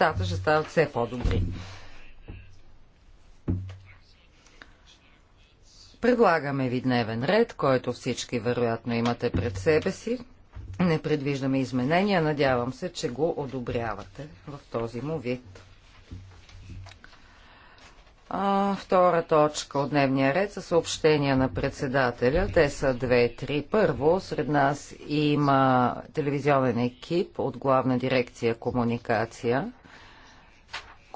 нещата ще стават все по-добри. Предлагаме ви дневен ред, който всички вероятно имате пред себе си. Не предвиждаме изменения. Надявам се, че го одобрявате в този му вид. А, втора точка от дневния ред са съобщения на председателя. Те са две-три. Първо, сред нас има телевизионен екип от главна дирекция комуникация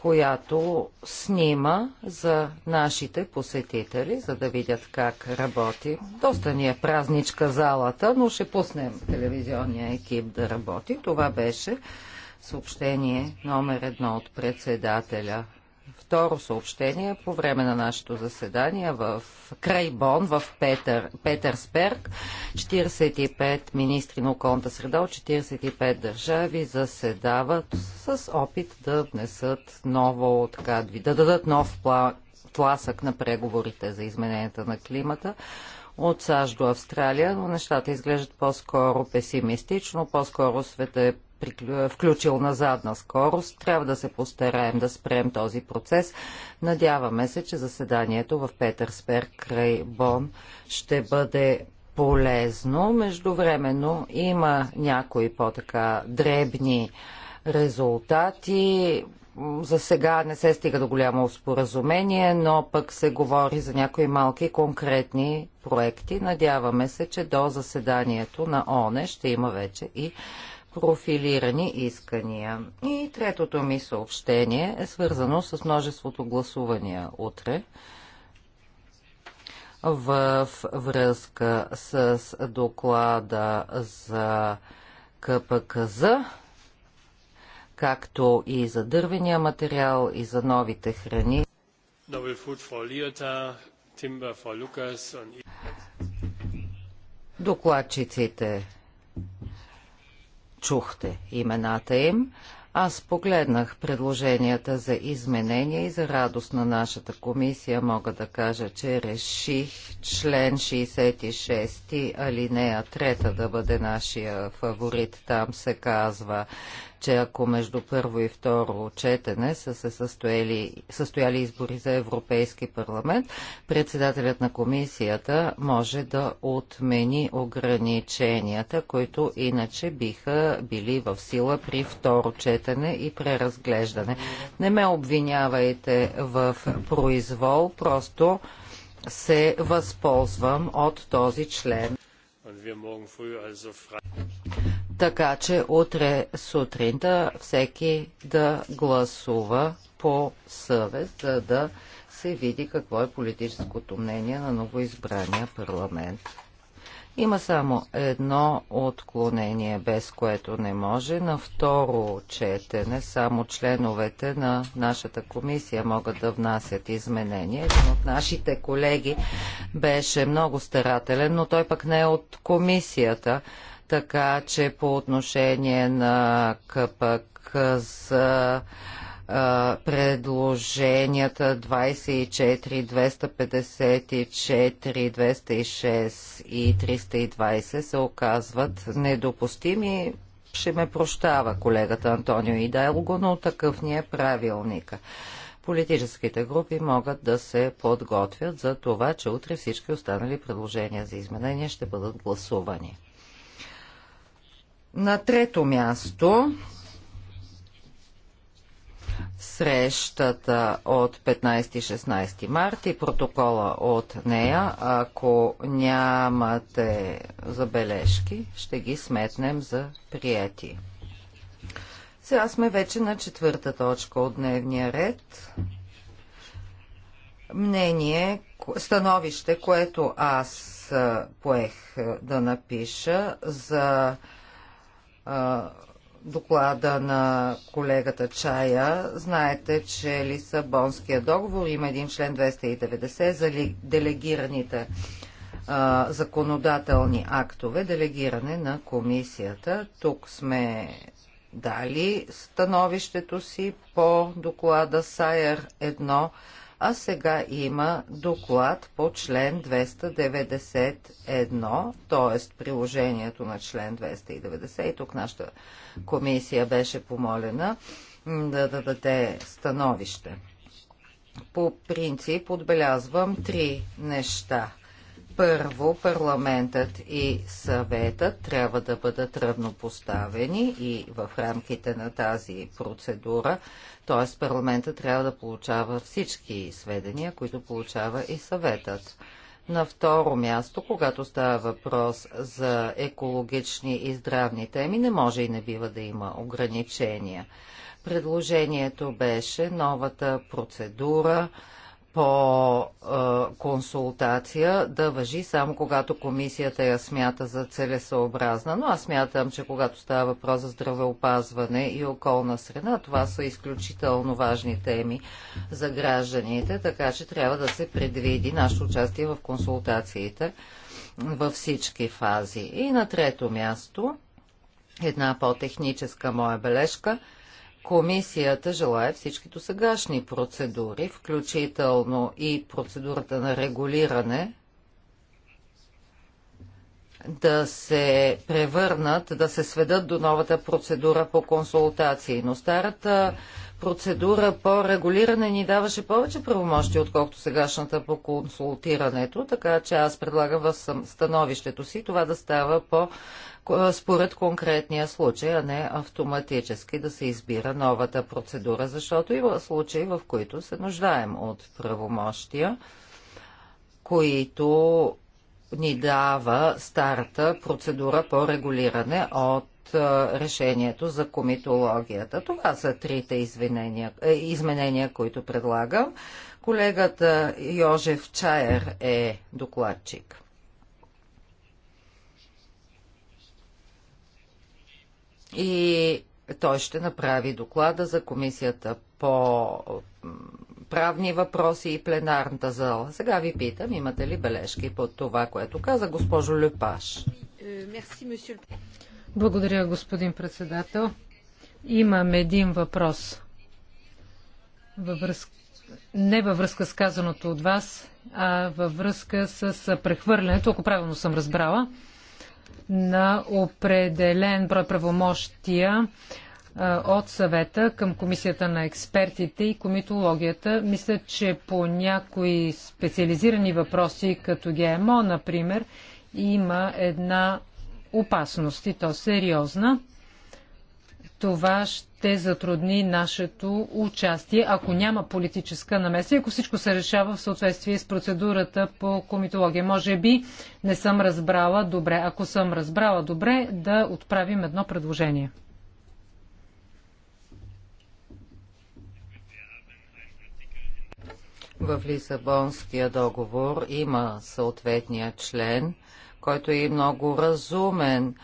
която снима за нашите посетители, за да видят как работи. Доста ни е празничка залата, но ще пуснем телевизионния екип да работи. Това беше съобщение номер едно от председателя. Второ съобщение. По време на нашето заседание в Крайбон, в Петър, Петърсберг, 45 министри на околната среда от 45 държави заседават с опит да внесат ново, така, да дадат нов пласък тласък на преговорите за измененията на климата от САЩ до Австралия, но нещата изглеждат по-скоро песимистично, по-скоро света е е, включил на задна скорост. Трябва да се постараем да спрем този процес. Надяваме се, че заседанието в Петерсберг край Бон ще бъде полезно. Междувременно има някои по-така дребни резултати. За сега не се стига до голямо споразумение, но пък се говори за някои малки конкретни проекти. Надяваме се, че до заседанието на ОНЕ ще има вече и профилирани искания. И третото ми съобщение е свързано с множеството гласувания утре в връзка с доклада за КПКЗ, както и за дървения материал и за новите храни. Докладчиците чухте имената им. Аз погледнах предложенията за изменения и за радост на нашата комисия мога да кажа, че реших член 66 алинея 3 да бъде нашия фаворит. Там се казва, че ако между първо и второ четене са се състояли, състояли избори за Европейски парламент, председателят на комисията може да отмени ограниченията, които иначе биха били в сила при второ четене и преразглеждане. Не ме обвинявайте в произвол, просто се възползвам от този член. Така че утре сутринта всеки да гласува по съвест, за да се види какво е политическото мнение на новоизбрания парламент. Има само едно отклонение, без което не може. На второ четене само членовете на нашата комисия могат да внасят изменения. Един от нашите колеги беше много старателен, но той пък не е от комисията. Така че по отношение на КПК за предложенията 24, 254, 206 и 320 се оказват недопустими. Ще ме прощава колегата Антонио Идайлго, но такъв ни е правилника. Политическите групи могат да се подготвят за това, че утре всички останали предложения за изменения ще бъдат гласувани. На трето място срещата от 15-16 март и протокола от нея. Ако нямате забележки, ще ги сметнем за прияти. Сега сме вече на четвърта точка от дневния ред. Мнение, становище, което аз поех да напиша за доклада на колегата Чая. Знаете, че Лисабонския договор има един член 290 за делегираните а, законодателни актове, делегиране на комисията. Тук сме дали становището си по доклада Сайер 1 а сега има доклад по член 291, т.е. приложението на член 290 и тук нашата комисия беше помолена да, да даде становище. По принцип отбелязвам три неща. Първо, парламентът и съветът трябва да бъдат равнопоставени и в рамките на тази процедура, т.е. парламентът трябва да получава всички сведения, които получава и съветът. На второ място, когато става въпрос за екологични и здравни теми, не може и не бива да има ограничения. Предложението беше новата процедура по е, консултация да въжи само когато комисията я смята за целесообразна. Но аз смятам, че когато става въпрос за здравеопазване и околна среда, това са изключително важни теми за гражданите, така че трябва да се предвиди нашето участие в консултациите във всички фази. И на трето място, една по-техническа моя бележка – Комисията желая всички досегашни процедури, включително и процедурата на регулиране, да се превърнат, да се сведат до новата процедура по консултации. Но старата процедура по регулиране ни даваше повече правомощи, отколкото сегашната по консултирането, така че аз предлагам в становището си това да става по според конкретния случай, а не автоматически да се избира новата процедура, защото има случаи, в които се нуждаем от правомощия, които ни дава старта процедура по регулиране от решението за комитологията. Това са трите извинения, е, изменения, които предлагам. Колегата Йожев Чаер е докладчик. и той ще направи доклада за комисията по правни въпроси и пленарната зала. Сега ви питам, имате ли бележки под това, което каза госпожо Люпаш. Благодаря, господин председател. Имам един въпрос. Във връзка, не във връзка с казаното от вас, а във връзка с прехвърлянето, ако правилно съм разбрала на определен брой правомощия от съвета към комисията на експертите и комитологията. Мисля, че по някои специализирани въпроси, като ГМО, например, има една опасност и то сериозна това ще затрудни нашето участие, ако няма политическа намеса и ако всичко се решава в съответствие с процедурата по комитология. Може би не съм разбрала добре. Ако съм разбрала добре, да отправим едно предложение. В Лисабонския договор има съответния член, който е много разумен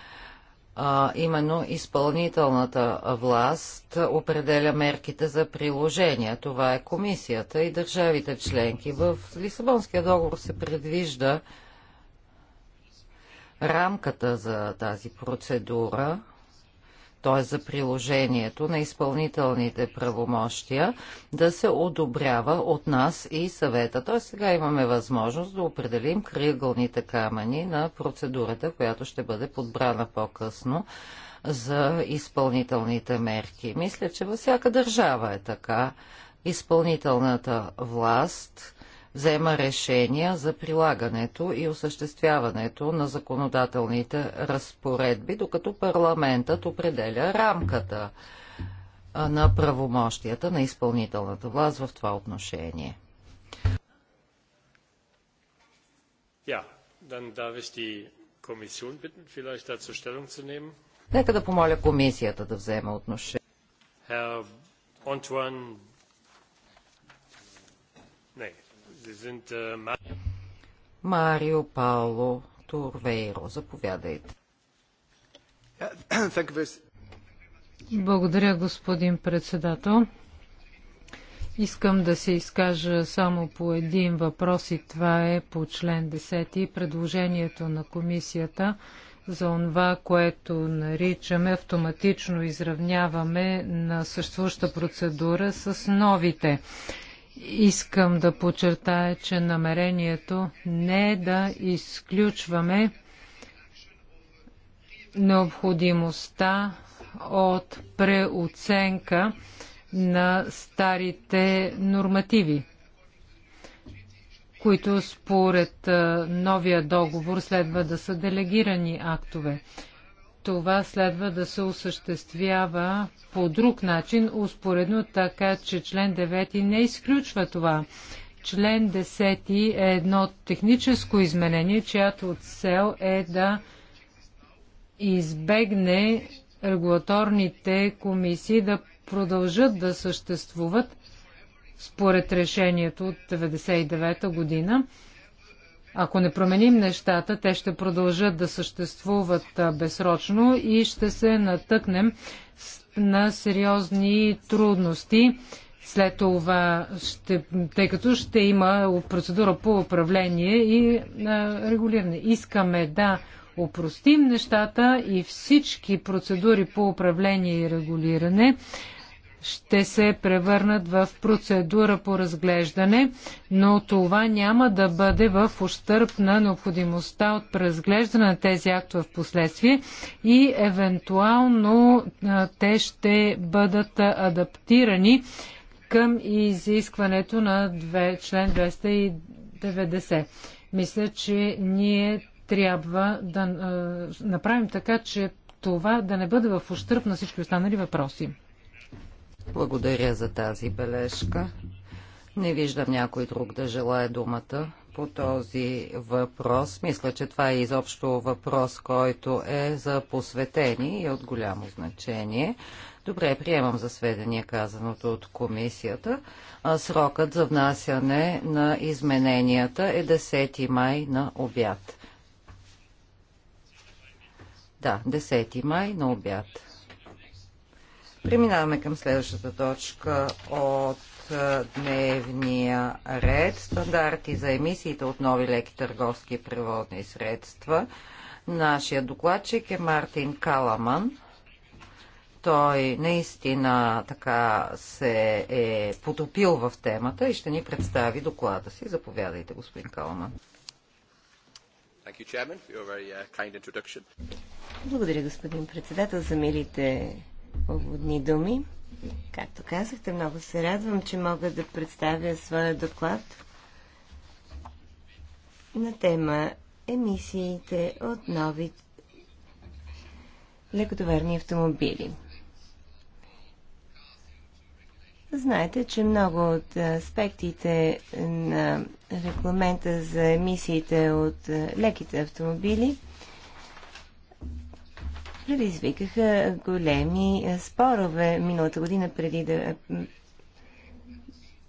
а, именно изпълнителната власт определя мерките за приложение. Това е комисията и държавите членки. В Лисабонския договор се предвижда рамката за тази процедура – т.е. за приложението на изпълнителните правомощия, да се одобрява от нас и съвета. Т.е. сега имаме възможност да определим кръгълните камъни на процедурата, която ще бъде подбрана по-късно за изпълнителните мерки. Мисля, че във всяка държава е така. Изпълнителната власт взема решения за прилагането и осъществяването на законодателните разпоредби, докато парламентът определя рамката на правомощията на изпълнителната власт в това отношение. Ja, dann darf ich die Kommission bitten, vielleicht dazu Stellung zu nehmen. Нека да помоля комисията да взема отношение. Herr Antoine Uh, Марио Пауло Турвейро. Заповядайте. Благодаря, господин председател. Искам да се изкажа само по един въпрос и това е по член 10 предложението на комисията за това, което наричаме автоматично изравняваме на съществуваща процедура с новите Искам да подчертая, че намерението не е да изключваме необходимостта от преоценка на старите нормативи, които според новия договор следва да са делегирани актове това следва да се осъществява по друг начин, успоредно така, че член 9 не изключва това. Член 10 е едно техническо изменение, чиято цел е да избегне регулаторните комисии да продължат да съществуват според решението от 1999 година ако не променим нещата, те ще продължат да съществуват безсрочно и ще се натъкнем на сериозни трудности. След това, ще, тъй като ще има процедура по управление и а, регулиране. Искаме да упростим нещата и всички процедури по управление и регулиране ще се превърнат в процедура по разглеждане, но това няма да бъде в ущърп на необходимостта от преразглеждане на тези актове в последствие и евентуално те ще бъдат адаптирани към изискването на член 290. Мисля, че ние трябва да направим така, че това да не бъде в ущърп на всички останали въпроси. Благодаря за тази бележка. Не виждам някой друг да желая думата по този въпрос. Мисля, че това е изобщо въпрос, който е за посветени и е от голямо значение. Добре, приемам за сведение казаното от комисията. Срокът за внасяне на измененията е 10 май на обяд. Да, 10 май на обяд. Преминаваме към следващата точка от е, дневния ред. Стандарти за емисиите от нови леки търговски преводни средства. Нашия докладчик е Мартин Каламан. Той наистина така се е потопил в темата и ще ни представи доклада си. Заповядайте, господин Каламан. Uh, Благодаря, господин председател, за милите уводни думи. Както казахте, много се радвам, че мога да представя своя доклад на тема емисиите от нови лекотоварни автомобили. Знаете, че много от аспектите на регламента за емисиите от леките автомобили – предизвикаха нали, големи е, спорове миналата година преди да е,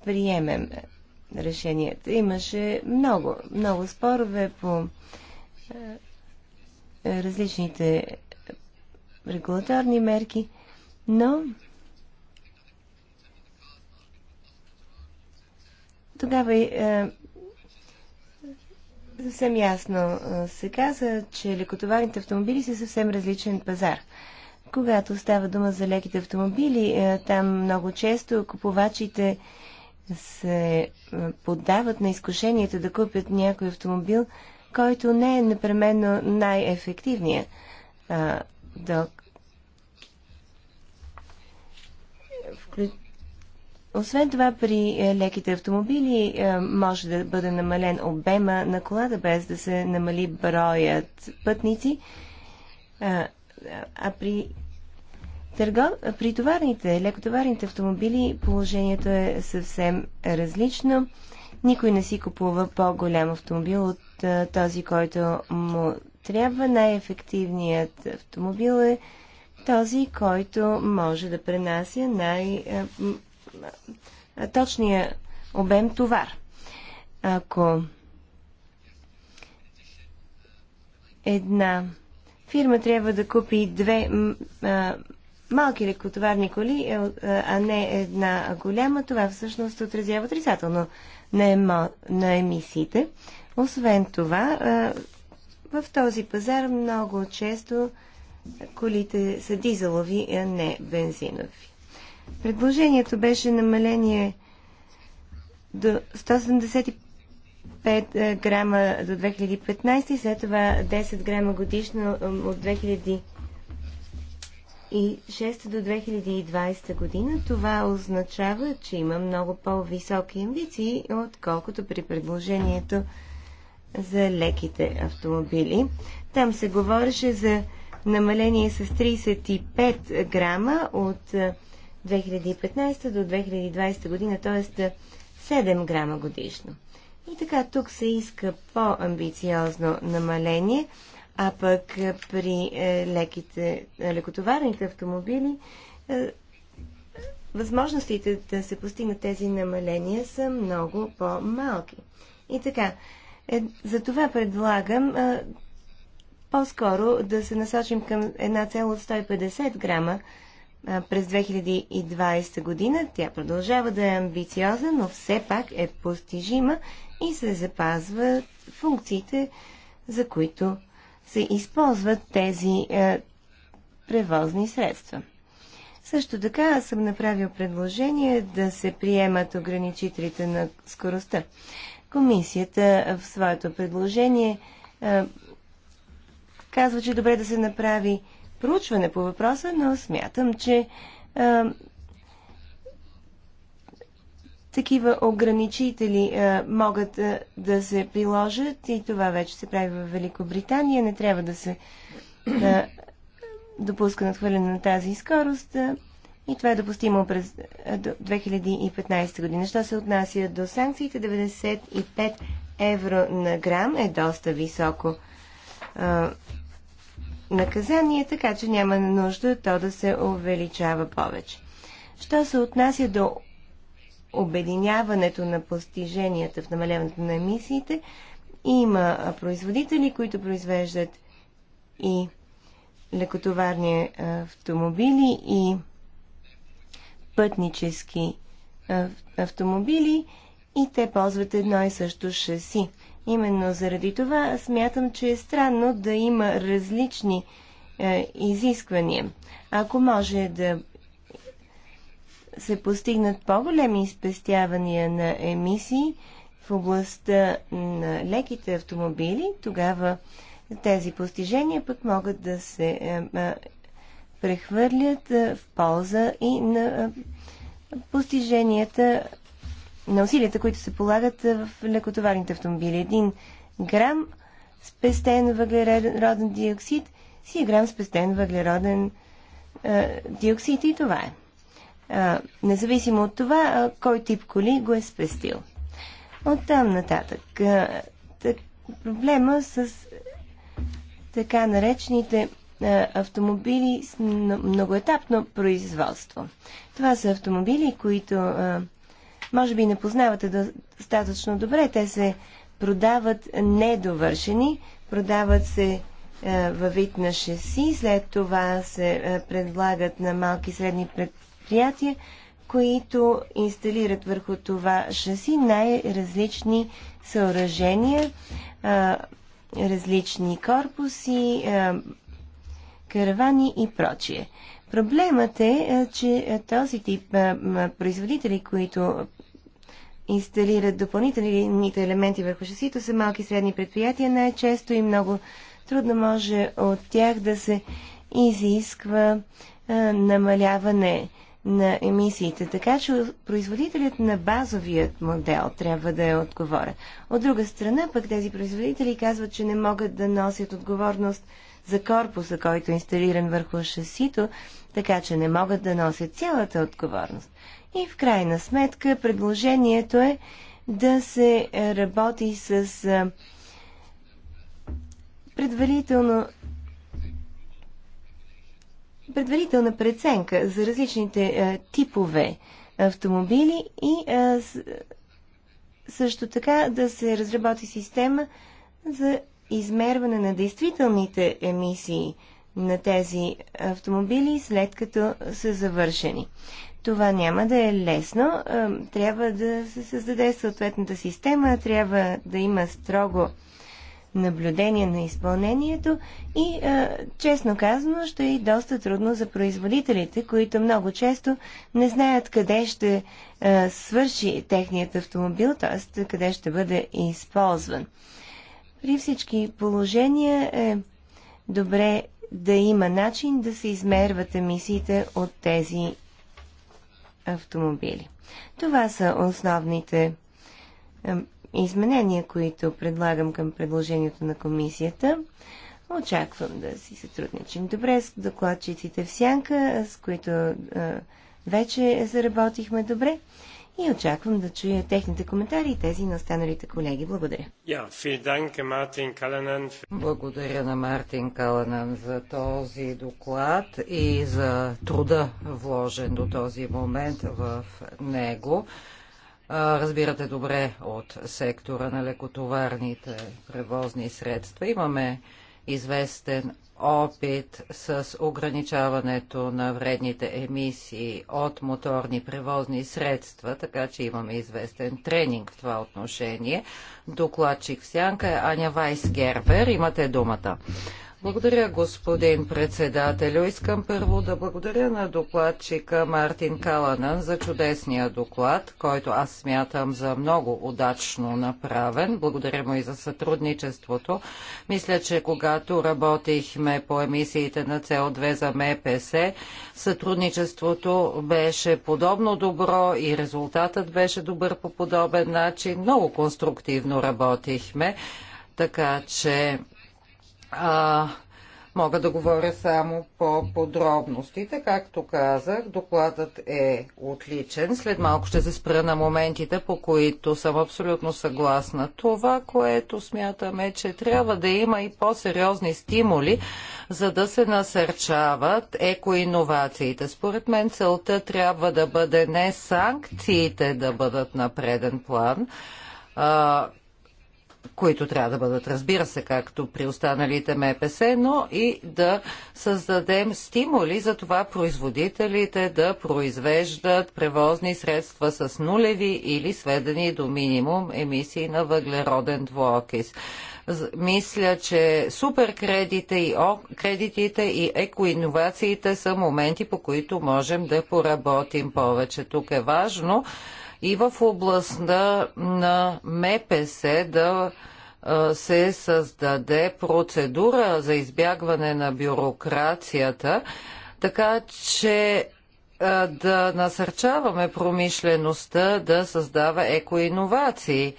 приемем е, решенията. Имаше много, много спорове по различните регулаторни мерки, но тогава е, Съвсем ясно се каза, че лекотоварните автомобили са съвсем различен пазар. Когато става дума за леките автомобили, там много често купувачите се поддават на изкушението да купят някой автомобил, който не е непременно най-ефективният. Док... Вклю... Освен това, при е, леките автомобили е, може да бъде намален обема на колата, без да се намали броят пътници. Е, а, при, търгов... при товарните, лекотоварните автомобили положението е съвсем различно. Никой не си купува по-голям автомобил от този, който му трябва. Най-ефективният автомобил е този, който може да пренася най- точния обем товар. Ако една фирма трябва да купи две а, малки лекотоварни коли, е, а не една голяма, това всъщност отразява отрицателно на, емо, на емисиите. Освен това, а, в този пазар много често колите са дизелови, а не бензинови. Предложението беше намаление до 175 е, грама до 2015 и след това 10 грама годишно е, от 2006 до 2020 година. Това означава, че има много по-високи амбиции, отколкото при предложението за леките автомобили. Там се говореше за намаление с 35 грама от е, 2015 до 2020 година, т.е. 7 грама годишно. И така тук се иска по-амбициозно намаление, а пък е, при е, леките, е, лекотоварните автомобили възможностите да се постигнат тези намаления са много по-малки. И така, е, за това предлагам е, по-скоро да се насочим към една цел от 150 грама през 2020 година. Тя продължава да е амбициозна, но все пак е постижима и се запазват функциите, за които се използват тези е, превозни средства. Също така съм направил предложение да се приемат ограничителите на скоростта. Комисията в своето предложение е, казва, че е добре да се направи проучване по въпроса, но смятам, че а, такива ограничители а, могат а, да се приложат и това вече се прави в Великобритания. Не трябва да се а, допуска надхвърляне на тази скорост. А, и това е допустимо през 2015 година. Що се отнася до санкциите, 95 евро на грам е доста високо а, наказание, така че няма нужда то да се увеличава повече. Що се отнася до обединяването на постиженията в намаляването на емисиите, има производители, които произвеждат и лекотоварни автомобили и пътнически автомобили и те ползват едно и също шаси. Именно заради това смятам, че е странно да има различни е, изисквания. Ако може да се постигнат по-големи спестявания на емисии в областта на леките автомобили, тогава тези постижения пък могат да се е, е, прехвърлят е, в полза и на е, постиженията на усилията, които се полагат в лекотоварните автомобили. Един грам спестен въглероден диоксид си е грам спестен въглероден а, диоксид и това е. А, Независимо от това, а, кой тип коли го е спестил. От там нататък. А, так, проблема с така наречените автомобили с многоетапно производство. Това са автомобили, които а, може би не познавате достатъчно добре. Те се продават недовършени, продават се е, във вид на шеси, след това се е, предлагат на малки и средни предприятия, които инсталират върху това шаси най-различни съоръжения, е, различни корпуси, каравани и прочие. Проблемът е, че този тип производители, които инсталират допълнителните елементи върху шасито са малки и средни предприятия най-често и много трудно може от тях да се изисква а, намаляване на емисиите. Така че производителят на базовият модел трябва да е отговорен. От друга страна, пък тези производители казват, че не могат да носят отговорност за корпуса, който е инсталиран върху шасито, така че не могат да носят цялата отговорност. И в крайна сметка предложението е да се работи с предварително предварителна преценка за различните а, типове автомобили и а, също така да се разработи система за измерване на действителните емисии на тези автомобили, след като са завършени. Това няма да е лесно. Е, трябва да се създаде съответната система, трябва да има строго наблюдение на изпълнението и, е, честно казано, ще е доста трудно за производителите, които много често не знаят къде ще е, свърши техният автомобил, т.е. къде ще бъде използван. При всички положения е добре да има начин да се измерват емисиите от тези автомобили. Това са основните изменения, които предлагам към предложението на комисията. Очаквам да си сътрудничим добре с докладчиците в Сянка, с които е, вече заработихме добре и очаквам да чуя техните коментари и тези на останалите колеги. Благодаря. Благодаря на Мартин Каланан за този доклад и за труда вложен до този момент в него. Разбирате добре от сектора на лекотоварните превозни средства. Имаме известен опит с ограничаването на вредните емисии от моторни превозни средства, така че имаме известен тренинг в това отношение. Докладчик в сянка е Аня Вайс Гербер. Имате думата. Благодаря, господин председателю. Искам първо да благодаря на докладчика Мартин Каланан за чудесния доклад, който аз смятам за много удачно направен. Благодаря му и за сътрудничеството. Мисля, че когато работихме по емисиите на CO2 за МПС, сътрудничеството беше подобно добро и резултатът беше добър по подобен начин. Много конструктивно работихме. Така че а, мога да говоря само по подробностите. Както казах, докладът е отличен. След малко ще се спра на моментите, по които съм абсолютно съгласна. Това, което смятаме, че трябва да има и по-сериозни стимули, за да се насърчават екоинновациите. Според мен целта трябва да бъде не санкциите да бъдат на преден план, а, които трябва да бъдат, разбира се, както при останалите МПС, но и да създадем стимули за това производителите да произвеждат превозни средства с нулеви или сведени до минимум емисии на въглероден двуокис. Мисля, че суперкредитите и, о, кредитите и екоинновациите са моменти, по които можем да поработим повече. Тук е важно и в областта на МПС да се създаде процедура за избягване на бюрокрацията, така че да насърчаваме промишлеността да създава екоиновации.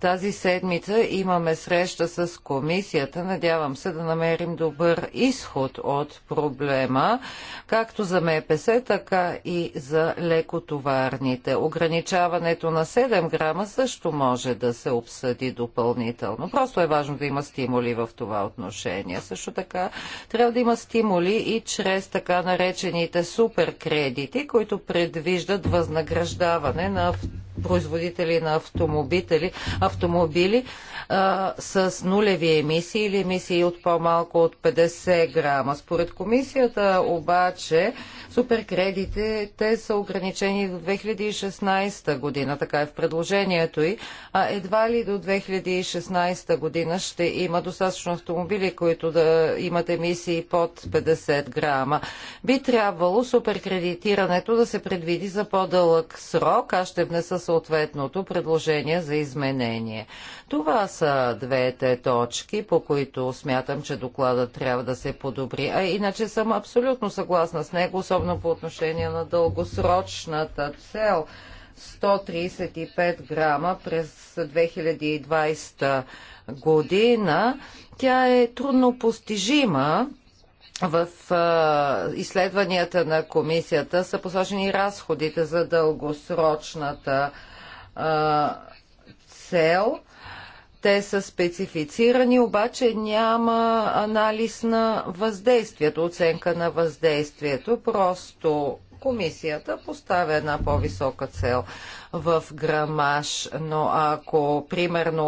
Тази седмица имаме среща с комисията. Надявам се да намерим добър изход от проблема, както за МПС, така и за лекотоварните. Ограничаването на 7 грама също може да се обсъди допълнително. Просто е важно да има стимули в това отношение. Също така трябва да има стимули и чрез така наречените суперкредити, които предвиждат възнаграждаване на производители на автомобили, автомобили а, с нулеви емисии или емисии от по-малко от 50 грама. Според комисията обаче суперкредите те са ограничени до 2016 година, така е в предложението и а едва ли до 2016 година ще има достатъчно автомобили, които да имат емисии под 50 грама. Би трябвало суперкредитирането да се предвиди за по-дълъг срок. Аз ще внеса съответното предложение за изменение. Това са двете точки, по които смятам, че докладът трябва да се подобри. А иначе съм абсолютно съгласна с него, особено по отношение на дългосрочната цел. 135 грама през 2020 година. Тя е трудно постижима в а, изследванията на комисията са посочени разходите за дългосрочната а, цел. Те са специфицирани, обаче няма анализ на въздействието, оценка на въздействието. Просто комисията поставя една по-висока цел в грамаж, но ако примерно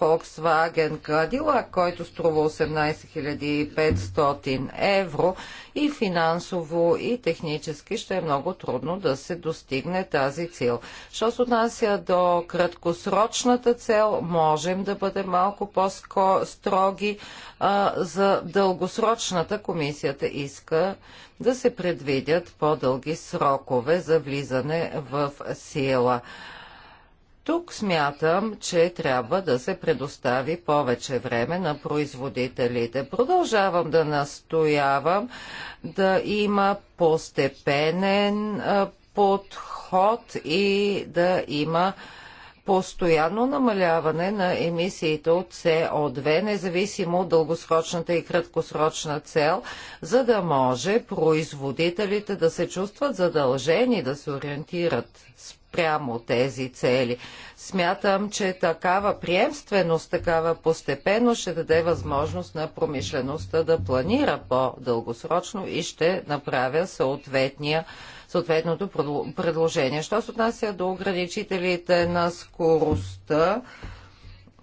Volkswagen Cadillac, който струва 18 500 евро и финансово и технически ще е много трудно да се достигне тази цел. Що се отнася до краткосрочната цел, можем да бъдем малко по-строги за дългосрочната комисията иска да се предвидят по-дълги срокове за влизане в сила дела. Тук смятам, че трябва да се предостави повече време на производителите. Продължавам да настоявам да има постепенен подход и да има постоянно намаляване на емисиите от СО2, независимо от дългосрочната и краткосрочна цел, за да може производителите да се чувстват задължени да се ориентират спрямо тези цели. Смятам, че такава приемственост, такава постепенност ще даде възможност на промишлеността да планира по-дългосрочно и ще направя съответния съответното предложение. Що се отнася до ограничителите на скоростта,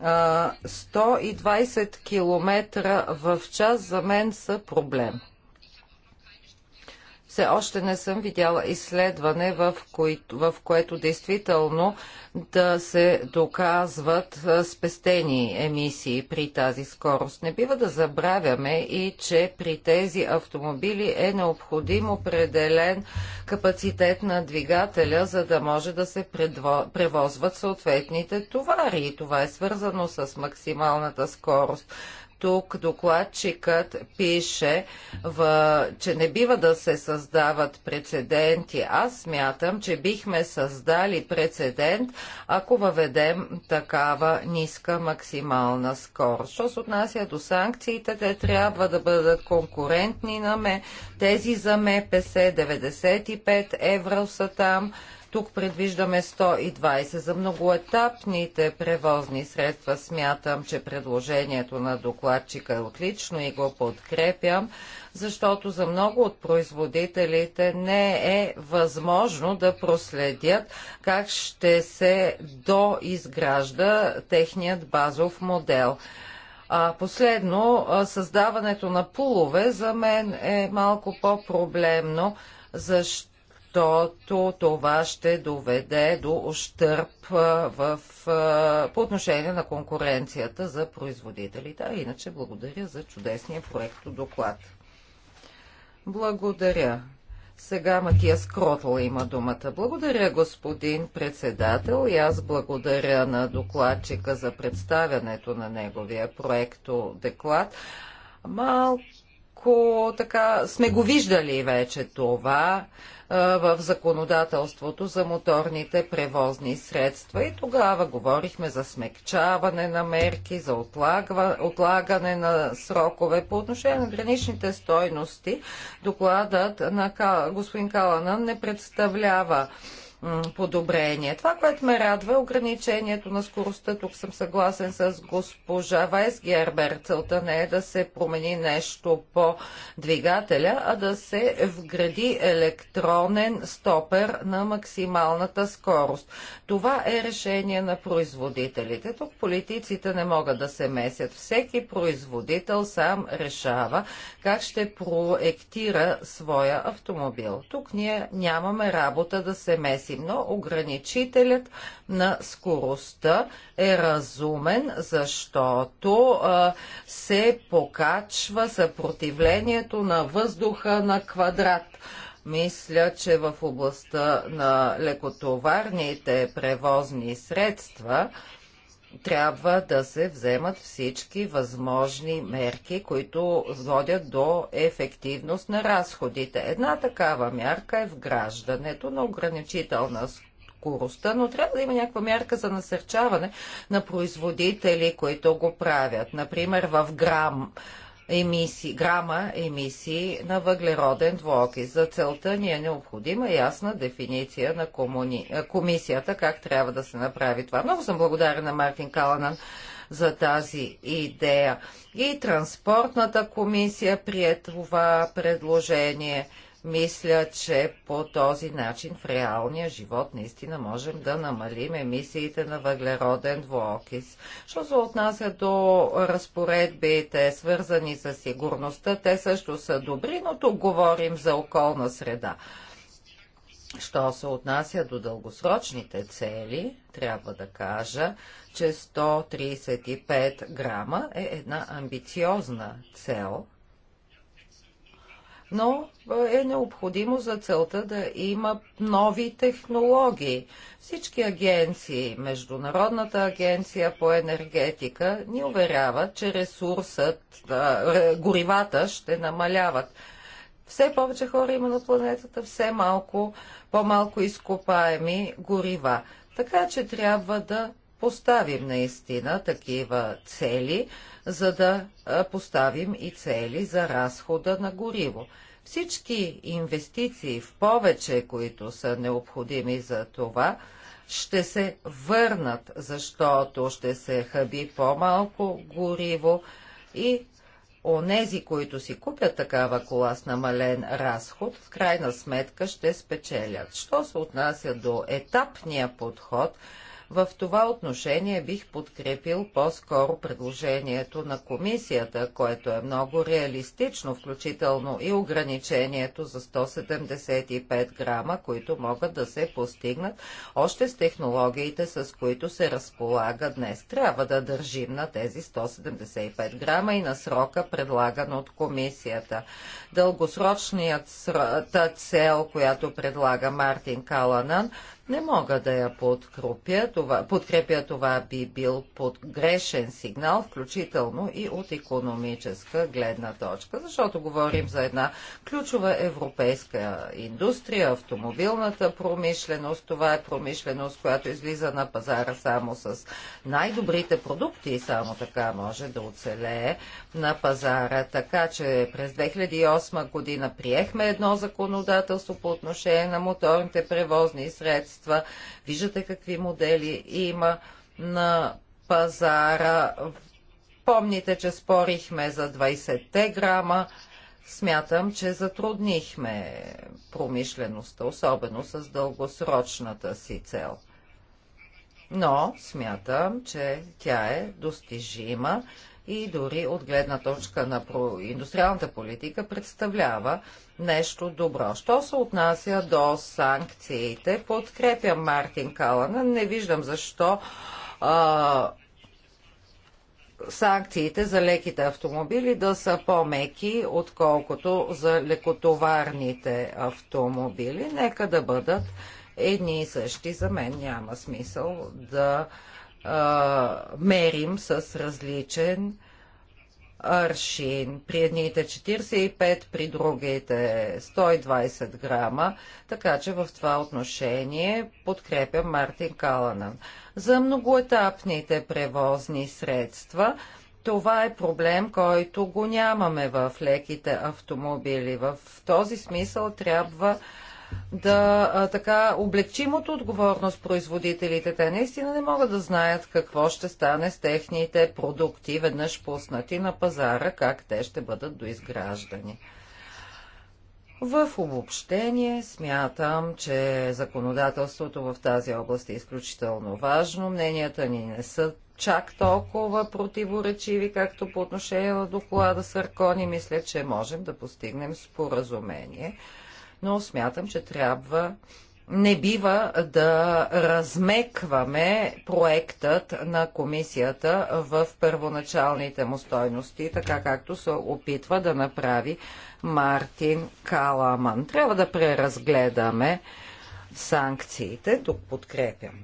120 км в час за мен са проблем все още не съм видяла изследване, в, кои, в което действително да се доказват спестени емисии при тази скорост. Не бива да забравяме и, че при тези автомобили е необходим определен капацитет на двигателя, за да може да се предво... превозват съответните товари. И това е свързано с максималната скорост тук докладчикът пише, в, че не бива да се създават прецеденти. Аз смятам, че бихме създали прецедент, ако въведем такава ниска максимална скорост. Що се отнася до санкциите, те трябва да бъдат конкурентни на ме. Тези за МПС 95 евро са там тук предвиждаме 120. За многоетапните превозни средства смятам, че предложението на докладчика е отлично и го подкрепям, защото за много от производителите не е възможно да проследят как ще се доизгражда техният базов модел. А, последно, създаването на пулове за мен е малко по-проблемно, защото защото това ще доведе до ощърп в, по отношение на конкуренцията за производителите. А иначе благодаря за чудесния проект доклад. Благодаря. Сега Матия Скротл има думата. Благодаря, господин председател, и аз благодаря на докладчика за представянето на неговия проекто деклад. Малко малко така сме го виждали вече това в законодателството за моторните превозни средства. И тогава говорихме за смекчаване на мерки, за отлагане на срокове. По отношение на граничните стойности, докладът на господин Каланан не представлява подобрение. Това, което ме радва е ограничението на скоростта. Тук съм съгласен с госпожа Вайс Гербер. Целта не е да се промени нещо по двигателя, а да се вгради електронен стопер на максималната скорост. Това е решение на производителите. Тук политиците не могат да се месят. Всеки производител сам решава как ще проектира своя автомобил. Тук ние нямаме работа да се месим но ограничителят на скоростта е разумен, защото а, се покачва съпротивлението на въздуха на квадрат. Мисля, че в областта на лекотоварните превозни средства трябва да се вземат всички възможни мерки, които водят до ефективност на разходите. Една такава мярка е вграждането на ограничителна скоростта, но трябва да има някаква мярка за насърчаване на производители, които го правят. Например, в грам емисии, грама емисии на въглероден двуокис. За целта ни е необходима ясна дефиниция на комуни... Е, комисията как трябва да се направи това. Много съм благодарен на Мартин Каланан за тази идея. И транспортната комисия прие това предложение – мисля, че по този начин в реалния живот наистина можем да намалим емисиите на въглероден двуокис. Що се отнася до разпоредбите, свързани с сигурността, те също са добри, но тук говорим за околна среда. Що се отнася до дългосрочните цели, трябва да кажа, че 135 грама е една амбициозна цел – но е необходимо за целта да има нови технологии. Всички агенции, Международната агенция по енергетика, ни уверяват, че ресурсът, горивата ще намаляват. Все повече хора има на планетата, все малко, по-малко изкопаеми горива. Така че трябва да поставим наистина такива цели, за да поставим и цели за разхода на гориво. Всички инвестиции в повече, които са необходими за това, ще се върнат, защото ще се хаби по-малко гориво и онези, които си купят такава кола с намален разход, в крайна сметка ще спечелят. Що се отнася до етапния подход, в това отношение бих подкрепил по-скоро предложението на комисията, което е много реалистично, включително и ограничението за 175 грама, които могат да се постигнат още с технологиите, с които се разполага днес. Трябва да държим на тези 175 грама и на срока, предлаган от комисията. Дългосрочният цел, която предлага Мартин Каланан, не мога да я подкрепя. Това, подкрепя, това би бил подгрешен сигнал, включително и от економическа гледна точка, защото говорим за една ключова европейска индустрия, автомобилната промишленост. Това е промишленост, която излиза на пазара само с най-добрите продукти и само така може да оцелее на пазара. Така че през 2008 година приехме едно законодателство по отношение на моторните превозни средства средства. Виждате какви модели има на пазара. Помните, че спорихме за 20-те грама. Смятам, че затруднихме промишлеността, особено с дългосрочната си цел. Но смятам, че тя е достижима и дори от гледна точка на индустриалната политика представлява нещо добро. Що се отнася до санкциите, подкрепям Мартин Калана. Не виждам защо а, санкциите за леките автомобили да са по-меки, отколкото за лекотоварните автомобили. Нека да бъдат едни и същи. За мен няма смисъл да а, а, мерим с различен аршин. При едните 45, при другите 120 грама, така че в това отношение подкрепям Мартин Каланан. За многоетапните превозни средства, това е проблем, който го нямаме в леките автомобили. В този смисъл трябва да а, така облегчим от отговорност производителите. Те наистина не могат да знаят какво ще стане с техните продукти, веднъж пуснати на пазара, как те ще бъдат доизграждани. В обобщение смятам, че законодателството в тази област е изключително важно. Мненията ни не са чак толкова противоречиви, както по отношение на доклада Саркони. Мисля, че можем да постигнем споразумение но смятам, че трябва не бива да размекваме проектът на комисията в първоначалните му стойности, така както се опитва да направи Мартин Каламан. Трябва да преразгледаме санкциите. Тук подкрепям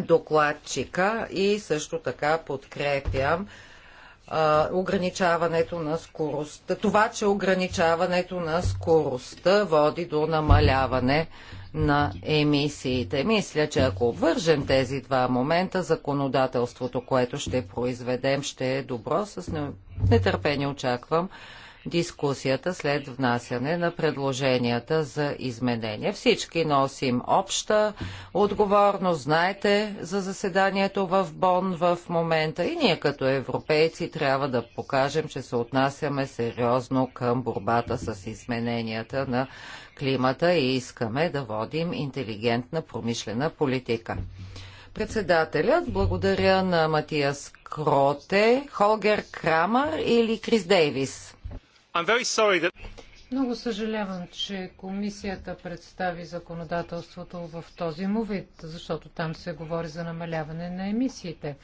докладчика и също така подкрепям а, ограничаването на скоростта. Това, че ограничаването на скоростта води до намаляване на емисиите. Мисля, че ако обвържем тези два момента, законодателството, което ще произведем, ще е добро. С нетърпение очаквам дискусията след внасяне на предложенията за изменения. Всички носим обща отговорност. Знаете за заседанието в Бон в момента и ние като европейци трябва да покажем, че се отнасяме сериозно към борбата с измененията на климата и искаме да водим интелигентна промишлена политика. Председателят, благодаря на Матиас Кроте, Холгер Крамър или Крис Дейвис. That... Много съжалявам, че комисията представи законодателството в този му вид, защото там се говори за намаляване на емисиите.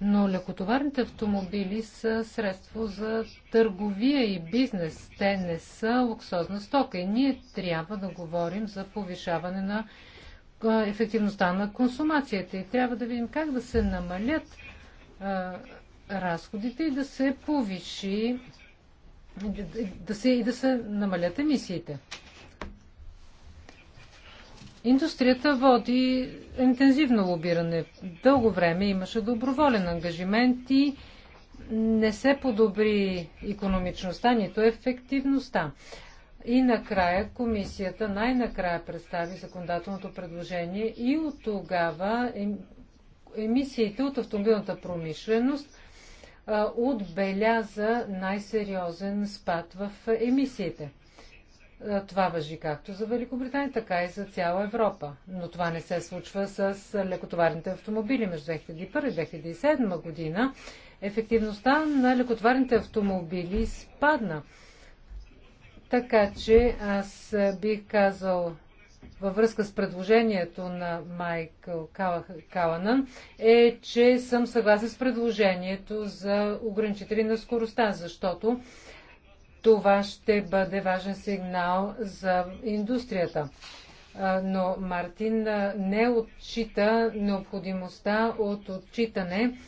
Но лекотоварните автомобили са средство за търговия и бизнес. Те не са луксозна стока и ние трябва да говорим за повишаване на ефективността на консумацията и трябва да видим как да се намалят а, разходите и да се повиши да се, и да се намалят емисиите. Индустрията води интензивно лобиране. Дълго време имаше доброволен ангажимент и не се подобри економичността, нито ефективността. И накрая комисията най-накрая представи законодателното предложение и от тогава емисиите от автомобилната промишленост отбеляза най-сериозен спад в емисиите. Това въжи както за Великобритания, така и за цяла Европа. Но това не се случва с лекотоварните автомобили. Между 2001 и 2007 година ефективността на лекотоварните автомобили спадна. Така че аз бих казал, във връзка с предложението на Майкъл Каланан е, че съм съгласен с предложението за ограничители на скоростта, защото това ще бъде важен сигнал за индустрията. Но Мартин не отчита необходимостта от отчитане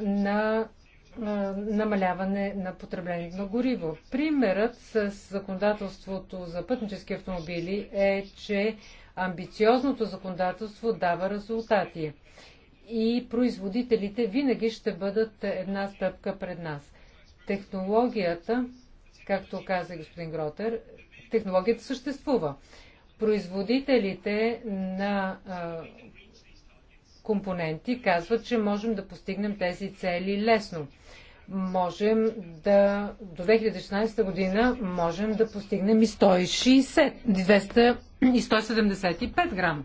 на намаляване на потреблението на гориво. Примерът с законодателството за пътнически автомобили е, че амбициозното законодателство дава резултати и производителите винаги ще бъдат една стъпка пред нас. Технологията, както каза господин Гротер, технологията съществува. Производителите на а, компоненти казват, че можем да постигнем тези цели лесно можем да, до 2016 година можем да постигнем и 160, и 175 грама.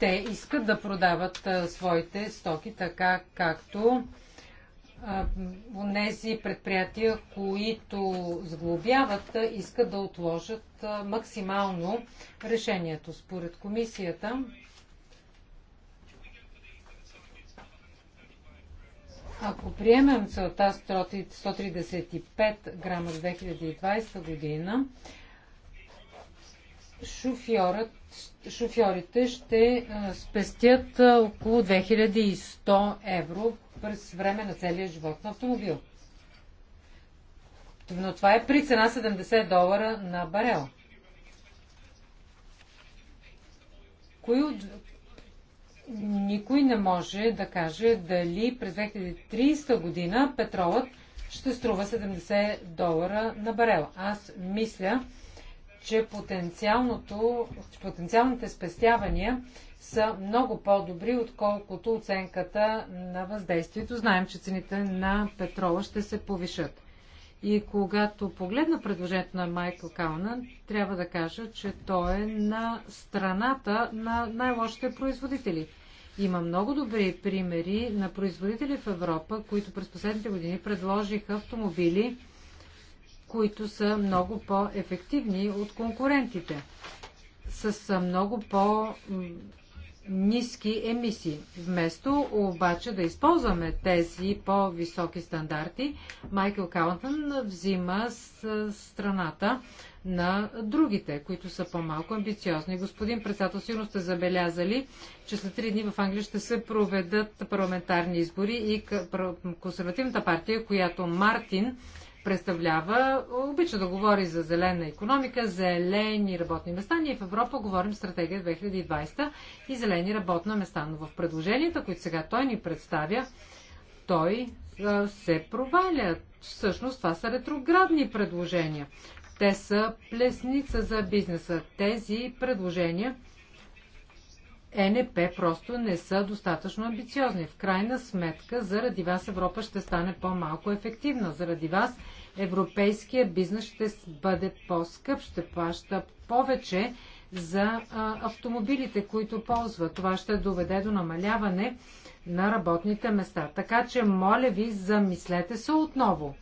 Те искат да продават а, своите стоки така, както тези предприятия, които сглобяват, искат да отложат а, максимално решението. Според комисията, Ако приемем целта 135 грама 2020 година, шофьорът, шофьорите ще спестят около 2100 евро през време на целия живот на автомобил. Но това е при цена 70 долара на барел. Кои от, никой не може да каже дали през 2030 година петролът ще струва 70 долара на барел. Аз мисля, че потенциалните спестявания са много по-добри, отколкото оценката на въздействието. Знаем, че цените на петрола ще се повишат. И когато погледна предложението на Майкъл Каунан, трябва да кажа, че то е на страната на най-лошите производители. Има много добри примери на производители в Европа, които през последните години предложиха автомобили, които са много по-ефективни от конкурентите, с много по ниски емисии. Вместо обаче да използваме тези по-високи стандарти, Майкъл Каунтън взима с страната на другите, които са по-малко амбициозни. Господин председател, сигурно сте забелязали, че след три дни в Англия ще се проведат парламентарни избори и консервативната партия, която Мартин представлява, обича да говори за зелена економика, зелени работни места. Ние в Европа говорим стратегия 2020 и зелени работни места. Но в предложенията, които сега той ни представя, той се проваля. Всъщност това са ретроградни предложения. Те са плесница за бизнеса. Тези предложения е НП просто не са достатъчно амбициозни. В крайна сметка, заради вас Европа ще стане по-малко ефективна. Заради вас европейския бизнес ще бъде по-скъп, ще плаща повече за автомобилите, които ползва. Това ще доведе до намаляване на работните места. Така че, моля ви, замислете се отново.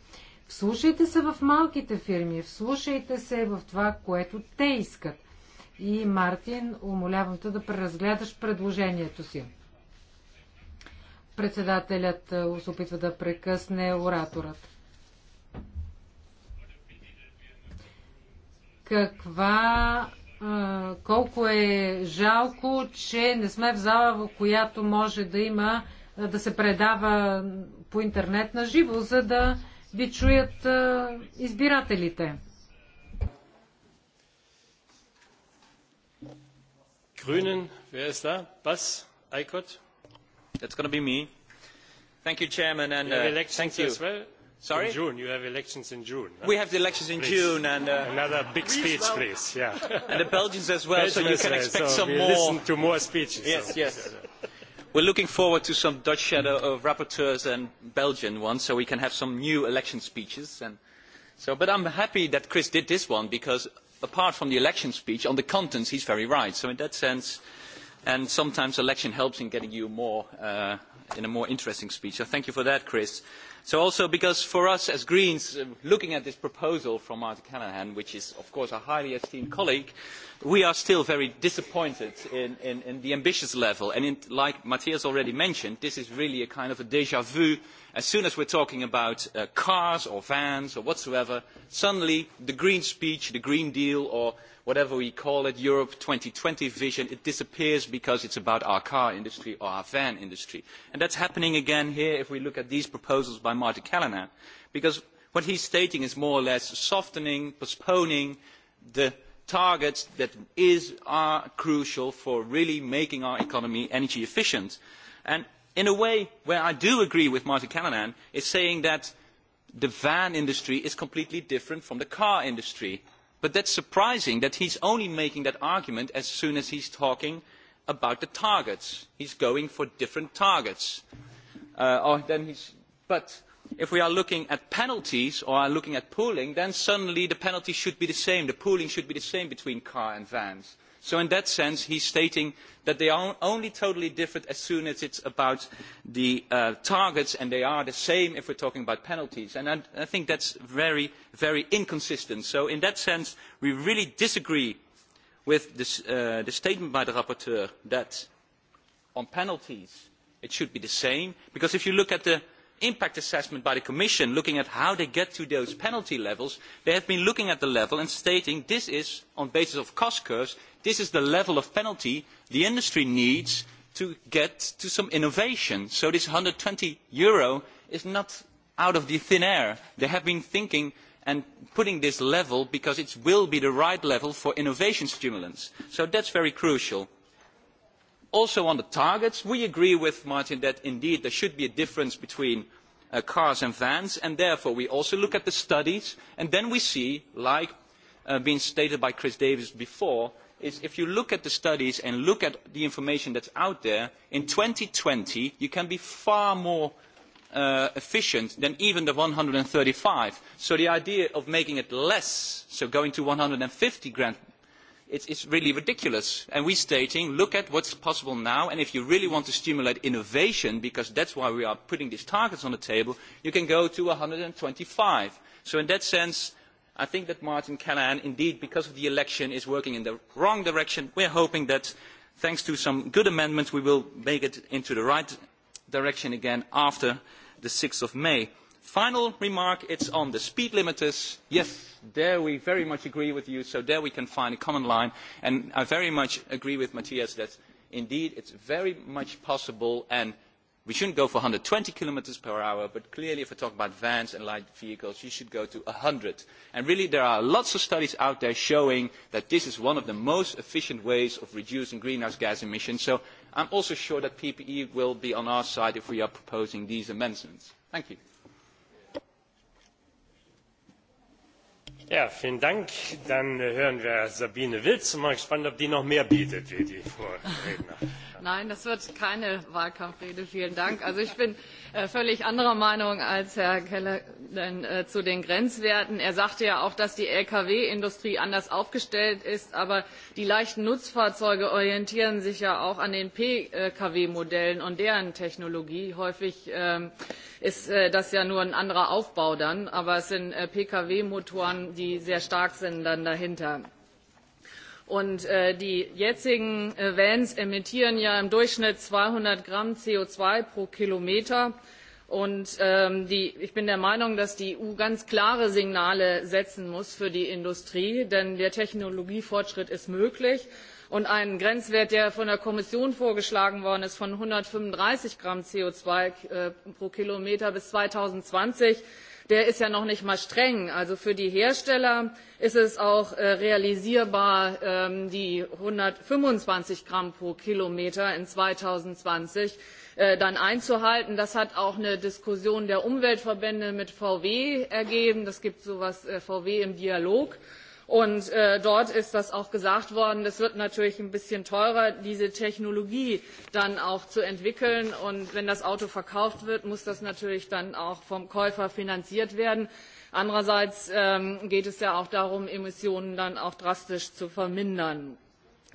Вслушайте се в малките фирми, вслушайте се в това, което те искат. И, Мартин, умолявам те да преразгледаш предложението си. Председателят се опитва да прекъсне ораторът. каква колко е жалко, че не сме в зала, в която може да има, да се предава по интернет на живо, за да ви чуят избирателите. Grünen, wer ist da? Bas, Eicott? That's going to be me. Thank you, Chairman, and uh, thank you. As well. Sorry? In June, you have elections in June. We have the elections in June, and uh, another big speech, please. Yeah, and the Belgians as well. so you can expect some we more. Listen to more speeches. Yes, yes. We're looking forward to some Dutch shadow of rapporteurs and Belgian ones, so we can have some new election speeches. And so, but I'm happy that Chris did this one because, apart from the election speech, on the contents he's very right. So in that sense, and sometimes election helps in getting you more uh, in a more interesting speech. So thank you for that, Chris. So also because for us as Greens, looking at this proposal from Martin Callanan, which is of course a highly esteemed colleague, we are still very disappointed in the ambitious level and like matthias already mentioned this is really a kind of a dj vu as soon as we are talking about cars or vans or whatsoever suddenly the green speech the green deal or whatever we call it europe two thousand and twenty vision it disappears because it is about our car industry or our van industry and that is happening again here if we look at these proposals by marty callanan because what he is stating is more or less softening postponing the targets that are crucial for really making our economy energy efficient. And in a way where I do agree with Martin Callanan is saying that the van industry is completely different from the car industry. But that is surprising that he is only making that argument as soon as he is talking about the targets. He is going for different targets. but if we are looking at penalties or are looking at pooling, then suddenly the penalties should be the same. The pooling should be the same between car and vans. So in that sense, he is stating that they are only totally different as soon as it is about the targets, and they are the same if we are talking about penalties. And I, I think that's very, very inconsistent. So in that sense, we really disagree with the statement by the rapporteur that on penalties it should be the same, because if you look at the impact assessment by the Commission looking at how they get to those penalty levels, they have been looking at the level and stating this is, on the basis of cost curves, this is the level of penalty the industry needs to get to some innovation. So this EUR one hundred and twenty is not out of the thin air. They have been thinking and putting this level because it will be the right level for innovation stimulants. So that is very crucial also on the targets we agree with martin that indeed there should be a difference between cars and vans and therefore we also look at the studies and then we see like has been stated by chris davies before if you look at the studies and look at the information that is out there in two thousand and twenty you can be far more efficient than even the one hundred and thirty five so the idea of making it less so going to one hundred and fifty grams It is really ridiculous. And we are stating, look at what is possible now, and if you really want to stimulate innovation, because that is why we are putting these targets on the table, you can go to one hundred and twenty five. So in that sense, I think that Martin Callanan, indeed, because of the election, is working in the wrong direction. We are hoping that, thanks to some good amendments, we will make it into the right direction again after the 6 of May final remark is on the speed limiters yes there we very much agree with you so there we can find a common line and i very much agree with matthias that indeed it is very much possible and we should not go for one hundred and twenty km per hour but clearly if we talk about vans and light vehicles you should go to one hundred and really there are lots of studies out there showing that this is one of the most efficient ways of reducing greenhouse gas emissions so i am also sure that ppe will be on our side if we are proposing these amendments. thank you. vielen Dank. Dann hören wir Sabine Wilz und mal gespannt, ob die noch mehr bietet wie die Vorredner. Nein, das wird keine Wahlkampfrede. Vielen Dank. Also ich bin völlig anderer Meinung als Herr Keller zu den Grenzwerten. Er sagte ja auch, dass die Lkw-Industrie anders aufgestellt ist, aber die leichten Nutzfahrzeuge orientieren sich ja auch an den Pkw-Modellen und deren Technologie. Häufig ist das ja nur ein anderer Aufbau dann, aber es sind Pkw-Motoren, die sehr stark sind dann dahinter. Und die jetzigen Vans emittieren ja im Durchschnitt 200 Gramm co zwei pro Kilometer. Und ich bin der Meinung, dass die EU ganz klare Signale setzen muss für die Industrie, denn der Technologiefortschritt ist möglich. Und ein Grenzwert, der von der Kommission vorgeschlagen worden ist, von 135 Gramm co zwei pro Kilometer bis 2020 der ist ja noch nicht mal streng. Also für die Hersteller ist es auch realisierbar, die 125 Gramm pro Kilometer in 2020 dann einzuhalten. Das hat auch eine Diskussion der Umweltverbände mit VW ergeben. Das gibt so etwas VW im Dialog Und dort ist das auch gesagt worden, es wird natürlich ein bisschen teurer, diese Technologie dann auch zu entwickeln. Und wenn das Auto verkauft wird, muss das natürlich dann auch vom Käufer finanziert werden. Andererseits geht es ja auch darum, Emissionen dann auch drastisch zu vermindern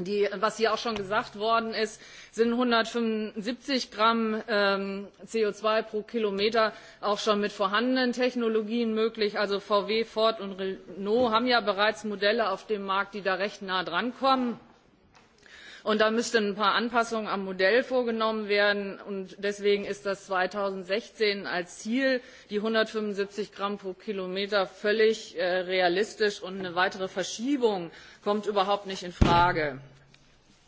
die, was hier auch schon gesagt worden ist, sind 175 Gramm ähm, CO2 pro Kilometer auch schon mit vorhandenen Technologien möglich. Also VW, Ford und Renault haben ja bereits Modelle auf dem Markt, die da recht nah dran kommen Und da müssten ein paar Anpassungen am Modell vorgenommen werden. Und deswegen ist das 2016 als Ziel, die 175 Gramm pro Kilometer, völlig realistisch und eine weitere Verschiebung kommt überhaupt nicht in Frage.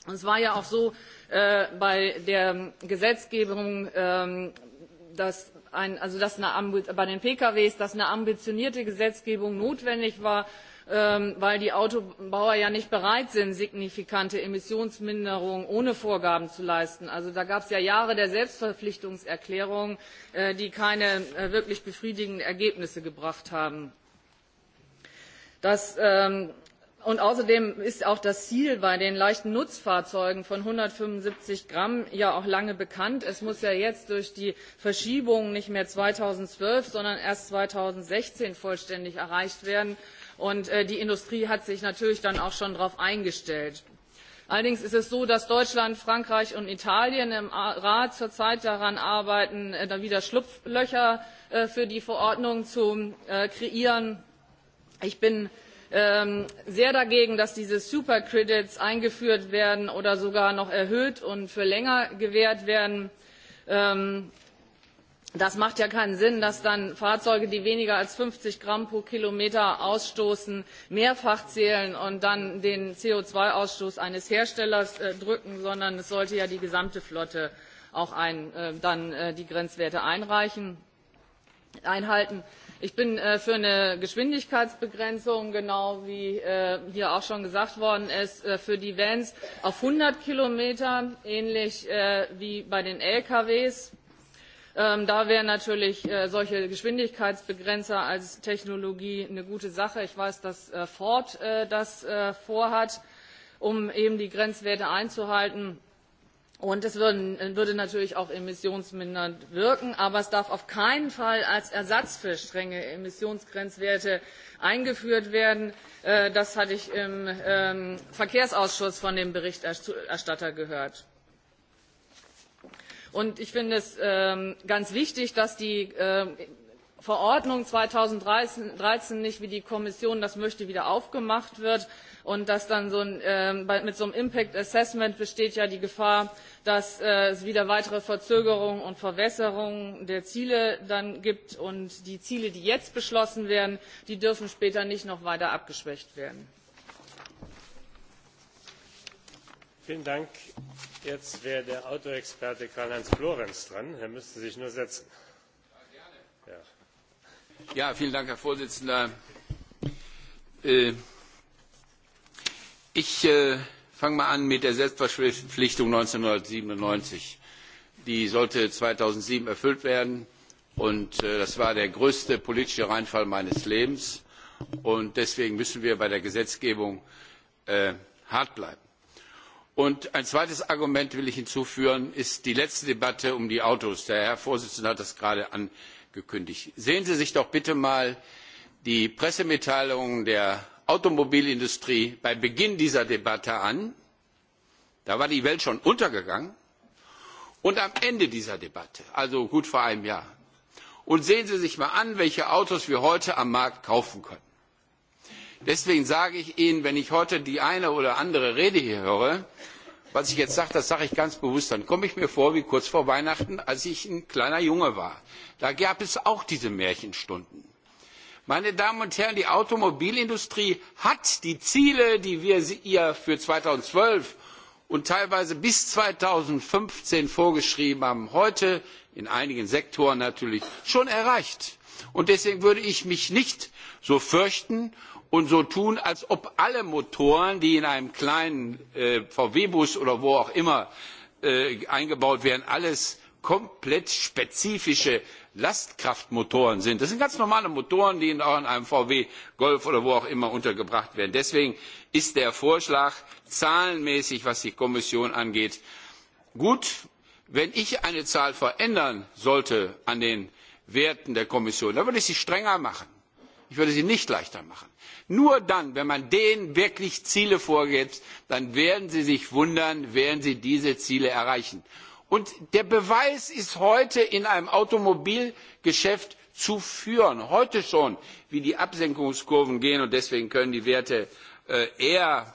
Und es war ja auch so bei der Gesetzgebung, dass bei den PKW eine ambitionierte Gesetzgebung notwendig war, weil die autobauer ja nicht bereit sind signifikante emissionsminderungen ohne vorgaben zu leisten. also da gab es ja jahre der selbstverpflichtungserklärungen die keine wirklich befriedigenden ergebnisse gebracht haben. außerdem ist auch das ziel bei den leichten nutzfahrzeugen von einhundertfünfundsiebzig gramm ja auch lange bekannt. es muss ja jetzt durch die verschiebung nicht mehr zweitausendzwölf sondern erst zweitausendsechzehn vollständig erreicht werden Und die Industrie hat sich natürlich dann auch schon darauf eingestellt. Allerdings ist es so, dass Deutschland, Frankreich und Italien im Rat zurzeit daran arbeiten, da wieder Schlupflöcher für die Verordnung zu kreieren. Ich bin sehr dagegen, dass diese Supercredits eingeführt werden oder sogar noch erhöht und für länger gewährt werden Das macht ja keinen Sinn, dass dann Fahrzeuge, die weniger als 50 Gramm pro Kilometer ausstoßen, mehrfach zählen und dann den co zwei ausstoß eines Herstellers drücken, sondern es sollte ja die gesamte Flotte auch dann die Grenzwerte einreichen, einhalten. Ich bin für eine Geschwindigkeitsbegrenzung, genau wie hier auch schon gesagt worden ist, für die Vans auf 100 Kilometer, ähnlich wie bei den LKWs da wären natürlich solche Geschwindigkeitsbegrenzer als Technologie eine gute Sache. Ich weiß, dass Ford das vorhat, um eben die Grenzwerte einzuhalten. Und es würde natürlich auch emissionsmindernd wirken, aber es darf auf keinen Fall als Ersatz für strenge Emissionsgrenzwerte eingeführt werden. Das hatte ich im Verkehrsausschuss von dem Berichterstatter gehört Und ich finde es ganz wichtig, dass die Verordnung 2013 nicht, wie die Kommission das möchte, wieder aufgemacht wird. Und dass dann so ein, mit so einem Impact Assessment besteht ja die Gefahr, dass es wieder weitere Verzögerungen und Verwässerungen der Ziele dann gibt. Und die Ziele, die jetzt beschlossen werden, die dürfen später nicht noch weiter abgeschwächt werden. Vielen Dank. Jetzt wäre der Autoexperte Karl-Heinz Florenz dran. Er müsste sich nur setzen. Herr Vorsitzender. Ich fange mal an mit der Selbstverpflichtung 1997. Die sollte 2007 erfüllt werden. Und das war der größte politische Reinfall meines Lebens. Und deswegen müssen wir bei der Gesetzgebung hart bleiben und ein zweites argument will ich hinzufügen ist die letzte debatte um die autos der herr vorsitzende hat das gerade angekündigt. sehen sie sich doch bitte mal die pressemitteilungen der automobilindustrie bei beginn dieser debatte an da war die welt schon untergegangen und am ende dieser debatte also gut vor einem jahr und sehen sie sich mal an welche autos wir heute am markt kaufen können deswegen sage ich ihnen wenn ich heute die eine oder andere rede hier höre was ich jetzt sage das sage ich ganz bewusst dann komme ich mir vor wie kurz vor weihnachten als ich ein kleiner junge war. da gab es auch diese märchenstunden. meine damen und herren die automobilindustrie hat die ziele die wir ihr für zweitausendzwölf und teilweise bis zweitausendfünfzehn vorgeschrieben haben heute in einigen sektoren natürlich schon erreicht. deswegen würde ich mich nicht so fürchten und so tun, als ob alle Motoren, die in einem kleinen VW-Bus oder wo auch immer eingebaut werden, alles komplett spezifische Lastkraftmotoren sind. Das sind ganz normale Motoren, die auch in einem VW Golf oder wo auch immer untergebracht werden. Deswegen ist der Vorschlag zahlenmäßig, was die Kommission angeht, gut. Wenn ich eine Zahl verändern sollte an den Werten der Kommission, dann würde ich sie strenger machen. Ich würde sie nicht leichter machen. Nur dann, wenn man denen wirklich Ziele vorgibt, dann werden sie sich wundern, werden sie diese Ziele erreichen. Und der Beweis ist heute in einem Automobilgeschäft zu führen, heute schon, wie die Absenkungskurven gehen und deswegen können die Werte eher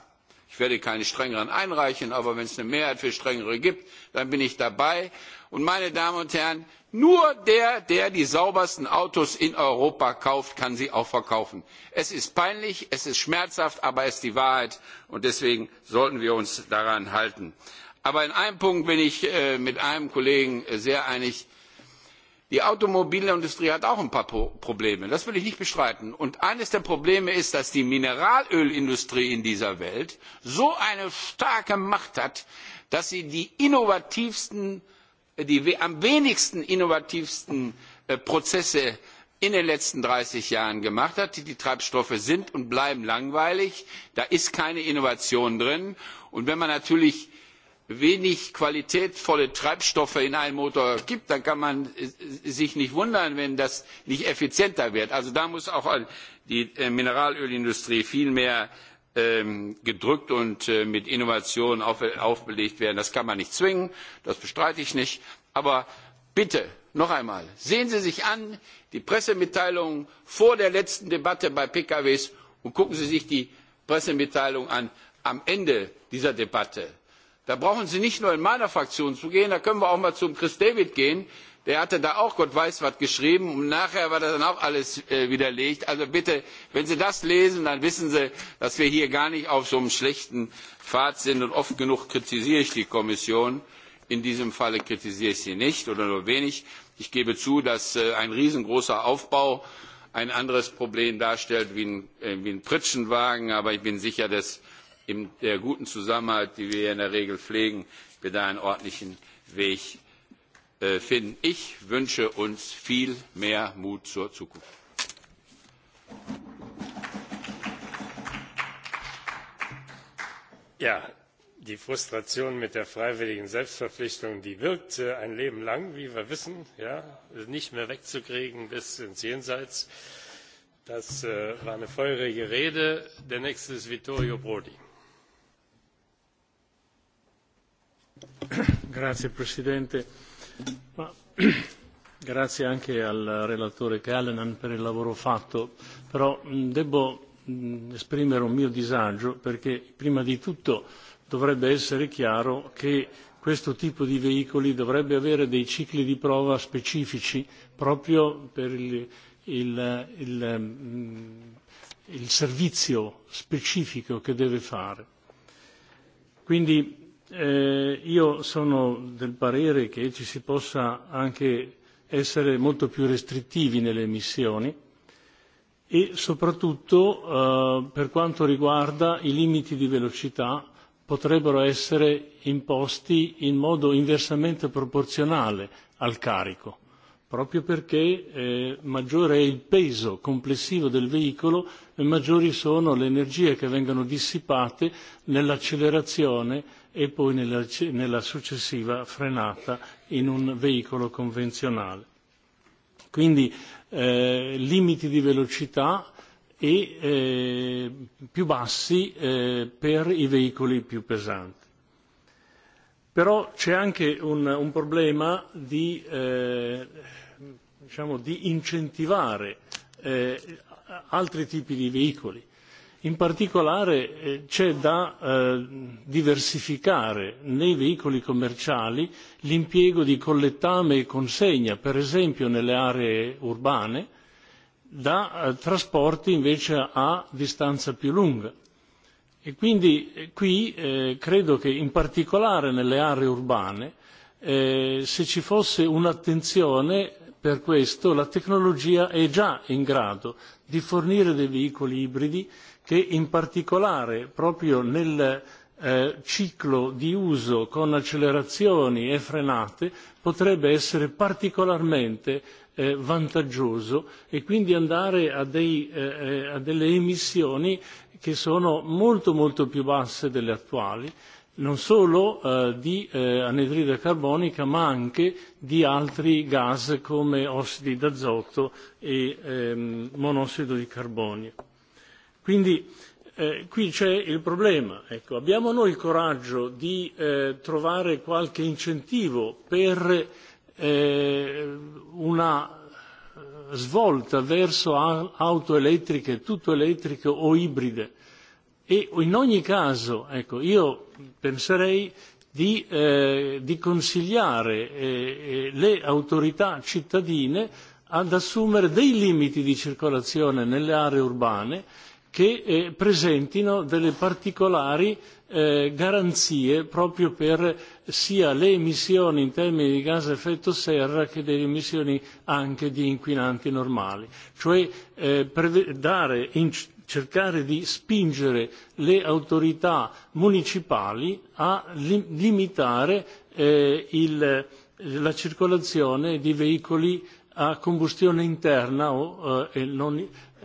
Ich werde keine strengeren einreichen, aber wenn es eine Mehrheit für strengere gibt, dann bin ich dabei. Und meine Damen und Herren, nur der, der die saubersten Autos in Europa kauft, kann sie auch verkaufen. Es ist peinlich, es ist schmerzhaft, aber es ist die Wahrheit und deswegen sollten wir uns daran halten. Aber in einem Punkt bin ich mit einem Kollegen sehr einig Die Automobilindustrie hat auch ein paar Probleme, das will ich nicht bestreiten. Und eines der Probleme ist, dass die Mineralölindustrie in dieser Welt so eine starke Macht hat, dass sie die innovativsten, die am wenigsten innovativsten Prozesse in den letzten dreißig Jahren gemacht hat. Die Treibstoffe sind und bleiben langweilig. Da ist keine Innovation drin. Und wenn man natürlich wenig qualitätvolle Treibstoffe in einem Motor gibt, dann kann man sich nicht wundern, wenn das nicht effizienter wird. Also da muss auch die Mineralölindustrie viel mehr gedrückt und mit Innovationen aufbelegt werden. Das kann man nicht zwingen, das bestreite ich nicht. Aber bitte, noch einmal, sehen Sie sich an die Pressemitteilungen vor der letzten Debatte bei PKW an, und gucken Sie sich die Pressemitteilung an am Ende dieser Debatte da brauchen sie nicht nur in meiner fraktion zu gehen da können wir auch mal zum chris david gehen der hatte da auch gott weiß was geschrieben und nachher war das dann auch alles widerlegt. also bitte wenn sie das lesen dann wissen sie dass wir hier gar nicht auf so einem schlechten pfad sind und oft genug kritisiere ich die kommission in diesem falle kritisiere ich sie nicht oder nur wenig. ich gebe zu dass ein riesengroßer aufbau ein anderes problem darstellt wie ein pritschenwagen aber ich bin sicher dass in der guten Zusammenarbeit, die wir in der Regel pflegen, wir da einen ordentlichen Weg finden. Ich wünsche uns viel mehr Mut zur Zukunft. Ja, die Frustration mit der freiwilligen Selbstverpflichtung, die wirkt ein Leben lang, wie wir wissen, nicht mehr wegzukriegen bis ins Jenseits. Das war eine feurige Rede. Der nächste ist Vittorio Prodi Signor Presidente. colleghi grazie anche al relatore Callanan per il lavoro fatto, però devo esprimere un mio disagio perché prima di tutto dovrebbe essere chiaro che questo tipo di veicoli dovrebbe avere dei cicli di prova specifici proprio per il, servizio specifico che deve fare. Quindi io sono del parere che ci si possa anche essere molto più restrittivi nelle emissioni e soprattutto per quanto riguarda i limiti di velocità potrebbero essere imposti in modo inversamente proporzionale al carico proprio perché maggiore è il peso complessivo del veicolo e maggiori sono le energie che vengono dissipate nell'accelerazione e poi nella successiva frenata in un veicolo convenzionale. Quindi limiti di velocità e più bassi per i veicoli più pesanti. Però c'è anche un, problema di, incentivare altri tipi di veicoli in particolare c'è da diversificare nei veicoli commerciali l'impiego di collettame e consegna per esempio nelle aree urbane da trasporti invece a distanza più lunga e quindi qui credo che in particolare nelle aree urbane se ci fosse un'attenzione per questo la tecnologia è già in grado di fornire dei veicoli ibridi che in particolare proprio nel ciclo di uso con accelerazioni e frenate potrebbe essere particolarmente vantaggioso e quindi andare a, delle emissioni che sono molto molto più basse delle attuali non solo di anidride carbonica ma anche di altri gas come ossidi d'azoto e monossido di carbonio Quindi qui c'è il problema. abbiamo noi il coraggio di trovare qualche incentivo per una svolta verso auto elettriche, tutto elettriche o ibride. E in ogni caso, ecco, io penserei di, di consigliare le autorità cittadine ad assumere dei limiti di circolazione nelle aree urbane che presentino delle particolari garanzie proprio per sia le emissioni in termini di gas a effetto serra che delle emissioni anche di inquinanti normali, cioè cercare di spingere le autorità municipali a limitare la circolazione di veicoli a combustione interna o non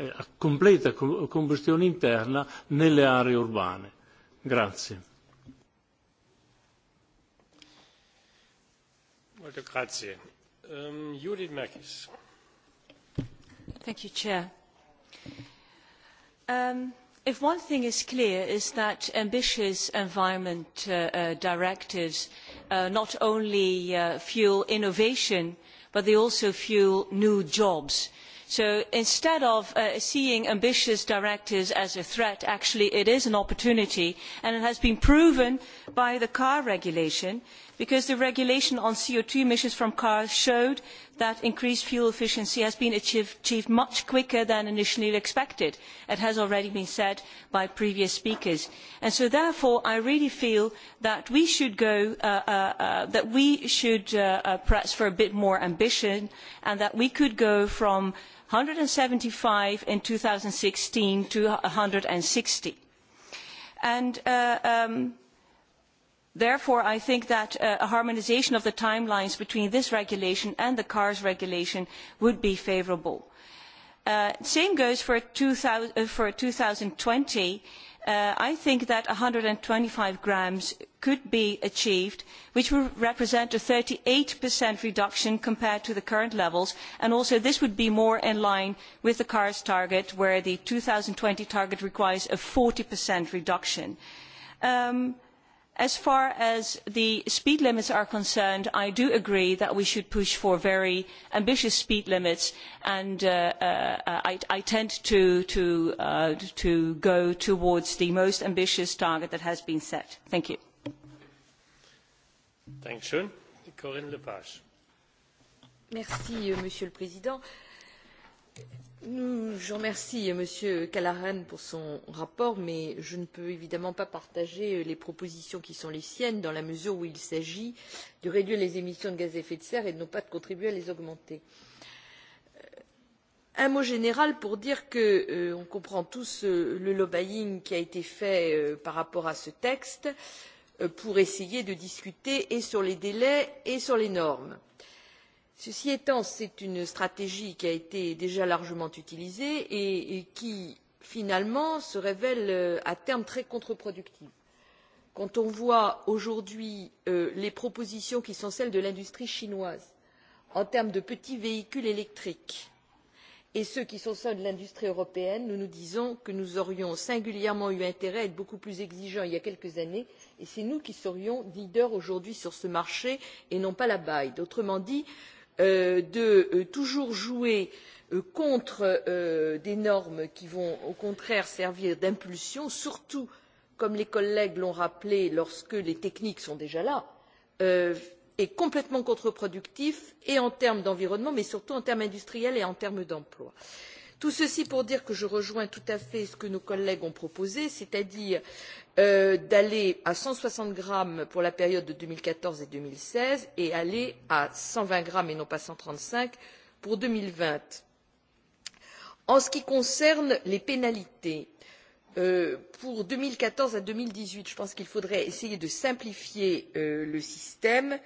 a completa combustione interna nelle aree urbane. Grazie. if one thing is clear is that ambitious environment directives not only fuel innovation but they also fuel new jobs so instead of seeing ambitious directives as a threat actually it is an opportunity and it has been proven by the car regulation because the regulation on co two emissions from cars showed that increased fuel efficiency has been achieved much quicker than initially expected as has already been said by previous speakers. therefore i really feel that we should go that we should press for a bit more ambition and that we could go from hundred and seventy five in 2016 sixteen to one hundred and sixty. Therefore, I think that a harmonisation of the timelines between this regulation and the CARS regulation would be favourable. Uh, same goes for, uh, for twenty I think that one hundred and twenty five grams could be achieved, which would represent a thirty eight reduction compared to the current levels, and also this would be more in line with the CARS target, where the twenty target requires a forty reduction as far as the speed limits are concerned i do agree that we should push for very ambitious speed limits and i tend to go towards the most ambitious target that has been set. monsieur le président Je remercie M. Callanan pour son rapport, mais je ne peux évidemment pas partager les propositions qui sont les siennes, dans la mesure où il s'agit de réduire les émissions de gaz à effet de serre et non pas de contribuer à les augmenter. Un mot général pour dire que nous comprenons tous le lobbying qui a été fait par rapport à ce texte pour essayer de discuter et sur les délais et sur les normes ceci étant c'est une stratégie qui a été déjà largement utilisée et qui finalement se révèle à terme très contreproductive. quand on voit aujourd'hui les propositions qui sont celles de l'industrie chinoise en termes de petits véhicules électriques et ceux qui sont ceux de l'industrie européenne nous nous disons que nous aurions singulièrement eu intérêt à être beaucoup plus exigeants il y a quelques années et c'est nous qui serions leaders aujourd'hui sur ce marché et non pas la baïd. autrement dit de toujours jouer contre des normes qui vont au contraire servir d'impulsion surtout comme les collègues l'ont rappelé lorsque les techniques sont déjà là est complètement contreproductif et en termes d'environnement mais surtout en termes industriels et en termes d'emploi tout ceci pour dire que je rejoins tout à fait ce que nos collègues ont proposé c'est à dire d'aller à cent soixante grammes pour la période de deux mille quatorze et deux mille seize et aller à cent vingt grammes et non pas cent trente cinq pour. deux mille vingt en ce qui concerne les pénalités pour deux mille quatorze à deux mille dix huit je pense qu'il faudrait essayer de simplifier le système et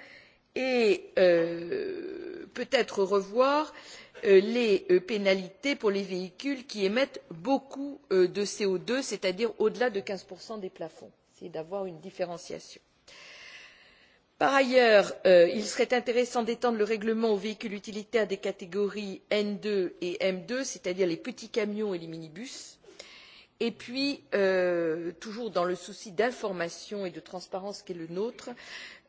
et peut être revoir les pénalités pour les véhicules qui émettent beaucoup de co deux c'est à dire au delà de quinze des plafonds essayer d'avoir une différenciation. par ailleurs il serait intéressant d'étendre le règlement aux véhicules utilitaires des catégories n deux et m deux c'est à dire les petits camions et les minibus et puis toujours dans le souci d'information et de transparence qui est le nôtre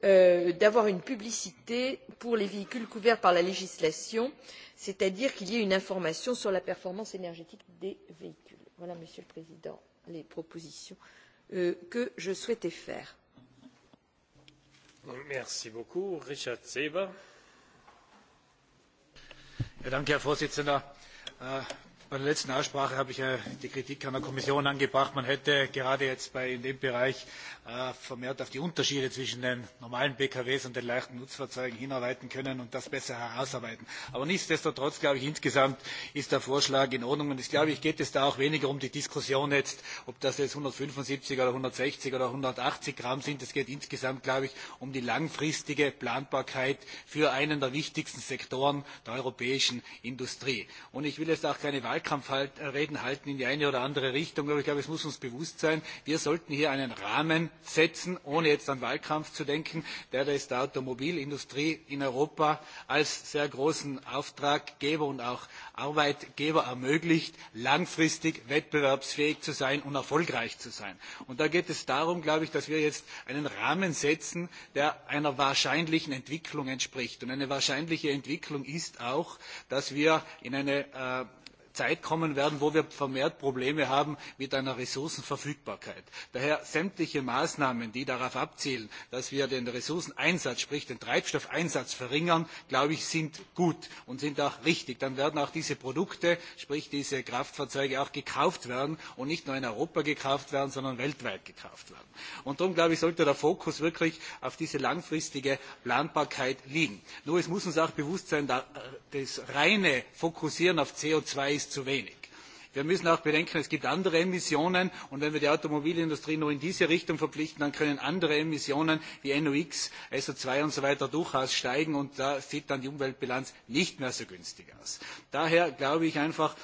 d'avoir une publicité pour les véhicules couverts par la législation c'est à dire qu'il y ait une information sur la performance énergétique des véhicules. voilà monsieur le président les propositions que je souhaitais faire. Bei der letzten Aussprache habe ich ja die Kritik an der Kommission angebracht. Man hätte gerade jetzt in dem Bereich vermehrt auf die Unterschiede zwischen den normalen Pkw und den leichten Nutzfahrzeugen hinarbeiten können und das besser herausarbeiten. Aber nichtsdestotrotz glaube ich, insgesamt ist der Vorschlag in Ordnung. Und ich glaube, ich geht es da auch weniger um die Diskussion jetzt, ob das jetzt 175 oder 160 oder 180 Gramm sind. Es geht insgesamt, glaube ich, um die langfristige Planbarkeit für einen der wichtigsten Sektoren der europäischen Industrie. Und ich will jetzt auch keine Wahlkampfreden halten in die eine oder andere Richtung. Aber ich glaube, es muss uns bewusst sein, wir sollten hier einen Rahmen setzen, ohne jetzt an Wahlkampf zu denken, der es der Automobilindustrie in Europa als sehr großen Auftraggeber und auch Arbeitgeber ermöglicht, langfristig wettbewerbsfähig zu sein und erfolgreich zu sein. Und da geht es darum, glaube ich, dass wir jetzt einen Rahmen setzen, der einer wahrscheinlichen Entwicklung entspricht. Und eine wahrscheinliche Entwicklung ist auch, dass wir in eine Zeit kommen werden, wo wir vermehrt Probleme haben mit einer Ressourcenverfügbarkeit. Daher sämtliche Maßnahmen, die darauf abzielen, dass wir den Ressourceneinsatz, sprich den Treibstoffeinsatz verringern, glaube ich, sind gut und sind auch richtig. Dann werden auch diese Produkte, sprich diese Kraftfahrzeuge auch gekauft werden und nicht nur in Europa gekauft werden, sondern weltweit gekauft werden. Und darum, glaube ich, sollte der Fokus wirklich auf diese langfristige Planbarkeit liegen. Nur es muss uns auch bewusst sein, das reine Fokussieren auf CO2 ist zu wenig. Wir müssen auch bedenken, es gibt andere Emissionen und wenn wir die Automobilindustrie nur in diese Richtung verpflichten, dann können andere Emissionen wie NOx, so zwei und so weiter durchaus steigen und da sieht dann die Umweltbilanz nicht mehr so günstig aus. Daher glaube ich einfach,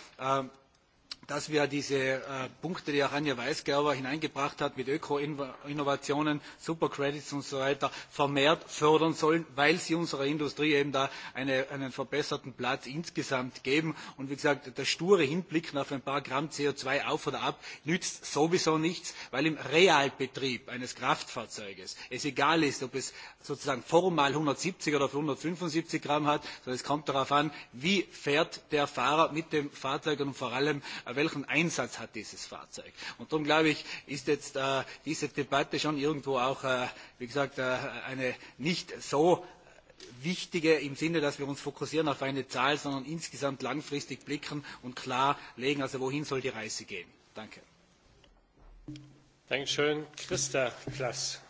dass wir diese Punkte, die auch Anja Weisgerber hineingebracht hat, mit Öko-Innovationen, Supercredits und so weiter, vermehrt fördern sollen, weil sie unserer Industrie eben da einen verbesserten Platz insgesamt geben. Und wie gesagt, der sture Hinblicken auf ein paar Gramm co zwei auf oder ab nützt sowieso nichts, weil im Realbetrieb eines Kraftfahrzeuges es egal ist, ob es sozusagen formal 170 oder 175 Gramm hat, sondern es kommt darauf an, wie fährt der Fahrer mit dem Fahrzeug und vor allem, welchen Einsatz hat dieses Fahrzeug? Und darum glaube ich, ist jetzt diese Debatte schon irgendwo auch, wie gesagt, eine nicht so wichtige im Sinne, dass wir uns fokussieren auf eine Zahl, sondern insgesamt langfristig blicken und klar legen, also wohin soll die Reise gehen. Danke. Dankeschön. Christa Klass.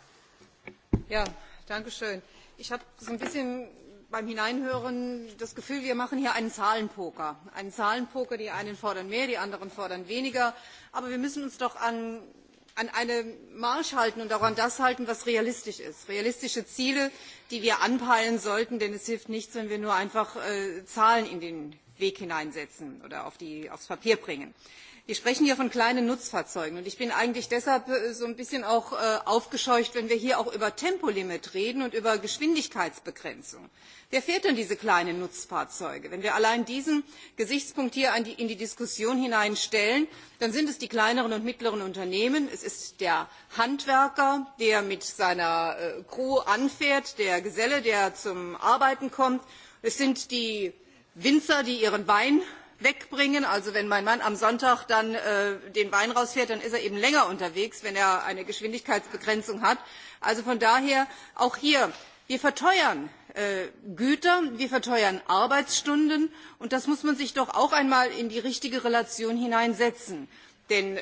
Ja, danke schön. Ich habe so ein bisschen beim Hineinhören das Gefühl, wir machen hier einen Zahlenpoker. Einen Zahlenpoker, die einen fordern mehr, die anderen fordern weniger. Aber wir müssen uns doch an, eine Marsch halten und auch an das halten, was realistisch ist. Realistische Ziele, die wir anpeilen sollten, denn es hilft nichts, wenn wir nur einfach Zahlen in den Weg hineinsetzen oder aufs Papier bringen. Wir sprechen hier von kleinen Nutzfahrzeugen. Und ich bin eigentlich deshalb so ein bisschen auch aufgescheucht, wenn wir hier auch über Tempolimit reden und über Geschwindigkeitsbegrenzung. Wer fährt denn diese kleinen Nutzfahrzeuge? Wenn wir allein diesen Gesichtspunkt hier in die Diskussion hineinstellen, dann sind es die kleineren und mittleren Unternehmen, es ist der Handwerker, der mit seiner Crew anfährt, der Geselle, der zum Arbeiten kommt, es sind die Winzer, die ihren Wein wegbringen. Also wenn mein Mann am Sonntag dann den Wein rausfährt, dann ist er eben länger unterwegs, wenn er eine Geschwindigkeitsbegrenzung hat. Also von daher auch hier, wir verteuern Güter, wir verteuern Arbeitsstunden und das muss man sich doch auch einmal in die richtige Relation hineinsetzen. Denn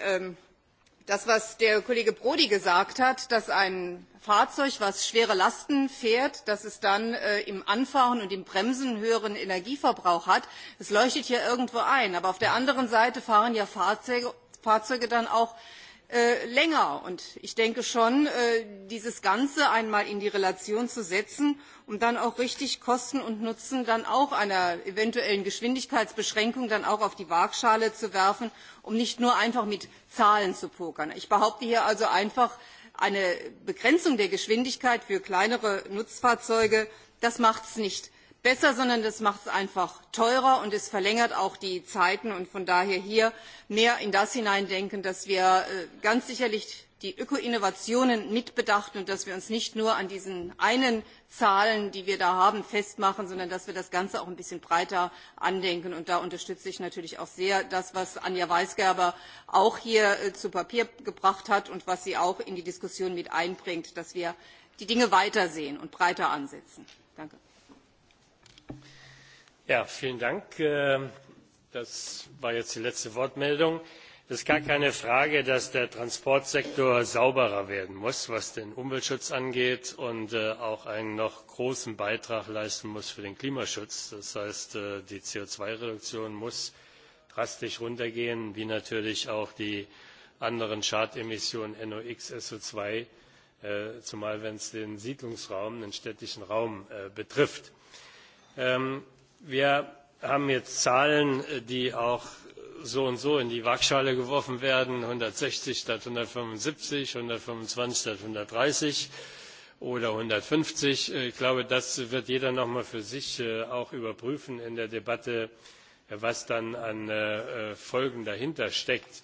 das, was der Kollege Prodi gesagt hat, dass ein Fahrzeug, das schwere Lasten fährt, dass es dann im Anfahren und im Bremsen höheren Energieverbrauch hat, das leuchtet hier irgendwo ein. Aber auf der anderen Seite fahren ja Fahrzeuge dann auch länger. Und ich denke schon, dieses Ganze einmal in die Relation zu setzen, um dann auch richtig Kosten und Nutzen dann auch einer eventuellen Geschwindigkeitsbeschränkung dann auch auf die Waagschale zu werfen, um nicht nur einfach mit Zahlen zu pokern. Ich behaupte hier also einfach, eine Begrenzung der Geschwindigkeit für kleinere Nutzfahrzeuge, das macht es nicht besser, sondern das macht es einfach teurer und es verlängert auch die Zeiten. Und von daher hier mehr in das hineindenken, dass wir ganz sicherlich die Öko-Innovationen mitbedachten und dass wir uns nicht nur an diesen einen Zahlen, die wir da haben, festmachen, sondern dass wir das Ganze auch ein bisschen breiter andenken. Und da unterstütze ich natürlich auch sehr das, was Anja Weisgerber auch hier zu Papier gebracht hat und was sie auch in die Diskussion mit einbringt, dass wir die Dinge weitersehen und breiter ansetzen. Danke vielen Dank. Das war jetzt die letzte Wortmeldung. Es ist gar keine Frage, dass der Transportsektor sauberer werden muss, was den Umweltschutz angeht und auch einen noch großen Beitrag leisten muss für den Klimaschutz. Das heißt, die co zwei reduktion muss drastisch runtergehen, wie natürlich auch die anderen Schademissionen NOx, so zwei, zumal wenn es den Siedlungsraum, den städtischen Raum betrifft wir haben jetzt Zahlen, die auch so und so in die Waagschale geworfen werden, einhundertsechzig statt einhundertfünfundsiebzig einhundertfünfundzwanzig statt einhundertdreißig oder einhundertfünfzig Ich glaube, das wird jeder noch einmal für sich auch überprüfen in der Debatte, was dann an Folgen dahinter steckt.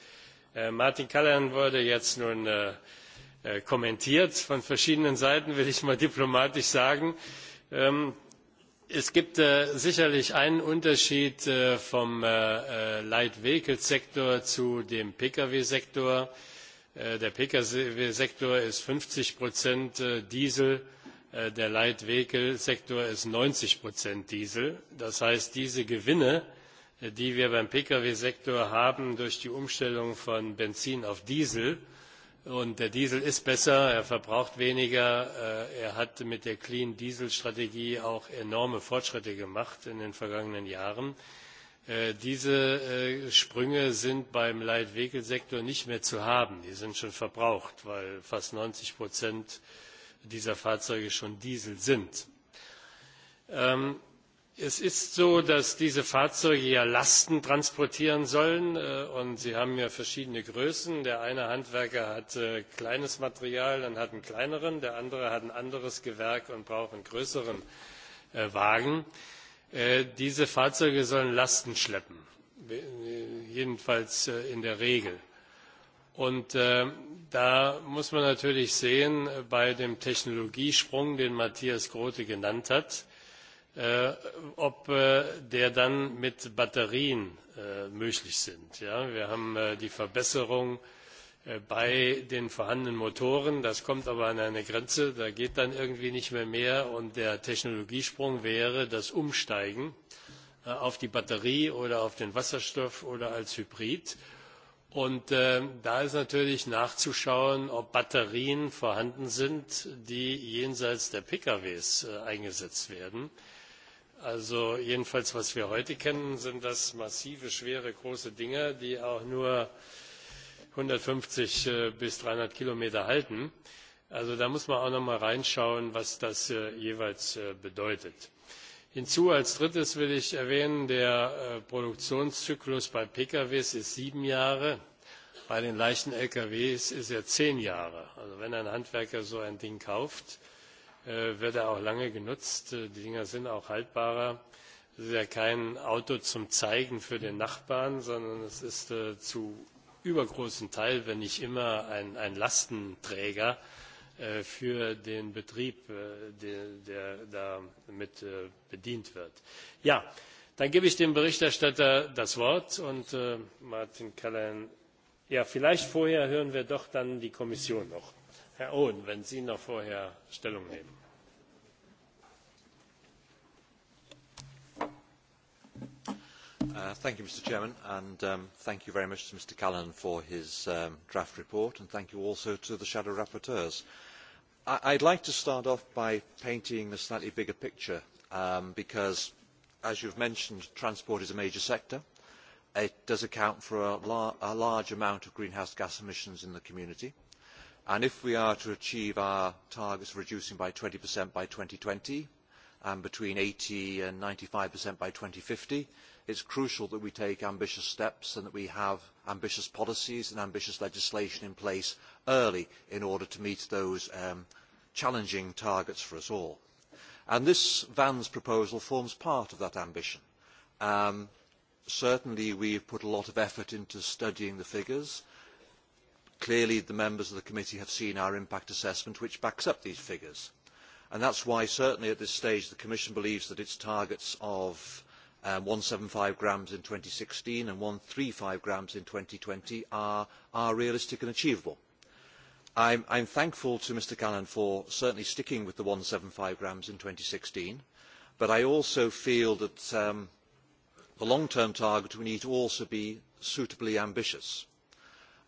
Martin Callanan wurde jetzt nun kommentiert von verschiedenen Seiten, will ich mal diplomatisch sagen es gibt sicherlich einen unterschied vom light vehicle sektor zu dem pkw sektor. der pkw sektor ist fünfzig diesel der light vehicle sektor ist neunzig diesel. das heißt diese gewinne die wir beim pkw sektor haben durch die umstellung von benzin auf diesel Und der Diesel ist besser, er verbraucht weniger. Er hat mit der Clean Diesel Strategie auch enorme Fortschritte gemacht in den vergangenen Jahren. Diese Sprünge sind beim Light Vehicle Sektor nicht mehr zu haben. Die sind schon verbraucht, weil fast neunzig dieser Fahrzeuge schon Diesel sind es ist so dass diese fahrzeuge ja lasten transportieren sollen und sie haben ja verschiedene größen der eine handwerker hat kleines material und hat einen kleineren der andere hat ein anderes gewerk und braucht einen größeren wagen. diese fahrzeuge sollen lasten schleppen jedenfalls in der regel. Und da muss man natürlich sehen bei dem technologiesprung den matthias groote genannt hat ob der dann mit Batterien möglich sind. Wir haben die Verbesserung bei den vorhandenen Motoren. Das kommt aber an eine Grenze. Da geht dann irgendwie nicht mehr mehr. Und der Technologiesprung wäre das Umsteigen auf die Batterie oder auf den Wasserstoff oder als Hybrid. Und da ist natürlich nachzuschauen, ob Batterien vorhanden sind, die jenseits der Pkw eingesetzt werden Also jedenfalls, was wir heute kennen, sind das massive, schwere, große Dinger, die auch nur einhundertfünfzig bis dreihundert Kilometer halten. Also da muss man auch noch mal reinschauen, was das jeweils bedeutet. Hinzu als drittes will ich erwähnen, der Produktionszyklus bei Pkw ist sieben Jahre, bei den leichten Lkw ist er zehn Jahre. Also wenn ein Handwerker so ein Ding kauft, wird er auch lange genutzt. Die Dinger sind auch haltbarer. Es ist ja kein Auto zum Zeigen für den Nachbarn, sondern es ist zu übergroßen Teil, wenn nicht immer, ein, Lastenträger für den Betrieb, der, damit bedient wird. Ja, dann gebe ich dem Berichterstatter das Wort und Martin Callanan. Ja, vielleicht vorher hören wir doch dann die Kommission noch. Herr Owen, wenn Sie noch vorher Stellung nehmen. Thank you, Mr President, and thank you very much to Mr Callan for his draft report, and thank you also to the shadow rapporteurs. I would like to start off by painting a slightly bigger picture, because, as you have mentioned, transport is a major sector. It does account for a, large amount of greenhouse gas emissions in the community And if we are to achieve our targets of reducing by 20% by twenty and between eighty and ninety 95% by fifty, it is crucial that we take ambitious steps and that we have ambitious policies and ambitious legislation in place early in order to meet those challenging targets for us all. this Van's proposal forms part of that ambition. certainly we have put a lot of effort into studying the figures, Clearly, the members of the committee have seen our impact assessment, which backs up these figures. And that is why, certainly at this stage, the Commission believes that its targets of um, 175 grams in sixteen and one hundred five grams in twenty are, are realistic and achievable. I am thankful to Mr Callan for certainly sticking with the one hundred seventy five grams in sixteen, but I also feel that the long-term target we need to also be suitably ambitious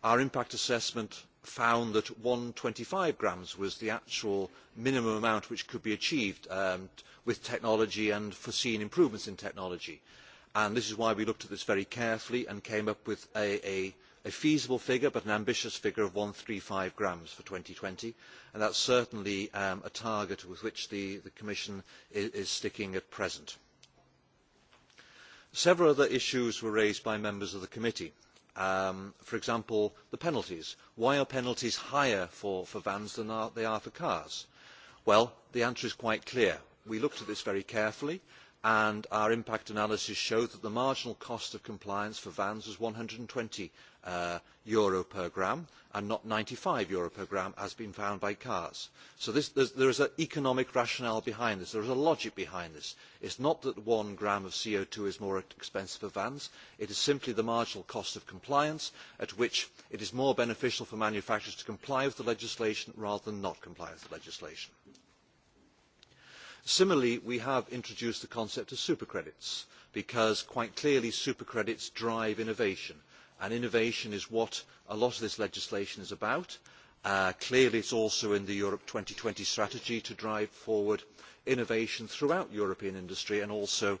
our impact assessment found that one hundred and twenty five grams was the actual minimum amount which could be achieved with technology and foreseen improvements in technology. this is why we looked at this very carefully and came up with a, feasible figure but an ambitious figure of one hundred and thirty five grams for two thousand and twenty and that is certainly a target with which the, Commission is sticking at present. Several other issues were raised by members of the committee for example, the penalties. Why are penalties higher for, vans than they are for cars? Well, the answer is quite clear. We looked at this very carefully and our impact analysis showed that the marginal cost of compliance for vans was EUR one hundred and twenty per gram and not EUR ninety five per gram as been found by cars. So there is an economic rationale behind this. There is a logic behind this. It is not that one gram of co two is more expensive for vans. It is simply the marginal cost of compliance at which it is more beneficial for manufacturers to comply with the legislation rather than not comply with the legislation Similarly, we have introduced the concept of supercredits because quite clearly supercredits drive innovation and innovation is what a lot of this legislation is about. clearly it is also in the Europe twenty strategy to drive forward innovation throughout European industry and also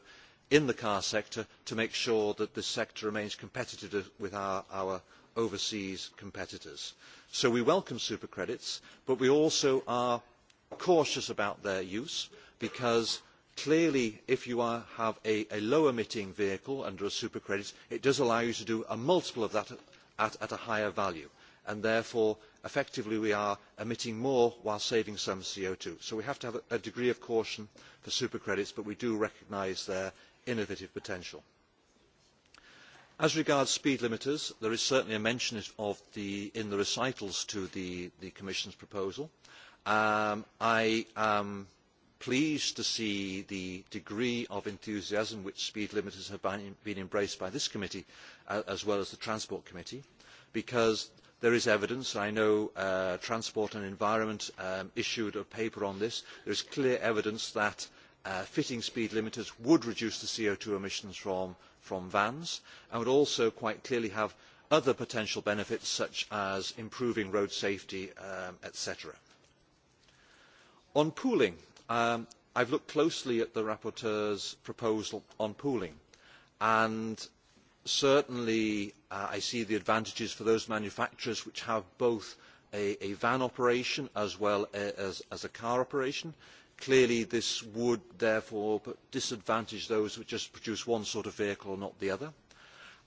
in the car sector to make sure that this sector remains competitive with our, overseas competitors. So we welcome super credits, but we also are cautious about their use because clearly if you have a low emitting vehicle under a super credit it does allow you to do a multiple of that at a higher value and therefore effectively we are emitting more while saving some co two. so we have to have a degree of caution for super credits but we do recognise their innovative potential. as regards speed limiters there is certainly a mention of in the recitals to the commission's proposal. i am pleased to see the degree of enthusiasm which speed limiters have been embraced by this committee as well as the Transport Committee because there is evidence, I know Transport and Environment issued a paper on this, there is clear evidence that fitting speed limiters would reduce the co two emissions from, vans and would also quite clearly have other potential benefits such as improving road safety, etc. On pooling, I have looked closely at the rapporteur's proposal on pooling, and certainly I see the advantages for those manufacturers which have both a, van operation as well as, a car operation. Clearly, this would therefore disadvantage those which just produce one sort of vehicle and not the other.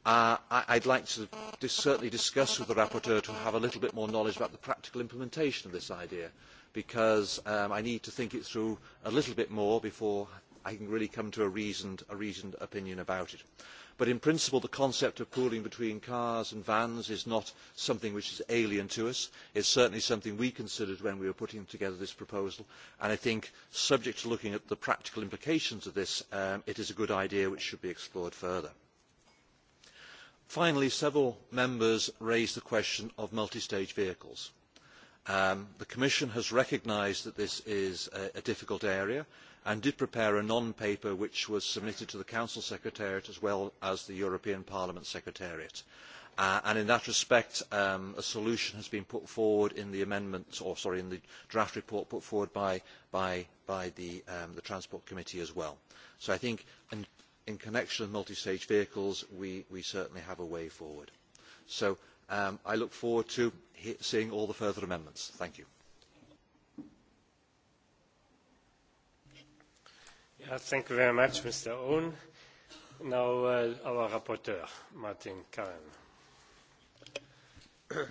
I would like to certainly discuss with the rapporteur to have a little bit more knowledge about the practical implementation of this idea because I need to think it through a little bit more before I can really come to a reasoned, opinion about it. But in principle, the concept of pooling between cars and vans is not something which is alien to us. It is certainly something we considered when we were putting together this proposal. And I think, subject to looking at the practical implications of this, it is a good idea which should be explored further. Finally, several members raised the question of multi-stage vehicles the Commission has recognised that this is a, difficult area and did prepare a non-paper which was submitted to the Council Secretariat as well as the European Parliament Secretariat. and in that respect, a solution has been put forward in the or sorry, in the draft report put forward by, the, Transport Committee as well. So I think in, connection with multi-stage vehicles, we, certainly have a way forward. I look forward to seeing all the further amendments. Thank you. thank you very much, Mr. Owen. Now, our rapporteur, Martin Karen.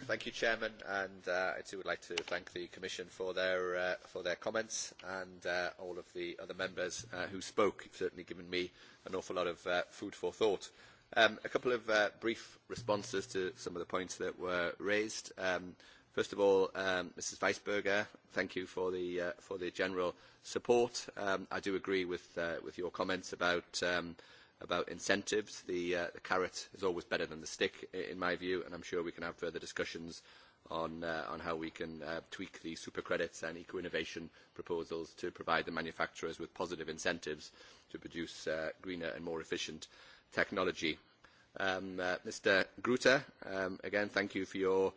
Thank you, Chairman, and uh, I too would like to thank the Commission for their uh, for their comments and uh, all of the other members uh, who spoke. It's certainly given me an awful lot of uh, food for thought a couple of brief responses to some of the points that were raised. first of all, Mrs. Weisberger, thank you for the, for the general support. I do agree with, your comments about, incentives. The, carrot is always better than the stick, in my view, and I am sure we can have further discussions on, how we can tweak the super credits and eco-innovation proposals to provide the manufacturers with positive incentives to produce greener and more efficient uh, technology. Mr. Gruter, again, thank you for your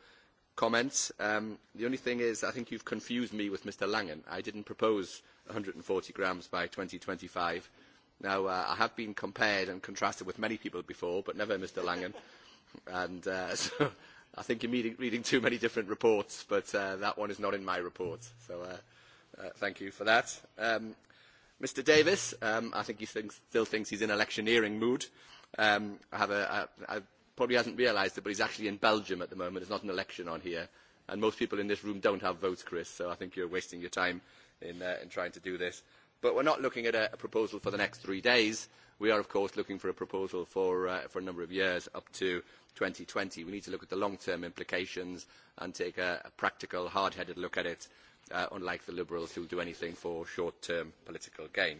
comments. the only thing is, I think you have confused me with Mr. Langen. I did not propose one hundred and forty grams by twenty five. Now, I have been compared and contrasted with many people before, but never Mr. Langen. and so I think you are reading too many different reports, but that one is not in my report. So thank you for that. Mr Davis, um, I think he thinks, still thinks he's in electioneering mood. Um, I have a, I, I probably hasn't realised it, but he's actually in Belgium at the moment. There's not an election on here. And most people in this room don't have votes, Chris, so I think you're wasting your time in, uh, in trying to do this. But we're not looking at a, a proposal for the next three days. We are, of course, looking for a proposal for, uh, for a number of years up to twenty. We need to look at the long-term implications and take a, a practical, hard-headed look at it unlike the Liberals who do anything for short-term political gain.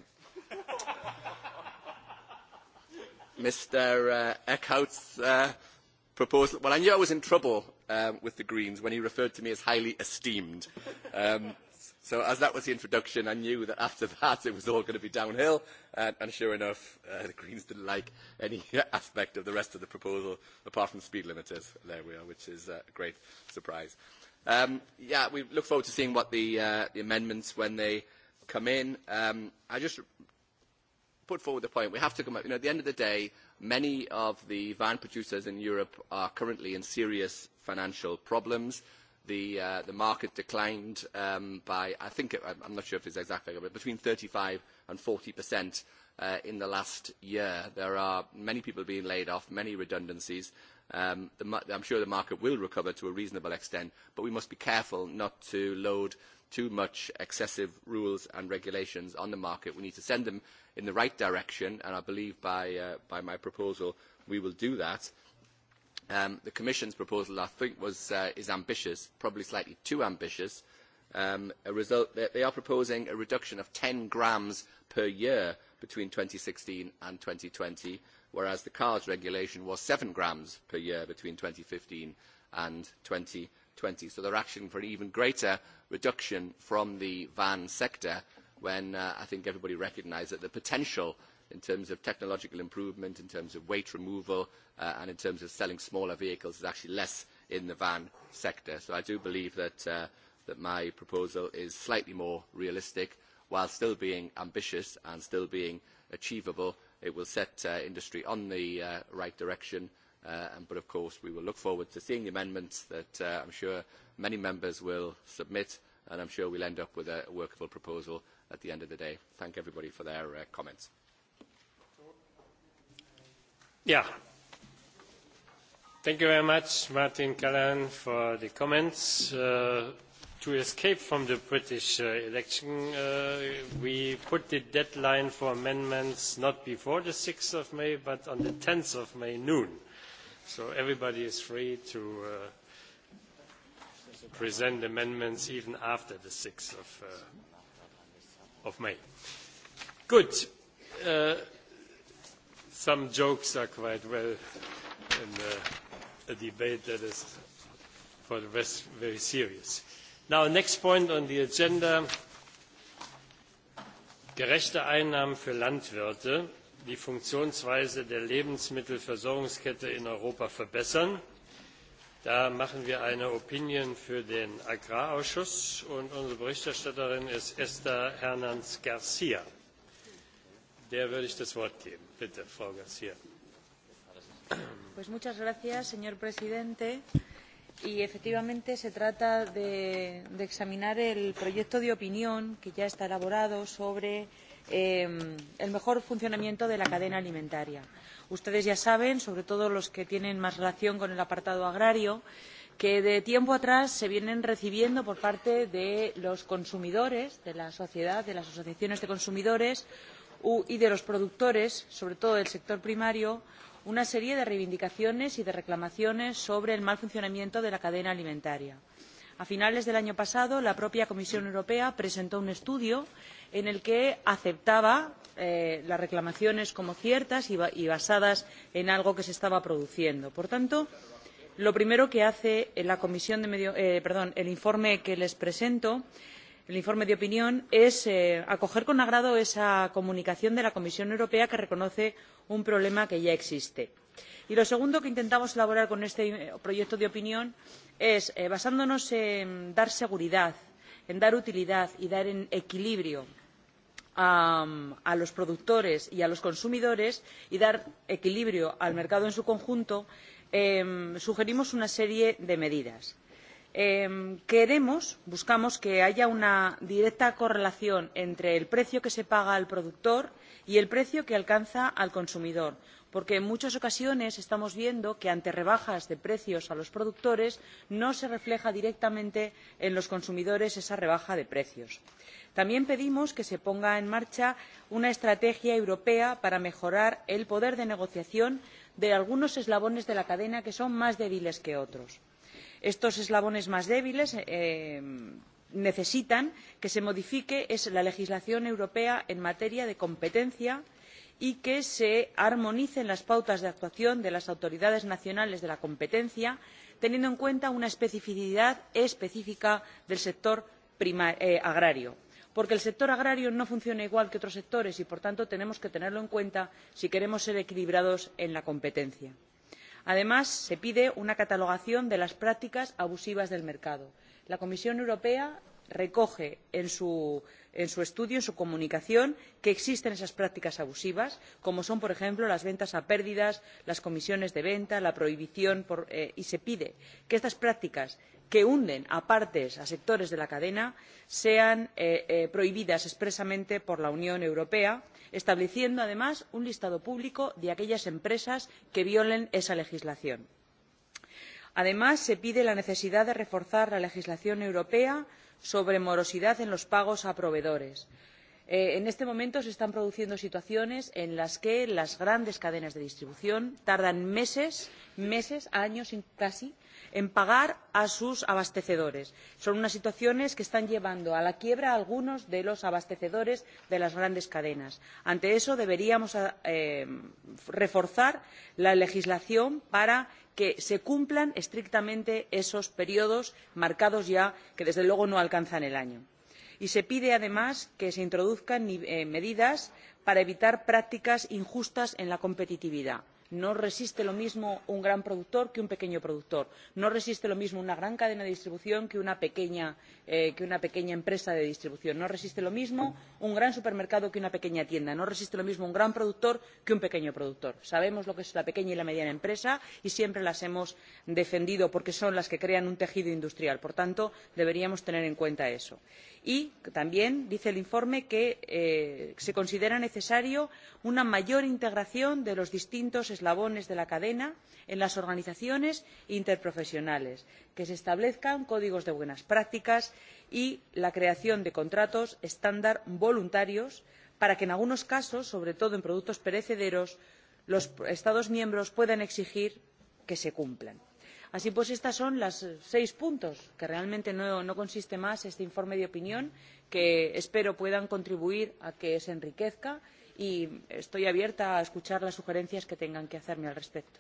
Mr Eckhout's proposal. Well, I knew I was in trouble with the Greens when he referred to me as highly esteemed. so as that was the introduction, I knew that after that it was all going to be downhill. And, sure enough, the Greens didn't like any aspect of the rest of the proposal apart from speed limiters. There we are, which is a great surprise. Um, yeah, we look forward to seeing what the, uh, the amendments when they come in. Um, I just put forward the point. We have to come up. You know, at the end of the day, many of the van producers in Europe are currently in serious financial problems. The, uh, the market declined um, by, I think, I'm not sure if it's exact figure, but between 35 and 40 uh, in the last year. There are many people being laid off, many redundancies I am I'm sure the market will recover to a reasonable extent, but we must be careful not to load too much excessive rules and regulations on the market. We need to send them in the right direction, and I believe by, my proposal we will do that. the Commission's proposal, I think, was, is ambitious, probably slightly too ambitious. they are proposing a reduction of 10 grams per year between 2016 and 2020 whereas the CARS regulation was seven grams per year between fifteen and twenty So they are asking for an even greater reduction from the van sector when I think everybody recognised that the potential in terms of technological improvement, in terms of weight removal, and in terms of selling smaller vehicles is actually less in the van sector. So I do believe that, my proposal is slightly more realistic while still being ambitious and still being achievable It will set industry on the right direction, but of course we will look forward to seeing the amendments that I am sure many members will submit, and I am sure we will end up with a workable proposal at the end of the day. Thank everybody for their comments. Thank you very much, Martin Callanan, for the comments to escape from the British election, we put the deadline for amendments not before the 6th of May, but on the 10th of May noon. So everybody is free to present amendments even after the 6th of, of May. Good. some jokes are quite well in a debate that is, for the rest, very serious the next point on the agenda, gerechte Einnahmen für Landwirte, die Funktionsweise der Lebensmittelversorgungskette in Europa verbessern. Da machen wir eine Opinion für den Agrarausschuss und unsere Berichterstatterin ist Esther Hernanz Garcia. Der würde ich das Wort geben. Bitte, Frau Garcia y efectivamente se trata de, examinar el proyecto de opinión que ya está elaborado sobre el mejor funcionamiento de la cadena alimentaria. Ustedes ya saben, sobre todo los que tienen más relación con el apartado agrario, que de tiempo atrás se vienen recibiendo por parte de los consumidores, de la sociedad, de las asociaciones de consumidores y de los productores, sobre todo del sector primario, una serie de reivindicaciones y de reclamaciones sobre el mal funcionamiento de la cadena alimentaria. A finales del año pasado, la propia Comisión Europea presentó un estudio en el que aceptaba las reclamaciones como ciertas y basadas en algo que se estaba produciendo. Por tanto, lo primero que hace el informe que les presento es el informe de opinión es acoger con agrado esa comunicación de la comisión europea que reconoce un problema que ya existe. y lo segundo que intentamos elaborar con este proyecto de opinión es basándonos en dar seguridad en dar utilidad y dar equilibrio a los productores y a los consumidores y dar equilibrio al mercado en su conjunto sugerimos una serie de medidas queremos buscamos que haya una directa correlación entre el precio que se paga al productor y el precio que alcanza al consumidor porque en muchas ocasiones estamos viendo que ante rebajas de precios a los productores no se refleja directamente en los consumidores esa rebaja de precios. también pedimos que se ponga en marcha una estrategia europea para mejorar el poder de negociación de algunos eslabones de la cadena que son más débiles que otros estos eslabones más débiles necesitan que se modifique la legislación europea en materia de competencia y que se armonicen las pautas de actuación de las autoridades nacionales de la competencia teniendo en cuenta una especificidad específica del sector agrario porque el sector agrario no funciona igual que otros sectores y por tanto tenemos que tenerlo en cuenta si queremos ser equilibrados en la competencia además se pide una catalogación de las prácticas abusivas del mercado. la comisión europea recoge en su estudio en su comunicación que existen esas prácticas abusivas como son por ejemplo las ventas a pérdidas las comisiones de venta la prohibición y se pide que estas prácticas que hunden a partes, a sectores de la cadena, sean prohibidas expresamente por la Unión Europea, estableciendo además un listado público de aquellas empresas que violen esa legislación. Además, se pide la necesidad de reforzar la legislación europea sobre morosidad en los pagos a proveedores, en este momento se están produciendo situaciones en las que las grandes cadenas de distribución tardan meses meses años casi en pagar a sus abastecedores. son unas situaciones que están llevando a la quiebra a algunos de los abastecedores de las grandes cadenas. ante eso deberíamos reforzar la legislación para que se cumplan estrictamente esos períodos marcados ya que desde luego no alcanzan el año y se pide además que se introduzcan medidas para evitar prácticas injustas en la competitividad no resiste lo mismo un gran productor que un pequeño productor no resiste lo mismo una gran cadena de distribución que una pequeña empresa de distribución no resiste lo mismo un gran supermercado que una pequeña tienda no resiste lo mismo un gran productor que un pequeño productor. sabemos lo que es la pequeña y la mediana empresa y siempre las hemos defendido porque son las que crean un tejido industrial por tanto deberíamos tener en cuenta eso. y también dice el informe que se considera necesaria una mayor integración de los distintos eslabones de la cadena en las organizaciones interprofesionales que se establezcan códigos de buenas prácticas y la creación de contratos estándar voluntarios para que en algunos casos sobre todo en productos perecederos los estados miembros puedan exigir que se cumplan. así pues estos son los seis puntos que realmente no consiste más este informe de opinión que espero puedan contribuir a que se enriquezca y y estoy abierta a escuchar las sugerencias que tengan que hacerme al respecto.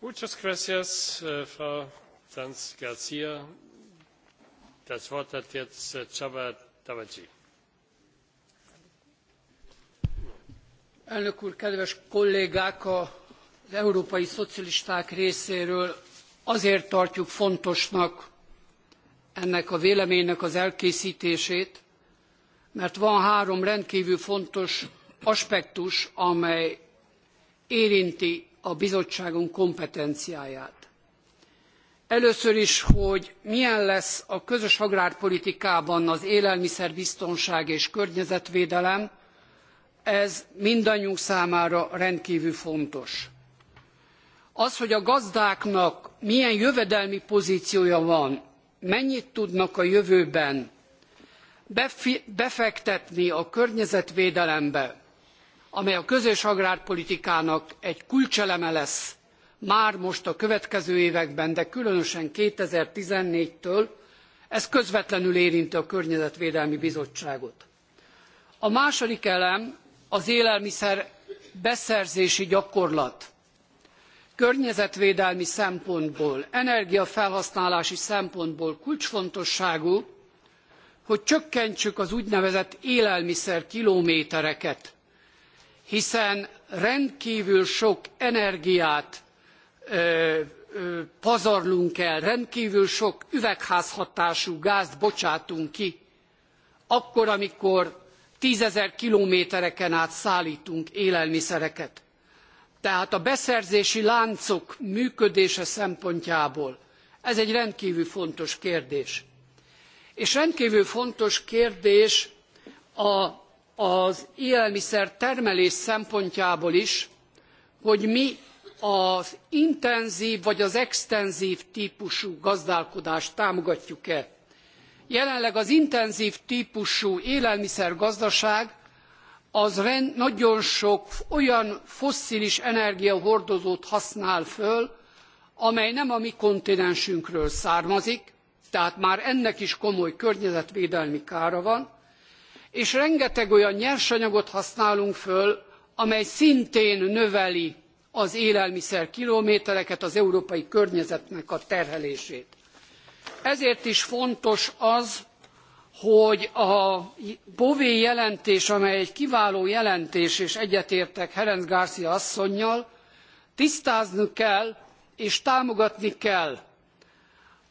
Muchas gracias, Frau Sanz Das Wort hat jetzt Csaba Elnök úr, kedves kollégák, az európai szocialisták részéről azért tartjuk fontosnak ennek a véleménynek az mert van három rendkívül fontos aspektus, amely érinti a bizottságunk kompetenciáját. Először is, hogy milyen lesz a közös agrárpolitikában az élelmiszerbiztonság és környezetvédelem, ez mindannyiunk számára rendkívül fontos. Az, hogy a gazdáknak milyen jövedelmi pozíciója van, mennyit tudnak a jövőben befektetni a környezetvédelembe, amely a közös agrárpolitikának egy kulcseleme lesz már most a következő években, de különösen 2014-től, ez közvetlenül érinti a Környezetvédelmi Bizottságot. A második elem az élelmiszer beszerzési gyakorlat. Környezetvédelmi szempontból, energiafelhasználási szempontból kulcsfontosságú, hogy csökkentsük az úgynevezett élelmiszer kilométereket, hiszen rendkívül sok energiát pazarlunk el, rendkívül sok üvegházhatású gázt bocsátunk ki, akkor, amikor tízezer kilométereken át szállítunk élelmiszereket. Tehát a beszerzési láncok működése szempontjából ez egy rendkívül fontos kérdés És rendkívül fontos kérdés az élelmiszer termelés szempontjából is, hogy mi az intenzív vagy az extenzív típusú gazdálkodást támogatjuk-e. Jelenleg az intenzív típusú élelmiszergazdaság az nagyon sok olyan fosszilis energiahordozót használ föl, amely nem a mi kontinensünkről származik, Tehát már ennek is komoly környezetvédelmi kára van, és rengeteg olyan nyersanyagot használunk föl, amely szintén növeli az élelmiszer kilométereket, az európai környezetnek a terhelését. Ezért is fontos az, hogy a Bové jelentés, amely egy kiváló jelentés, és egyetértek Herenc Garcia asszonynal, tisztázni kell és támogatni kell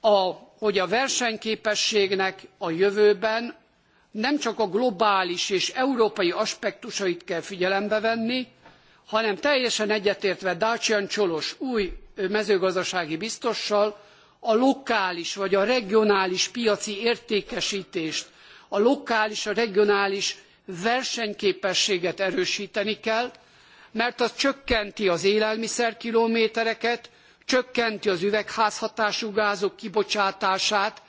a hogy a versenyképességnek a jövőben nem csak a globális és európai aspektusait kell figyelembe venni, hanem teljesen egyetértve Dacian Csolos új mezőgazdasági biztossal a lokális vagy a regionális piaci értékesítést, a lokális, a regionális versenyképességet erősíteni kell, mert az csökkenti az élelmiszerkilométereket, csökkenti az üvegházhatású gázok kibocsátását.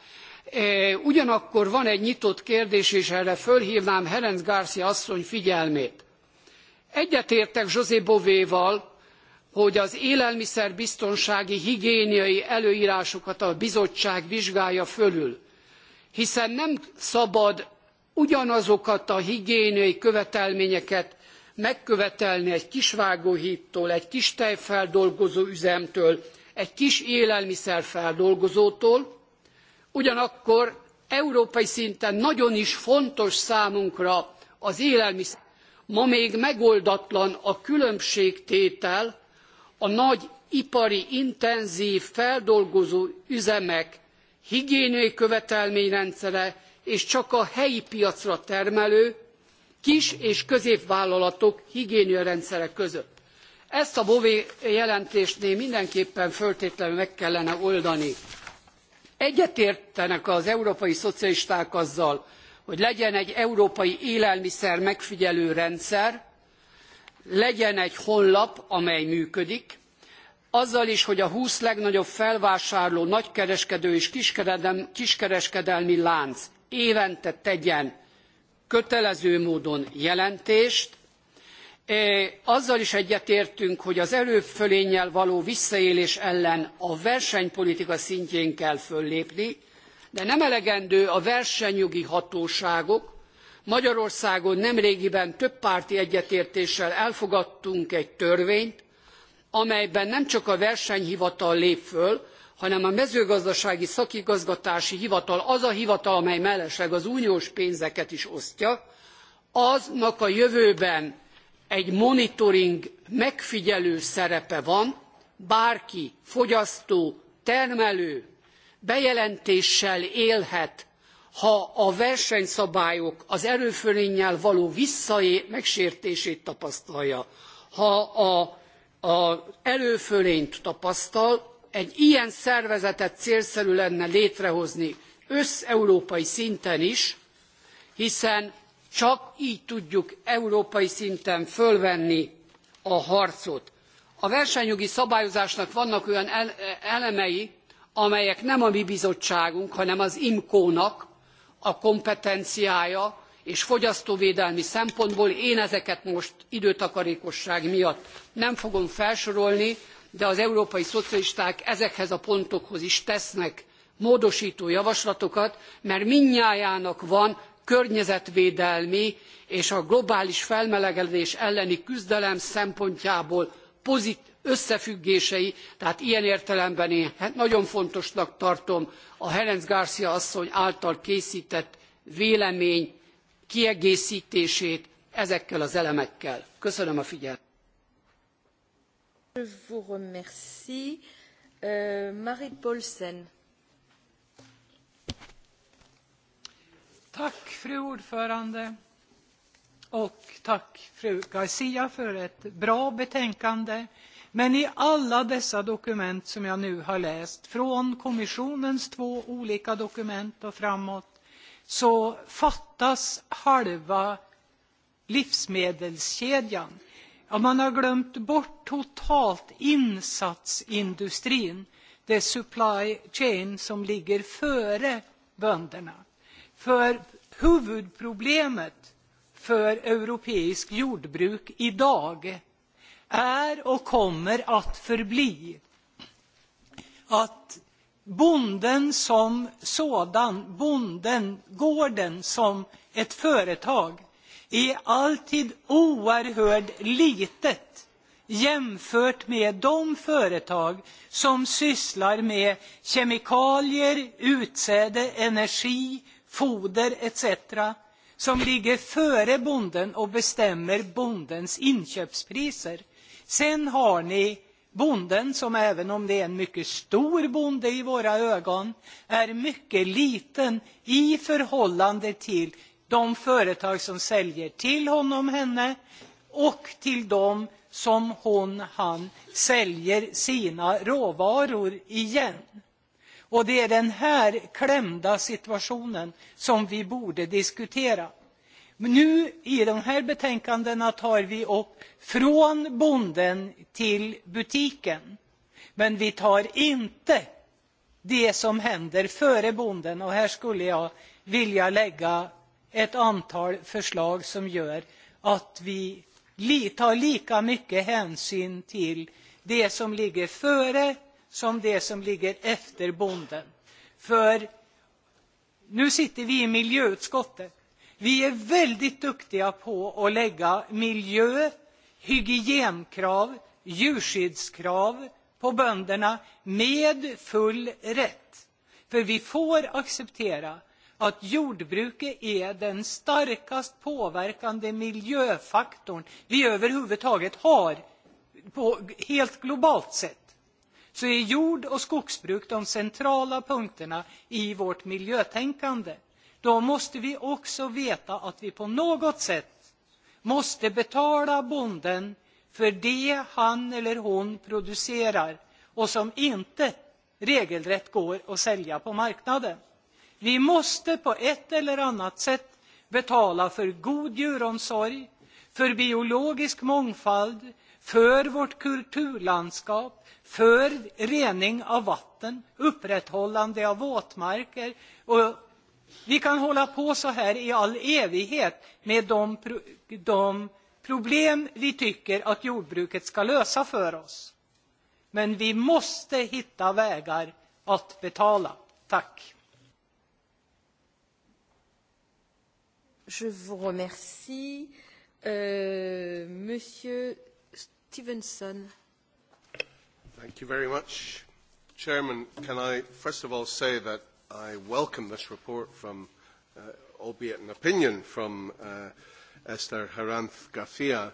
Ugyanakkor van egy nyitott kérdés, és erre fölhívnám Herenc Garcia asszony figyelmét. Egyetértek José Bovéval, hogy az élelmiszerbiztonsági higiéniai előírásokat a bizottság vizsgálja fölül, hiszen nem szabad ugyanazokat a higiéniai követelményeket megkövetelni egy kis egy kis tejfeldolgozó üzemtől, egy kis élelmiszerfeldolgozótól, ugyanakkor európai szinten nagyon is fontos számunkra az élelmiszer. Ma még megoldatlan a különbségtétel a nagy ipari intenzív feldolgozó üzemek higiéniai követelményrendszere és csak a helyi piacra termelő kis és középvállalatok higiéniarendszere között. Ezt a Bové jelentésnél mindenképpen föltétlenül meg kellene oldani. Egyetértenek az európai szocialisták azzal, hogy legyen egy európai élelmiszer megfigyelő rendszer, legyen egy honlap, amely működik, azzal is, hogy a 20 legnagyobb felvásárló nagykereskedő és kiskereskedelmi lánc évente tegyen kötelező módon jelentést. Azzal is egyetértünk, hogy az előfölénnyel való visszaélés ellen a versenypolitika szintjén kell föllépni, de nem elegendő a versenyjogi hatóságok. Magyarországon nemrégiben több párti egyetértéssel elfogadtunk egy törvényt, amelyben nem csak a versenyhivatal lép föl, hanem a mezőgazdasági szakigazgatási hivatal az a hivatal amely mellesleg az uniós pénzeket is osztja aznak a jövőben egy monitoring megfigyelő szerepe van bárki fogyasztó termelő bejelentéssel élhet ha a versenyszabályok az erőfölénnyel való megsértését tapasztalja ha az erőfölényt tapasztal egy ilyen szervezetet célszerű lenne létrehozni összeurópai szinten is, hiszen csak így tudjuk európai szinten fölvenni a harcot. A versenyjogi szabályozásnak vannak olyan elemei, amelyek nem a mi bizottságunk, hanem az IMCO-nak a kompetenciája, és fogyasztóvédelmi szempontból én ezeket most időtakarékosság miatt nem fogom felsorolni, de az európai szocialisták ezekhez a pontokhoz is tesznek módostó javaslatokat mert mindnyájának van környezetvédelmi és a globális felmelegedés elleni küzdelem szempontjából összefüggései tehát ilyen értelemben én nagyon fontosnak tartom a Herenc Garcia asszony által készített vélemény kiegészítését ezekkel az elemekkel. Köszönöm a figyelmet. Fru ordförande Och tack fru Garcia för ett bra betänkande. Men i alla dessa dokument som jag nu har läst, från kommissionens två olika dokument och framåt, så fattas halva livsmedelskedjan man har glömt bort totalt insatsindustrin, det supply chain som ligger före bönderna. För huvudproblemet för europeiskt jordbruk idag är och kommer att förbli att bonden som sådan, bonden, gården som ett företag är alltid oerhört litet jämfört med de företag som sysslar med kemikalier, utsäde, energi, foder etc. som ligger före bonden och bestämmer bondens inköpspriser. Sen har ni bonden som även om det är en mycket stor bonde i våra ögon är mycket liten i förhållande till de företag som säljer till honom henne och till dem som hon han säljer sina råvaror igen. Och det är den här klämda situationen som vi borde diskutera. Nu i de här betänkandena tar vi upp från bonden till butiken. Men vi tar inte det som händer före bonden och här skulle jag vilja lägga ett antal förslag som gör att vi tar lika mycket hänsyn till det som ligger före som det som ligger efter bonden. För nu sitter vi i miljöutskottet. Vi är väldigt duktiga på att lägga miljö, hygienkrav, djurskyddskrav på bönderna med full rätt. För vi får acceptera att jordbruket är den starkast påverkande miljöfaktorn vi överhuvudtaget har helt globalt sett så är jord och skogsbruk de centrala punkterna i vårt miljötänkande. Då måste vi också veta att vi på något sätt måste betala bonden för det han eller hon producerar och som inte regelrätt går att sälja på marknaden. Vi måste på ett eller annat sätt betala för god djuromsorg, för biologisk mångfald, för vårt kulturlandskap, för rening av vatten, upprätthållande av våtmarker. Vi kan hålla på så här i all evighet med de problem vi tycker att jordbruket ska lösa för oss. Men vi måste hitta vägar att betala. Tack! Je vous remercie. Euh, Monsieur Stevenson. Thank you very much, Chairman. Can I first of all say that I welcome this report from, uh, albeit an opinion from uh, Esther Haranth Garcia.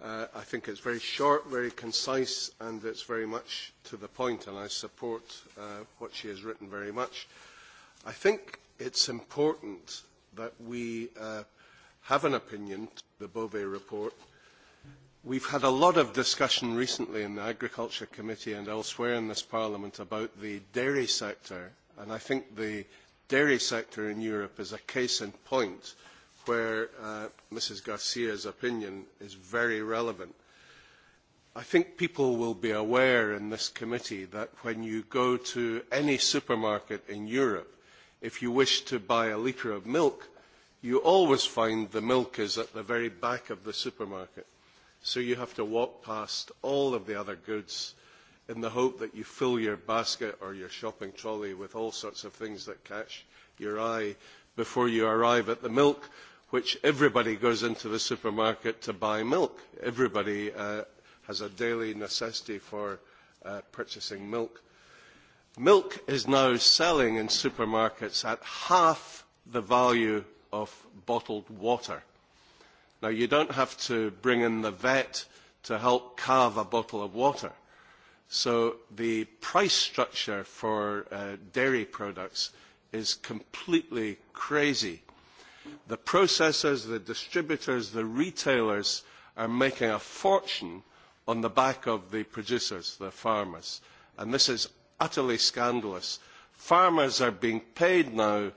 Uh, I think it's very short, very concise, and it's very much to the point, and I support uh, what she has written very much. I think it's important that we uh, have an opinion, the Bove report. We've had a lot of discussion recently in the Agriculture Committee and elsewhere in this Parliament about the dairy sector, and I think the dairy sector in Europe is a case in point where uh, Mrs. Garcia's opinion is very relevant. I think people will be aware in this committee that when you go to any supermarket in Europe, if you wish to buy a litre of milk, you always find the milk is at the very back of the supermarket. So you have to walk past all of the other goods in the hope that you fill your basket or your shopping trolley with all sorts of things that catch your eye before you arrive at the milk, which everybody goes into the supermarket to buy milk. Everybody has a daily necessity for purchasing milk. Milk is now selling in supermarkets at half the value of bottled water. Now, you don't have to bring in the vet to help calve a bottle of water. So the price structure for uh, dairy products is completely crazy. The processors, the distributors, the retailers are making a fortune on the back of the producers, the farmers. And this is utterly scandalous. Farmers are being paid now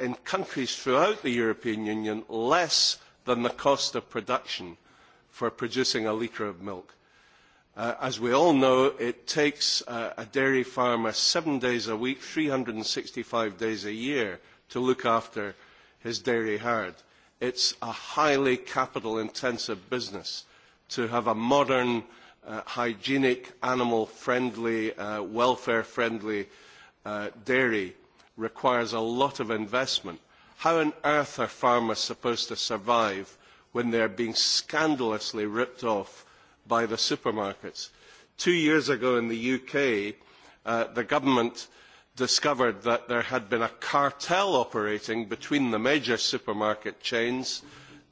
in countries throughout the European Union less than the cost of production for producing a litre of milk. as we all know, it takes a dairy farmer seven days a week, three hundred and sixty five days a year to look after his dairy herd. It is a highly capital intensive business to have a modern hygienic, animal-friendly, welfare-friendly dairy requires a lot of investment. How on earth are farmers supposed to survive when they are being scandalously ripped off by the supermarkets? Two years ago in the UK, the government discovered that there had been a cartel operating between the major supermarket chains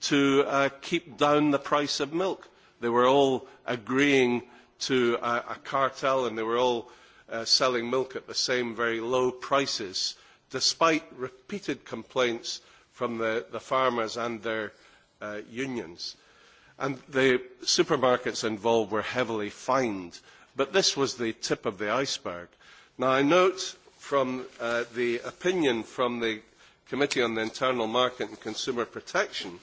to keep down the price of milk They were all agreeing to a, a cartel and they were all uh, selling milk at the same very low prices, despite repeated complaints from the, the farmers and their uh, unions. And the supermarkets involved were heavily fined. But this was the tip of the iceberg. Now, I note from uh, the opinion from the Committee on the Internal Market and Consumer Protection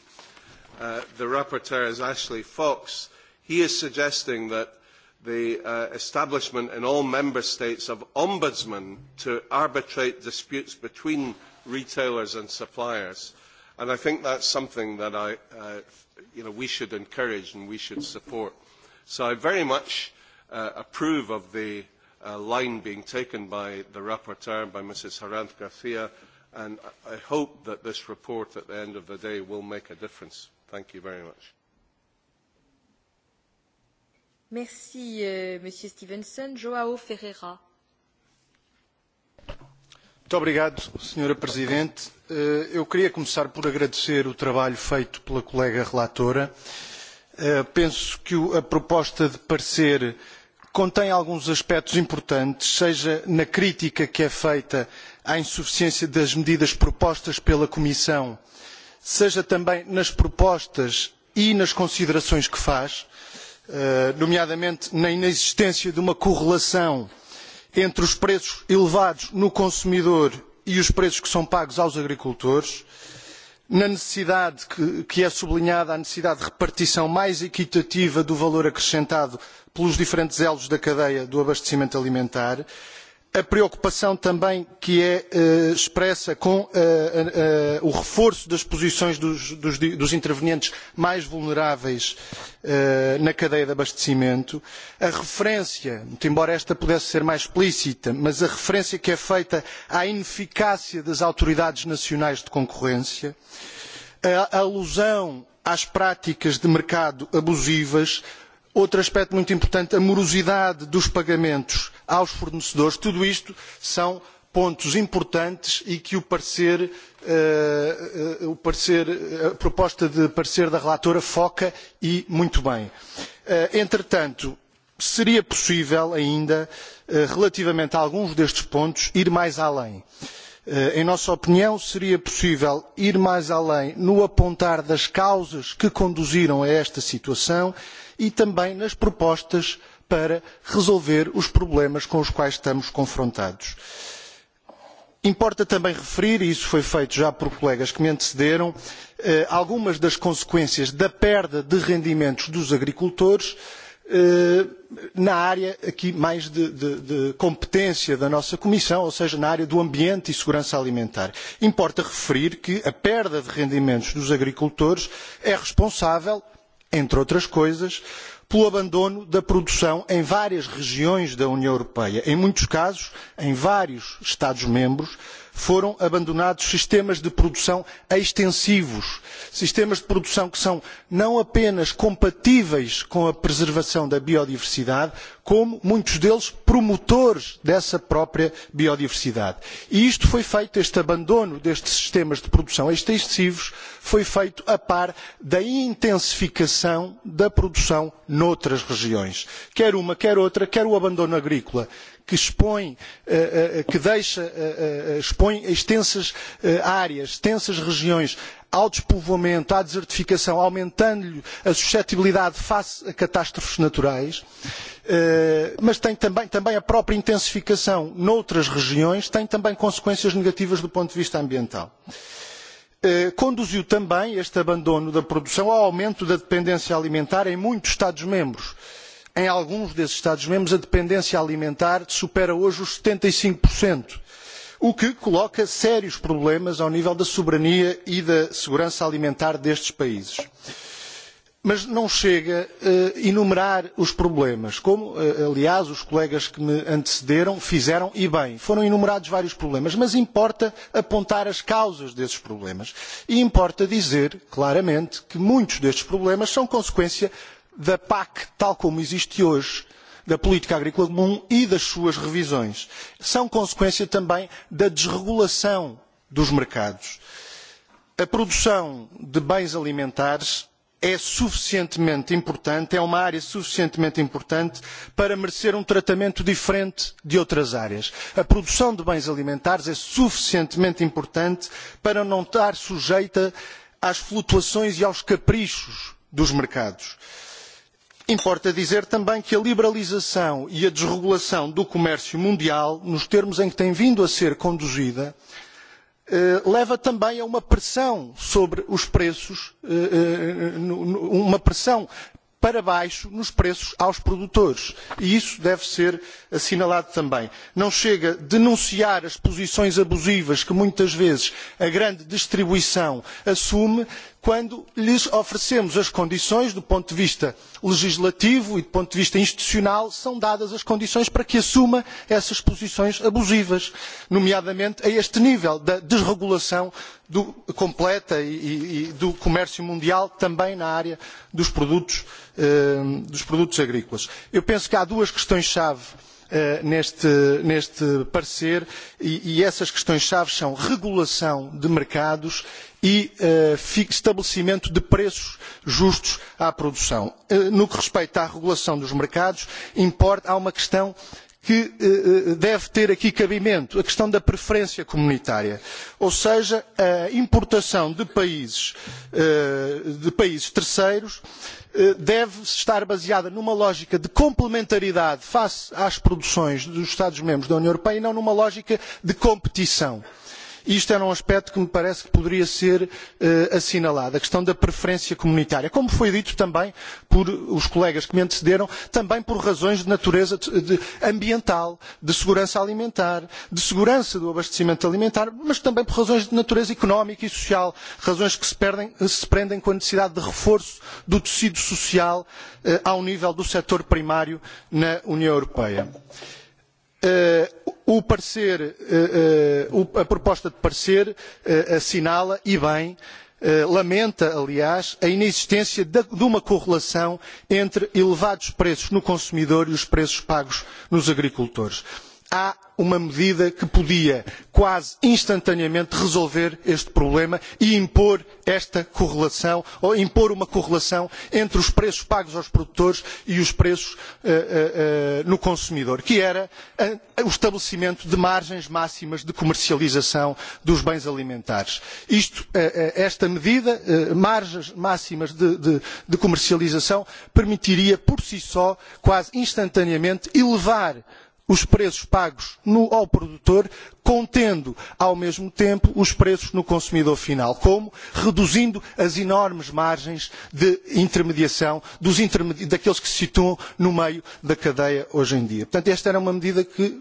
the rapporteur is Ashley Fox. He is suggesting that the establishment in all member states of ombudsmen to arbitrate disputes between retailers and suppliers. And I think that is something that we should encourage and we should support. So I very much approve of the line being taken by the rapporteur, by Mrs. Harant Garcia, and I hope that this report at the end of the day will make a difference. Thank you very much. Merci, euh, Monsieur Stevenson. João Ferreira. Muito obrigado, Senhora Presidente. Eu queria começar por agradecer o trabalho feito pela colega relatora. Penso que a proposta de parecer contém alguns aspectos importantes, seja na crítica que é feita à insuficiência das medidas propostas pela Comissão uh, seja também nas propostas e nas considerações que faz, nomeadamente na inexistência de uma correlação entre os preços elevados no consumidor e os preços que são pagos aos agricultores, na necessidade que é sublinhada a necessidade de repartição mais equitativa do valor acrescentado pelos diferentes elos da cadeia do abastecimento alimentar a preocupação também que é expressa com o reforço das posições dos, intervenientes mais vulneráveis na cadeia de abastecimento, a referência, muito embora esta pudesse ser mais explícita, mas a referência que é feita à ineficácia das autoridades nacionais de concorrência, a alusão às práticas de mercado abusivas, outro aspecto muito importante, a morosidade dos pagamentos aos fornecedores. Tudo isto são pontos importantes e que o parecer, o parecer, a proposta de parecer da relatora foca e muito bem. entretanto, seria possível ainda, relativamente a alguns destes pontos, ir mais além. Em nossa opinião, seria possível ir mais além no apontar das causas que conduziram a esta situação e também nas propostas uh, para resolver os problemas com os quais estamos confrontados. Importa também referir, e isso foi feito já por colegas que me antecederam, algumas das consequências da perda de rendimentos dos agricultores na área aqui mais de, competência da nossa Comissão, ou seja, na área do ambiente e segurança alimentar. Importa referir que a perda de rendimentos dos agricultores é responsável, entre outras coisas, pelo abandono da produção em várias regiões da União Europeia, em muitos casos em vários Estados-membros, foram abandonados sistemas de produção extensivos, sistemas de produção que são não apenas compatíveis com a preservação da biodiversidade, como muitos deles promotores dessa própria biodiversidade. E isto foi feito, este abandono destes sistemas de produção extensivos, foi feito a par da intensificação da produção noutras regiões. Quer uma, quer outra, quer o abandono agrícola, que expõe, que deixa, expõe extensas áreas, extensas regiões ao despovoamento, à desertificação, aumentando-lhe a suscetibilidade face a catástrofes naturais, mas tem também, também a própria intensificação noutras regiões, tem também consequências negativas do ponto de vista ambiental conduziu também este abandono da produção ao aumento da dependência alimentar em muitos Estados membros em alguns desses Estados membros, a dependência alimentar supera hoje os setenta e cinco, o que coloca sérios problemas ao nível da soberania e da segurança alimentar destes países. Mas não chega a enumerar os problemas, como, aliás, os colegas que me antecederam fizeram e bem. Foram enumerados vários problemas, mas importa apontar as causas desses problemas. E importa dizer claramente que muitos destes problemas são consequência da PAC, tal como existe hoje, da política agrícola comum e das suas revisões. São consequência também da desregulação dos mercados. A produção de bens alimentares é suficientemente importante, é uma área suficientemente importante para merecer um tratamento diferente de outras áreas. A produção de bens alimentares é suficientemente importante para não estar sujeita às flutuações e aos caprichos dos mercados. Importa dizer também que a liberalização e a desregulação do comércio mundial, nos termos em que tem vindo a ser conduzida, leva também a uma pressão sobre os preços, uma pressão para baixo nos preços aos produtores. E isso deve ser assinalado também. Não chega denunciar as posições abusivas que muitas vezes a grande distribuição assume quando lhes oferecemos as condições do ponto de vista legislativo e do ponto de vista institucional, são dadas as condições para que assuma essas posições abusivas, nomeadamente a este nível da desregulação completa e, do comércio mundial também na área dos produtos, agrícolas. Eu penso que há duas questões-chave neste, parecer e, essas questões-chave são regulação de mercados e estabelecimento de preços justos à produção. No que respeita à regulação dos mercados, importa, há uma questão que deve ter aqui cabimento, a questão da preferência comunitária, ou seja, a importação de países, terceiros deve estar baseada numa lógica de complementaridade face às produções dos Estados-membros da União Europeia e não numa lógica de competição. Uh, Isto era um aspecto que me parece que poderia ser assinalado, a questão da preferência comunitária, como foi dito também por os colegas que me antecederam, também por razões de natureza ambiental, de segurança alimentar, de segurança do abastecimento alimentar, mas também por razões de natureza económica e social, razões que se, perdem, se prendem com a necessidade de reforço do tecido social ao nível do setor primário na União Europeia a proposta de parecer assinala e bem lamenta, aliás, a inexistência de uma correlação entre elevados preços no consumidor e os preços pagos nos agricultores há uma medida que podia quase instantaneamente resolver este problema e impor esta correlação ou impor uma correlação entre os preços pagos aos produtores e os preços no consumidor, que era o estabelecimento de margens máximas de comercialização dos bens alimentares. esta medida, margens máximas de comercialização, permitiria por si só, quase instantaneamente, elevar os preços pagos ao produtor, contendo ao mesmo tempo os preços no consumidor final. Como? Reduzindo as enormes margens de intermediação daqueles que se situam no meio da cadeia hoje em dia. Portanto, esta era uma medida que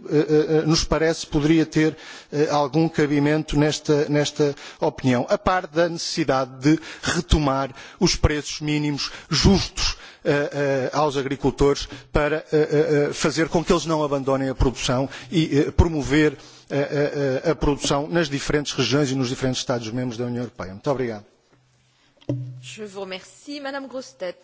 nos parece poderia ter algum cabimento nesta opinião, a par da necessidade de retomar os preços mínimos justos aos agricultores para fazer com que eles não abandonem a produção e promover a produção nas diferentes regiões e nos diferentes Estados-membros da União Europeia. Muito obrigado. Je vous remercie, Madame Grostet.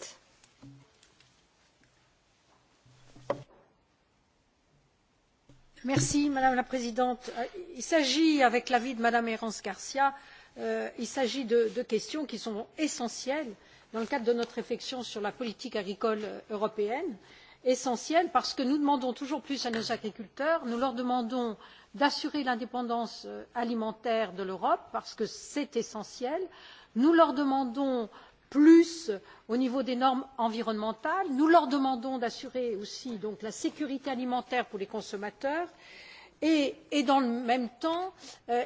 madame la présidente il s'agit avec l'avis de mme herranz garca de questions qui sont essentielles et dans le cadre de notre réflexion sur la politique agricole européenne essentielle parce que nous demandons toujours plus à nos agriculteurs nous leur demandons d'assurer l'indépendance alimentaire de l'europe parce que c'est essentiel nous leur demandons plus au niveau des normes environnementales nous leur demandons d'assurer aussi la sécurité alimentaire pour les consommateurs et dans le même temps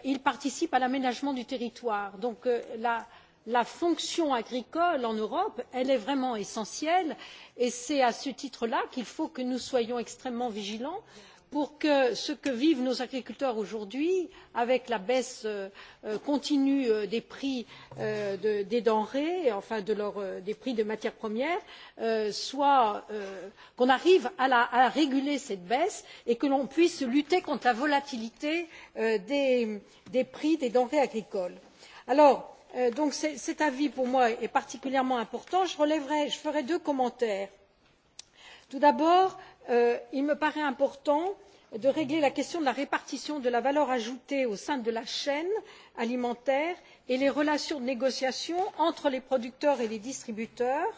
ils participent à l'aménagement du territoire. donc la fonction agricole en europe est vraiment essentielle et c'est à ce titre là qu'il faut que nous soyons extrêmement vigilants pour que ce que vivent nos agriculteurs aujourd'hui avec la baisse continue des prix des denrées enfin des prix des matières premières qu'on arrive à réguler cette baisse et que l'on puisse lutter contre la volatilité des prix des denrées agricoles. alors donc cet avis pour moi est particulièrement important. je ferai deux commentaires. tout d'abord il me paraît important de régler la question de la répartition de la valeur ajoutée au sein de la chaîne alimentaire et les relations de négociation entre les producteurs et les distributeurs.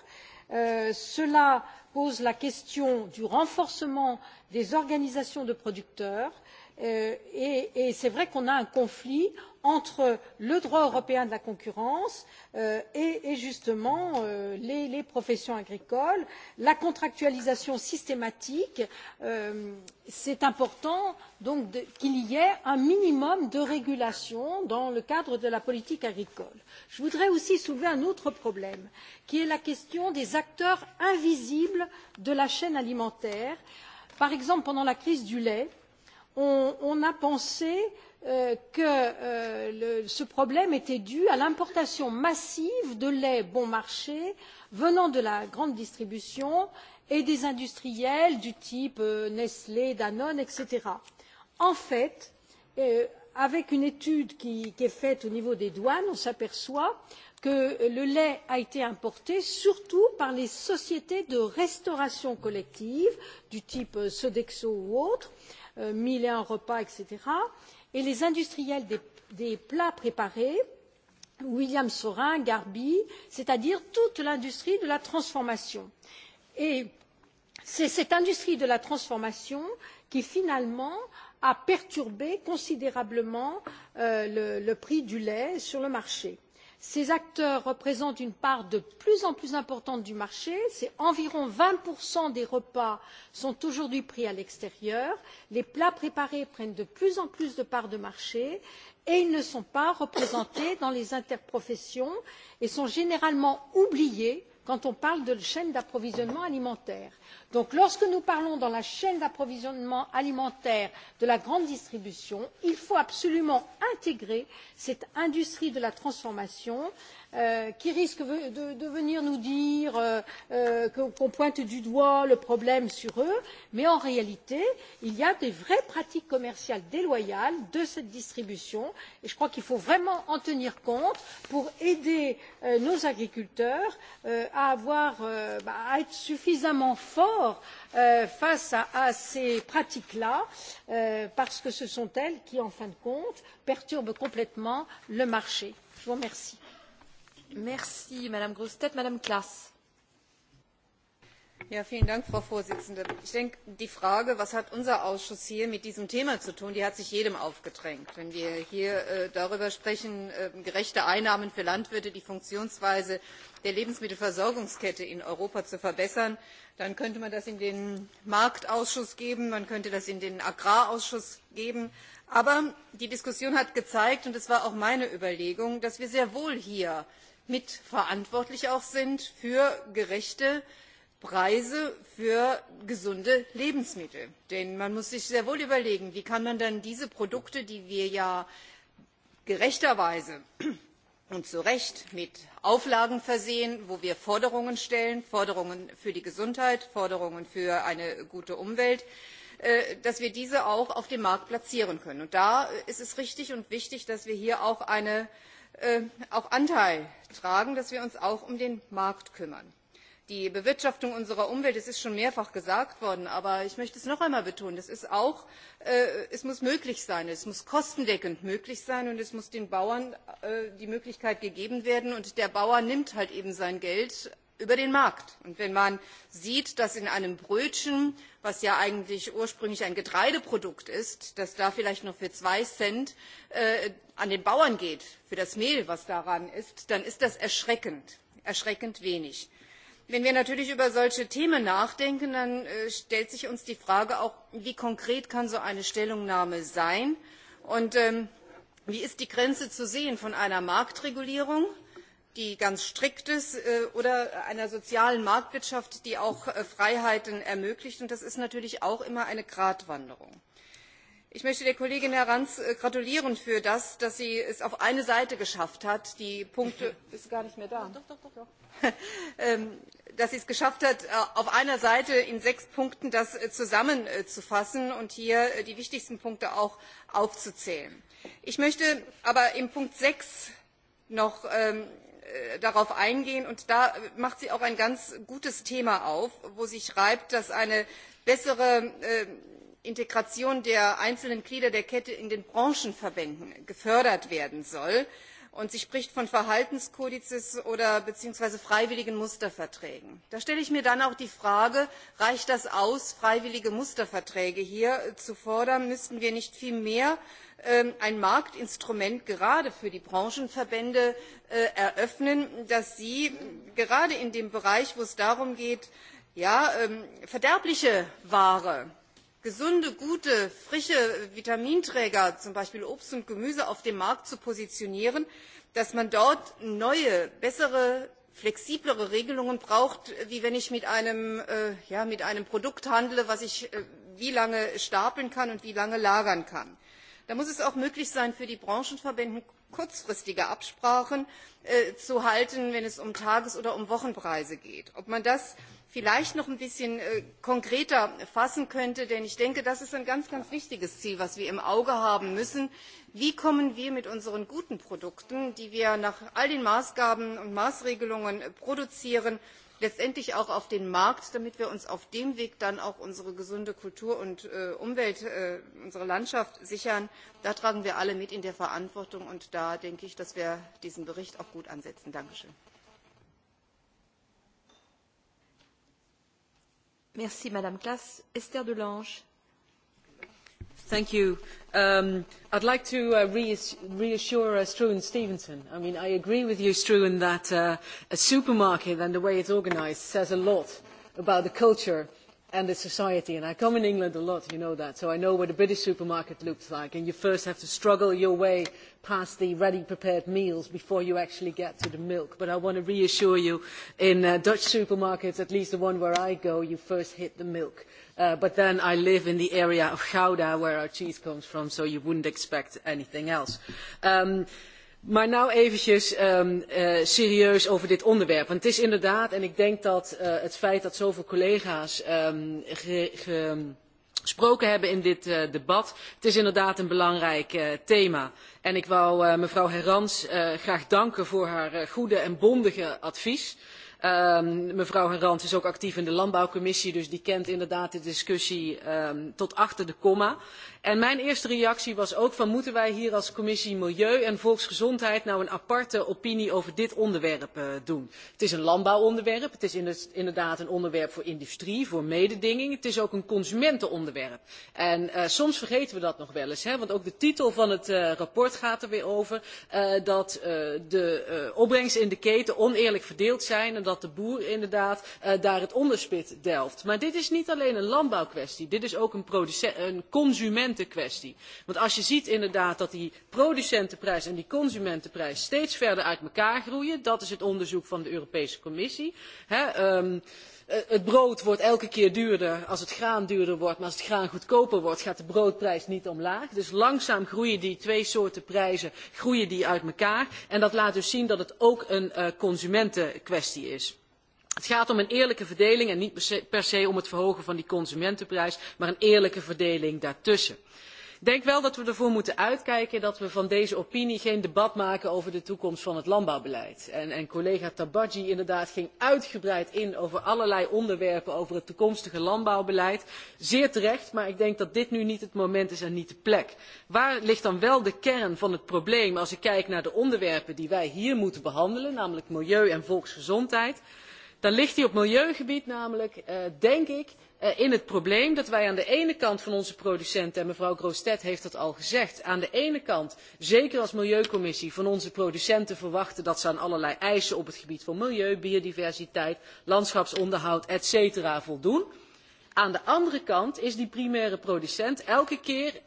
cela pose la question du renforcement des organisations de producteurs et c'est vrai qu'on a un conflit entre le droit européen de la concurrence et justement les professions agricoles la contractualisation systématique c'est important donc qu'il y ait un minimum de régulation dans le cadre de la politique agricole. je voudrais aussi soulever un autre problème qui est la question des acteurs invisibles de la chaîne alimentaire par exemple pendant la crise du lait on, a pensé que ce problème était dû à l'importation massive de lait bon marché venant de la grande distribution et des industriels du type Nestlé, Danone, etc. En fait, avec une étude qui, est faite au niveau des douanes, on s'aperçoit que le lait a été importé surtout par les sociétés de restauration collective du type Sodexo ou autres, mille et un repas etc. et les industriels des plats préparés william sorin garbi c'est à dire toute l'industrie de la transformation. c'est cette industrie de la transformation qui finalement a perturbé considérablement le prix du lait sur le marché Ces acteurs représentent une part de plus en plus importante du marché. C'est environ vingt des repas sont aujourd'hui pris à l'extérieur. Les plats préparés prennent de plus en plus de parts de marché et ils ne sont pas représentés dans les interprofessions et sont généralement oubliés quand on parle de chaîne d'approvisionnement alimentaire. donc lorsque nous parlons dans la chaîne d'approvisionnement alimentaire de la grande distribution il faut absolument intégrer cette industrie de la transformation qui risquent de, venir nous dire qu'on pointe du doigt le problème sur eux, mais en réalité, il y a des vraies pratiques commerciales déloyales de cette distribution et je crois qu'il faut vraiment en tenir compte pour aider nos agriculteurs à, être suffisamment forts face à, ces pratiques-là, parce que ce sont elles qui, en fin de compte, perturbent complètement le marché. Je vous remercie. Merci, Madame Frau Präsidentin! Ich denke, die Frage, was hat unser Ausschuss hier mit diesem Thema zu tun, die hat sich jedem aufgedrängt. Wenn wir hier darüber sprechen, gerechte Einnahmen für Landwirte, die Funktionsweise der Lebensmittelversorgungskette in Europa zu verbessern, dann könnte man das in den Marktausschuss geben, man könnte das in den Agrarausschuss geben. Aber die Diskussion hat gezeigt, und das war auch meine Überlegung, dass wir sehr wohl hier mitverantwortlich auch sind für gerechte preise für gesunde lebensmittel. denn man muss sich sehr wohl überlegen wie kann man denn diese produkte die wir ja gerechterweise und zu recht mit auflagen versehen wo wir forderungen stellen forderungen für die gesundheit forderungen für eine gute umwelt dass wir diese auch auf dem markt platzieren können. da ist es richtig und wichtig dass wir hier auch anteil tragen dass wir uns auch um den markt kümmern. die bewirtschaftung unserer umwelt das ist schon mehrfach gesagt worden aber ich möchte es noch einmal betonen es muss möglich sein es muss kostendeckend möglich sein und es muss den bauern die möglichkeit gegeben werden und der bauer nimmt halt eben sein geld über den Markt. wenn man sieht, dass in einem Brötchen, das ja eigentlich ursprünglich ein Getreideprodukt ist, da vielleicht noch für zwei Cent an den Bauern geht, für das Mehl, das daran ist, dann ist das erschreckend, erschreckend wenig. Wenn wir natürlich über solche Themen nachdenken, dann stellt sich uns die Frage auch, wie konkret kann so eine Stellungnahme sein und wie ist die Grenze zu sehen von einer Marktregulierung die ganz strikt ist oder einer sozialen Marktwirtschaft, die auch Freiheiten ermöglicht. Und das ist natürlich auch immer eine Gratwanderung. Ich möchte der Kollegin Herranz gratulieren für das, dass sie es auf eine Seite geschafft hat, die Punkte ist gar nicht mehr da. dass sie es geschafft hat, auf einer Seite in sechs Punkten das zusammenzufassen und hier die wichtigsten Punkte auch aufzuzählen. Ich möchte aber im Punkt sechs noch darauf eingehen. Und da macht sie auch ein ganz gutes Thema auf, wo sie schreibt, dass eine bessere Integration der einzelnen Glieder der Kette in den Branchenverbänden gefördert werden soll und sie spricht von Verhaltenskodizes oder beziehungsweise freiwilligen Musterverträgen. Da stelle ich mir dann auch die Frage, reicht das aus, freiwillige Musterverträge hier zu fordern? Müssten wir nicht vielmehr ein Marktinstrument gerade für die Branchenverbände eröffnen, dass sie gerade in dem Bereich, wo es darum geht, verderbliche Ware gesunde, gute, frische Vitaminträger, zum Beispiel Obst und Gemüse, auf dem Markt zu positionieren, dass man dort neue, bessere, flexiblere Regelungen braucht, wie wenn ich mit einem, Produkt handle, das ich wie lange stapeln kann und wie lange lagern kann. Da muss es auch möglich sein, für die Branchenverbände kurzfristige Absprachen zu halten, wenn es um Tages- oder um Wochenpreise geht. Ob man das vielleicht noch ein bisschen konkreter fassen könnte, denn ich denke, das ist ein ganz, ganz wichtiges Ziel, das wir im Auge haben müssen. Wie kommen wir mit unseren guten Produkten, die wir nach all den Maßgaben und Maßregelungen produzieren, letztendlich auch auf den Markt, damit wir uns auf dem Weg dann auch unsere gesunde Kultur und Umwelt, unsere Landschaft sichern. Da tragen wir alle mit in der Verantwortung und da denke ich, dass wir diesen Bericht auch gut ansetzen. schön. Merci, Madame Esther Delange. I'd like to reassure Struan Stevenson. I mean, I agree with you, Struan, that a supermarket and the way it is organised says a lot about the culture and the society. And I come in England a lot, you know that, so I know what a British supermarket looks like. And you first have to struggle your way past the ready prepared meals before you actually get to the milk. But I want to reassure you, in uh, Dutch supermarkets, at least the one where I go, you first hit the milk. Uh, but then I live in the area of Gouda where our cheese comes from, so you wouldn't expect anything else. Um, Maar nou eventjes serieus over dit onderwerp. Want het is inderdaad, en ik denk dat het feit dat zoveel collega's gesproken hebben in dit debat, het is inderdaad een belangrijk thema. En ik wou mevrouw Herans graag danken voor haar goede en bondige advies. mevrouw Herans is ook actief in de landbouwcommissie, dus die kent inderdaad de discussie tot achter de komma. En mijn eerste reactie was ook van moeten wij hier als commissie Milieu en Volksgezondheid nou een aparte opinie over dit onderwerp doen. Het is een landbouwonderwerp, het is inderdaad een onderwerp voor industrie, voor mededinging. Het is ook een consumentenonderwerp. En soms vergeten we dat nog wel eens, want ook de titel van het rapport gaat er weer over dat de opbrengsten in de keten oneerlijk verdeeld zijn en dat de boer inderdaad daar het onderspit delft. Maar dit is niet alleen een landbouwkwestie, dit is ook een consument consumentenkwestie. Want als je ziet inderdaad dat die producentenprijs en die consumentenprijs steeds verder uit elkaar groeien, dat is het onderzoek van de Europese Commissie. het brood wordt elke keer duurder als het graan duurder wordt, maar als het graan goedkoper wordt gaat de broodprijs niet omlaag. Dus langzaam groeien die twee soorten prijzen groeien die uit elkaar. En dat laat dus zien dat het ook een consumentenkwestie is Het gaat om een eerlijke verdeling en niet per se om het verhogen van die consumentenprijs, maar een eerlijke verdeling daartussen. Ik denk wel dat we ervoor moeten uitkijken dat we van deze opinie geen debat maken over de toekomst van het landbouwbeleid. En, collega Tabajdi inderdaad ging uitgebreid in over allerlei onderwerpen over het toekomstige landbouwbeleid. Zeer terecht, maar ik denk dat dit nu niet het moment is en niet de plek. Waar ligt dan wel de kern van het probleem als ik kijk naar de onderwerpen die wij hier moeten behandelen, namelijk milieu en volksgezondheid? dan ligt die op milieugebied namelijk denk ik in het probleem dat wij aan de ene kant van onze producenten en mevrouw grossette heeft dat al gezegd aan de ene kant zeker als milieucommissie van onze producenten verwachten dat ze aan allerlei eisen op het gebied van milieu biodiversiteit landschapsonderhoud cetera voldoen aan de andere kant is die primaire producent elke keer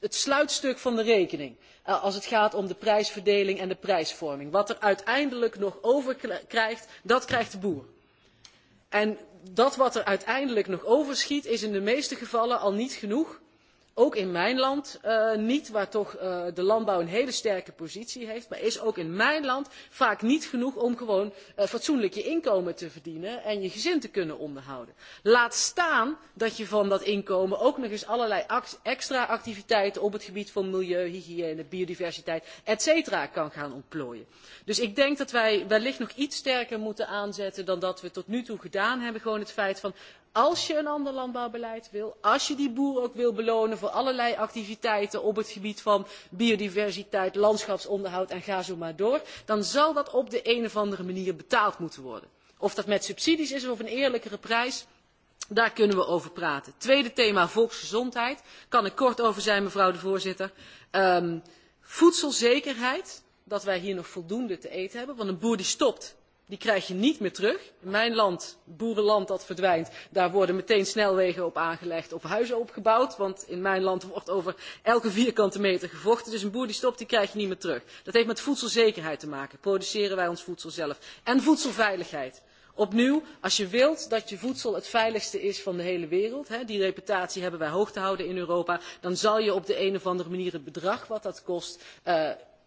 het sluitstuk van de rekening als het gaat om de prijsverdeling en de prijsvorming. Wat er uiteindelijk nog krijgt, dat krijgt de boer. En dat wat er uiteindelijk nog overschiet is in de meeste gevallen al niet genoeg ook in mijn land niet, waar toch de landbouw een hele sterke positie heeft, maar is ook in mijn land vaak niet genoeg om gewoon fatsoenlijk je inkomen te verdienen en je gezin te kunnen onderhouden. Laat staan dat je van dat inkomen ook nog eens allerlei extra activiteiten op het gebied van milieu, hygiëne, biodiversiteit, etc. kan gaan ontplooien. Dus ik denk dat wij wellicht nog iets sterker moeten aanzetten dan dat we tot nu toe gedaan hebben. Gewoon het feit van als je een ander landbouwbeleid wil, als je die boer ook wil belonen voor allerlei activiteiten op het gebied van biodiversiteit, landschapsonderhoud en ga zo maar door, dan zal dat op de een of andere manier betaald moeten worden. Of dat met subsidies is of een eerlijkere prijs, daar kunnen we over praten. Tweede thema, volksgezondheid. Kan ik kort over zijn, mevrouw de voorzitter. voedselzekerheid, dat wij hier nog voldoende te eten hebben, want een boer die stopt die krijg je niet meer terug. In mijn land, boerenland dat verdwijnt, daar worden meteen snelwegen op aangelegd of huizen opgebouwd. Want in mijn land wordt over elke vierkante meter gevochten. Dus een boer die stopt, die krijg je niet meer terug. Dat heeft met voedselzekerheid te maken. Produceren wij ons voedsel zelf. En voedselveiligheid. Opnieuw, als je wilt dat je voedsel het veiligste is van de hele wereld, die reputatie hebben wij hoog te houden in Europa, dan zal je op de een of andere manier het bedrag wat dat kost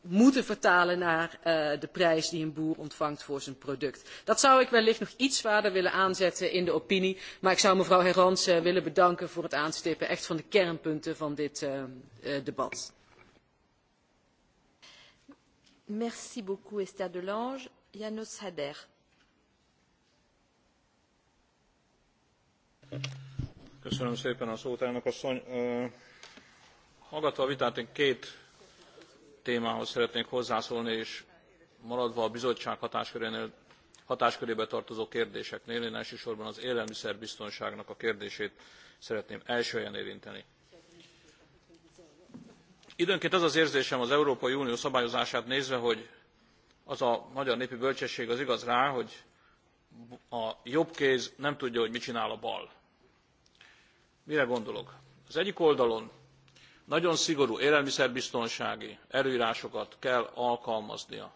moeten vertalen naar de prijs die een boer ontvangt voor zijn product. Dat zou ik wellicht nog iets zwaarder willen aanzetten in de opinie. Maar ik zou mevrouw Herans willen bedanken voor het aanstippen echt van de kernpunten van dit debat. Merci beaucoup Esther Delange. Janos Köszönöm szépen a szót, elnök asszony. Hallgatva a vitát, én két témához szeretnék hozzászólni, és maradva a bizottság hatáskörébe tartozó kérdéseknél, én elsősorban az élelmiszerbiztonságnak a kérdését szeretném első helyen érinteni. Időnként az az érzésem az Európai Unió szabályozását nézve, hogy az a magyar népi bölcsesség az igaz rá, hogy a jobb kéz nem tudja, hogy mit csinál a bal. Mire gondolok? Az egyik oldalon Nagyon szigorú élelmiszerbiztonsági előírásokat kell alkalmaznia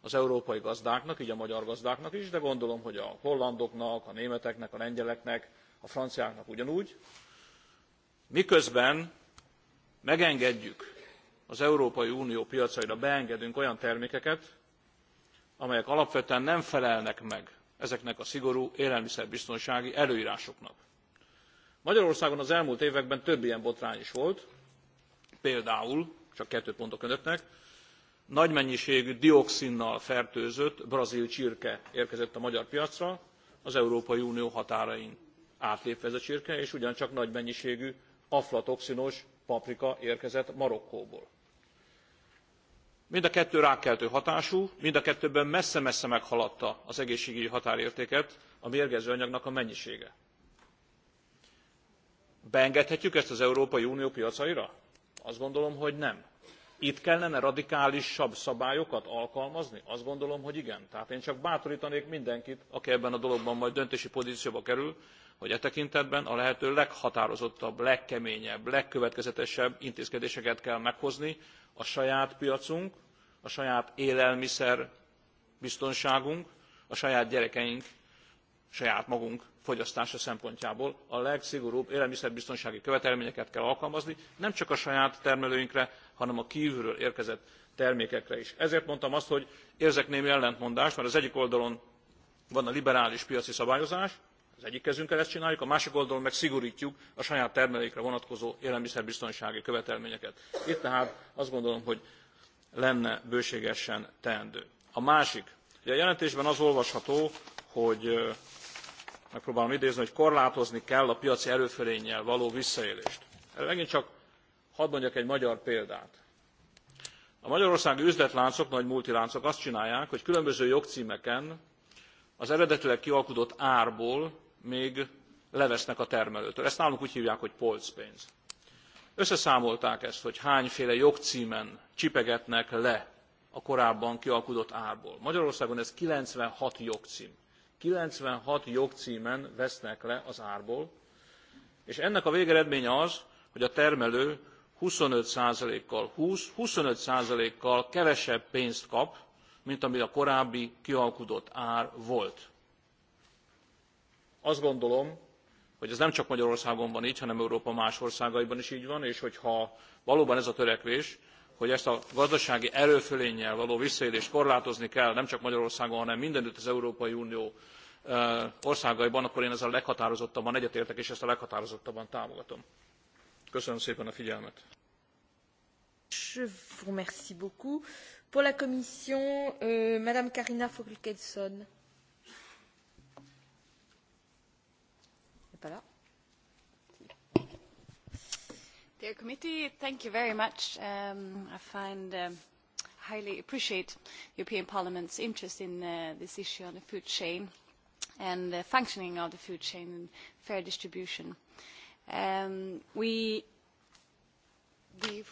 az európai gazdáknak, így a magyar gazdáknak is, de gondolom, hogy a hollandoknak, a németeknek, a lengyeleknek, a franciáknak ugyanúgy. Miközben megengedjük az Európai Unió piacaira, beengedünk olyan termékeket, amelyek alapvetően nem felelnek meg ezeknek a szigorú élelmiszerbiztonsági előírásoknak. Magyarországon az elmúlt években több ilyen botrány is volt, például, csak kettőt pontok önöknek, nagy mennyiségű dioxinnal fertőzött brazil csirke érkezett a magyar piacra, az Európai Unió határain átlépve ez a csirke, és ugyancsak nagy mennyiségű aflatoxinos paprika érkezett Marokkóból. Mind a kettő rákkeltő hatású, mind a kettőben messze-messze meghaladta az egészségügyi határértéket a mérgező anyagnak a mennyisége. Beengedhetjük ezt az Európai Unió piacaira? Azt gondolom, hogy nem. Itt kellene radikálisabb szabályokat alkalmazni? Azt gondolom, hogy igen. Tehát én csak bátorítanék mindenkit, aki ebben a dologban majd döntési pozícióba kerül, hogy e tekintetben a lehető leghatározottabb, legkeményebb, legkövetkezetesebb intézkedéseket kell meghozni a saját piacunk, a saját élelmiszer biztonságunk, a saját gyerekeink saját magunk fogyasztása szempontjából a legszigorúbb élelmiszerbiztonsági követelményeket kell alkalmazni nem csak a saját termelőinkre hanem a kvülről érkezett termékekre is. ezért mondtam azt hogy érzek némi ellentmondást mert az egyik oldalon van a liberális piaci szabályozás az egyik kezünkkel ezt csináljuk a másik oldalon meg szigortjuk a saját termelékre vonatkozó élelmiszerbiztonsági követelményeket. itt tehát azt gondolom hogy lenne bőségesen teendő. a másik ugye a jelentésben az olvasható hogy megpróbálom idézni, hogy korlátozni kell a piaci erőfölénnyel való visszaélést. Erre megint csak hadd mondjak egy magyar példát. A magyarországi üzletláncok, nagy multiláncok azt csinálják, hogy különböző jogcímeken az eredetileg kialkudott árból még levesznek a termelőtől. Ezt nálunk úgy hívják, hogy polcpénz. Összeszámolták ezt, hogy hányféle jogcímen csipegetnek le a korábban kialkudott árból. Magyarországon ez 96 jogcím 96 jogcímen vesznek le az árból, és ennek a végeredménye az, hogy a termelő 25%-kal, 20-25%-kal kevesebb pénzt kap, mint ami a korábbi kialkudott ár volt. Azt gondolom, hogy ez nem csak Magyarországon van így, hanem Európa más országaiban is így van, és hogyha valóban ez a törekvés, hogy ezt a gazdasági erőfölénnyel való visszaélést korlátozni kell nem csak Magyarországon, hanem mindenütt az Európai Unió országaiban, akkor én ezzel leghatározottabban egyetértek, és ezt a leghatározottabban támogatom. Köszönöm szépen a figyelmet. Je vous remercie beaucoup. Pour la Commission, euh, Madame Karina Elle n'est pas là. Dear committee, thank you very much. Um, I find um, highly appreciate European Parliament's interest in uh, this issue on the food chain and the functioning of the food chain and fair distribution. Um, we, we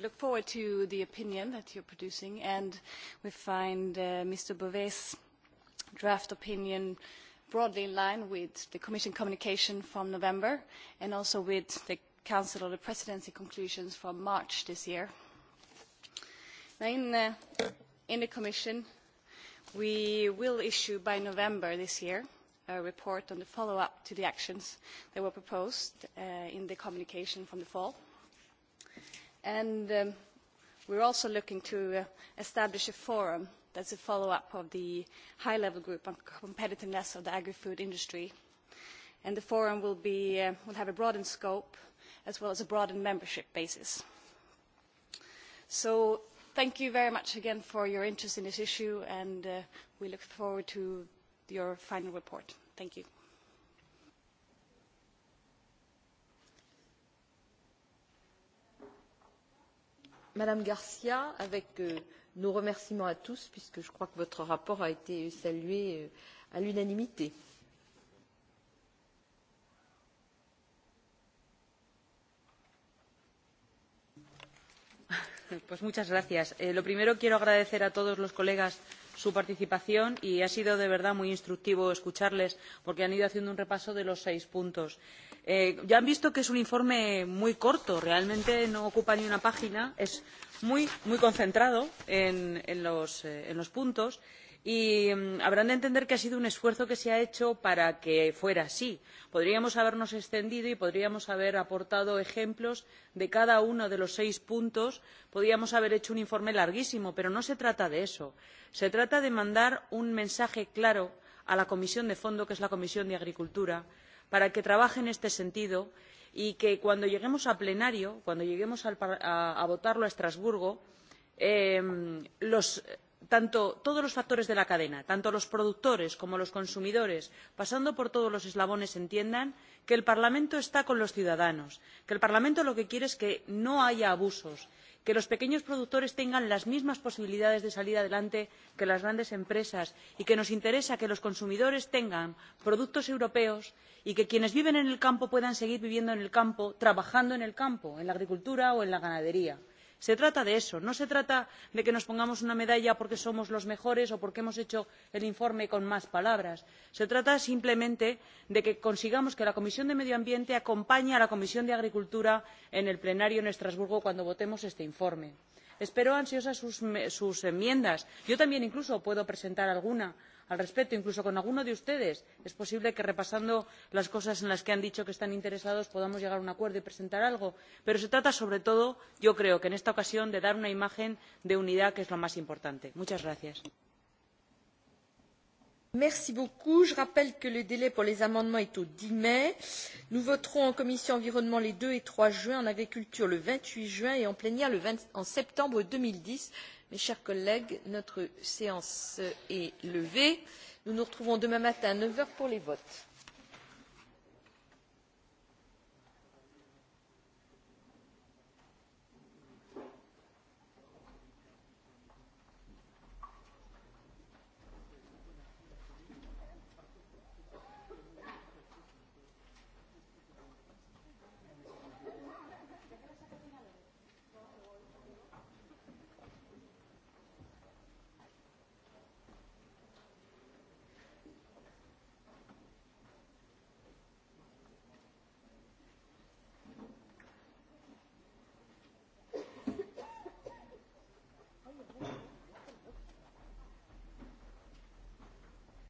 look forward to the opinion that you're producing and we find uh, Mr. Beauvais' draft opinion broadly in line with the Commission communication from November and also with the Council on the Presidency conclusions from March this year. in, the Commission, we will issue by November this year a report on the follow-up to the actions that were proposed in the communication from the fall. And we are also looking to establish a forum that is a follow-up of the high-level group on competitiveness of the agri-food industry. And the forum will, be, will have a broadened scope – as well as a broadened membership basis. So thank you very much again for your interest in this issue, and we look forward to your final report. Thank you. Madame Garcia, avec nos remerciements à tous, puisque je crois que votre rapport a été salué à l'unanimité. señora presidenta lo primero quiero agradecer a todos los colegas su participación y ha sido de verdad muy instructivo escucharles porque han ido haciendo un repaso de los seis puntos. ya han visto que es un informe muy corto, realmente no ocupa ni una página, es muy, muy concentrado en, los, puntos y y habrán de entender que ha sido un esfuerzo que se ha hecho para que fuera así. podríamos habernos extendido y podríamos haber aportado ejemplos de cada uno de los seis puntos podríamos haber hecho un informe larguísimo pero no se trata de eso se trata de mandar un mensaje claro a la comisión de fondo que es la comisión de agricultura para que trabaje en este sentido y que cuando lleguemos a plenario cuando lleguemos a votarlo a estrasburgo los tanto todos los factores de la cadena tanto los productores como los consumidores pasando por todos los eslabones entiendan que el parlamento está con los ciudadanos que el parlamento lo que quiere es que no haya abusos que los pequeños productores tengan las mismas posibilidades de salir adelante que las grandes empresas y que nos interesa que los consumidores tengan productos europeos y que quienes viven en el campo puedan seguir viviendo en el campo trabajando en el campo en la agricultura o en la ganadería se trata de eso no se trata de que nos pongamos una medalla porque somos los mejores o porque hemos hecho el informe con más palabras se trata simplemente de que consigamos que la comisión de medio ambiente acompañe a la comisión de agricultura en el pleno en estrasburgo cuando votemos este informe. espero ansiosa sus enmiendas yo también incluso puedo presentar alguna al respecto incluso con alguno de ustedes es posible que repasando las cosas en las que han dicho que están interesados podamos llegar a un acuerdo y presentar algo pero se trata sobre todo yo creo que en esta ocasión de dar una imagen de unidad que es lo más importante. muchas gracias. je rappelle que le délai pour les amendements est au dix mai. nous voterons en commission de l'environnement les deux et trois juin en agriculture le vingt huit juin et en plénière en septembre deux mille dix Mes chers collègues, notre séance est levée. Nous nous retrouvons demain matin à neuf heures pour les votes.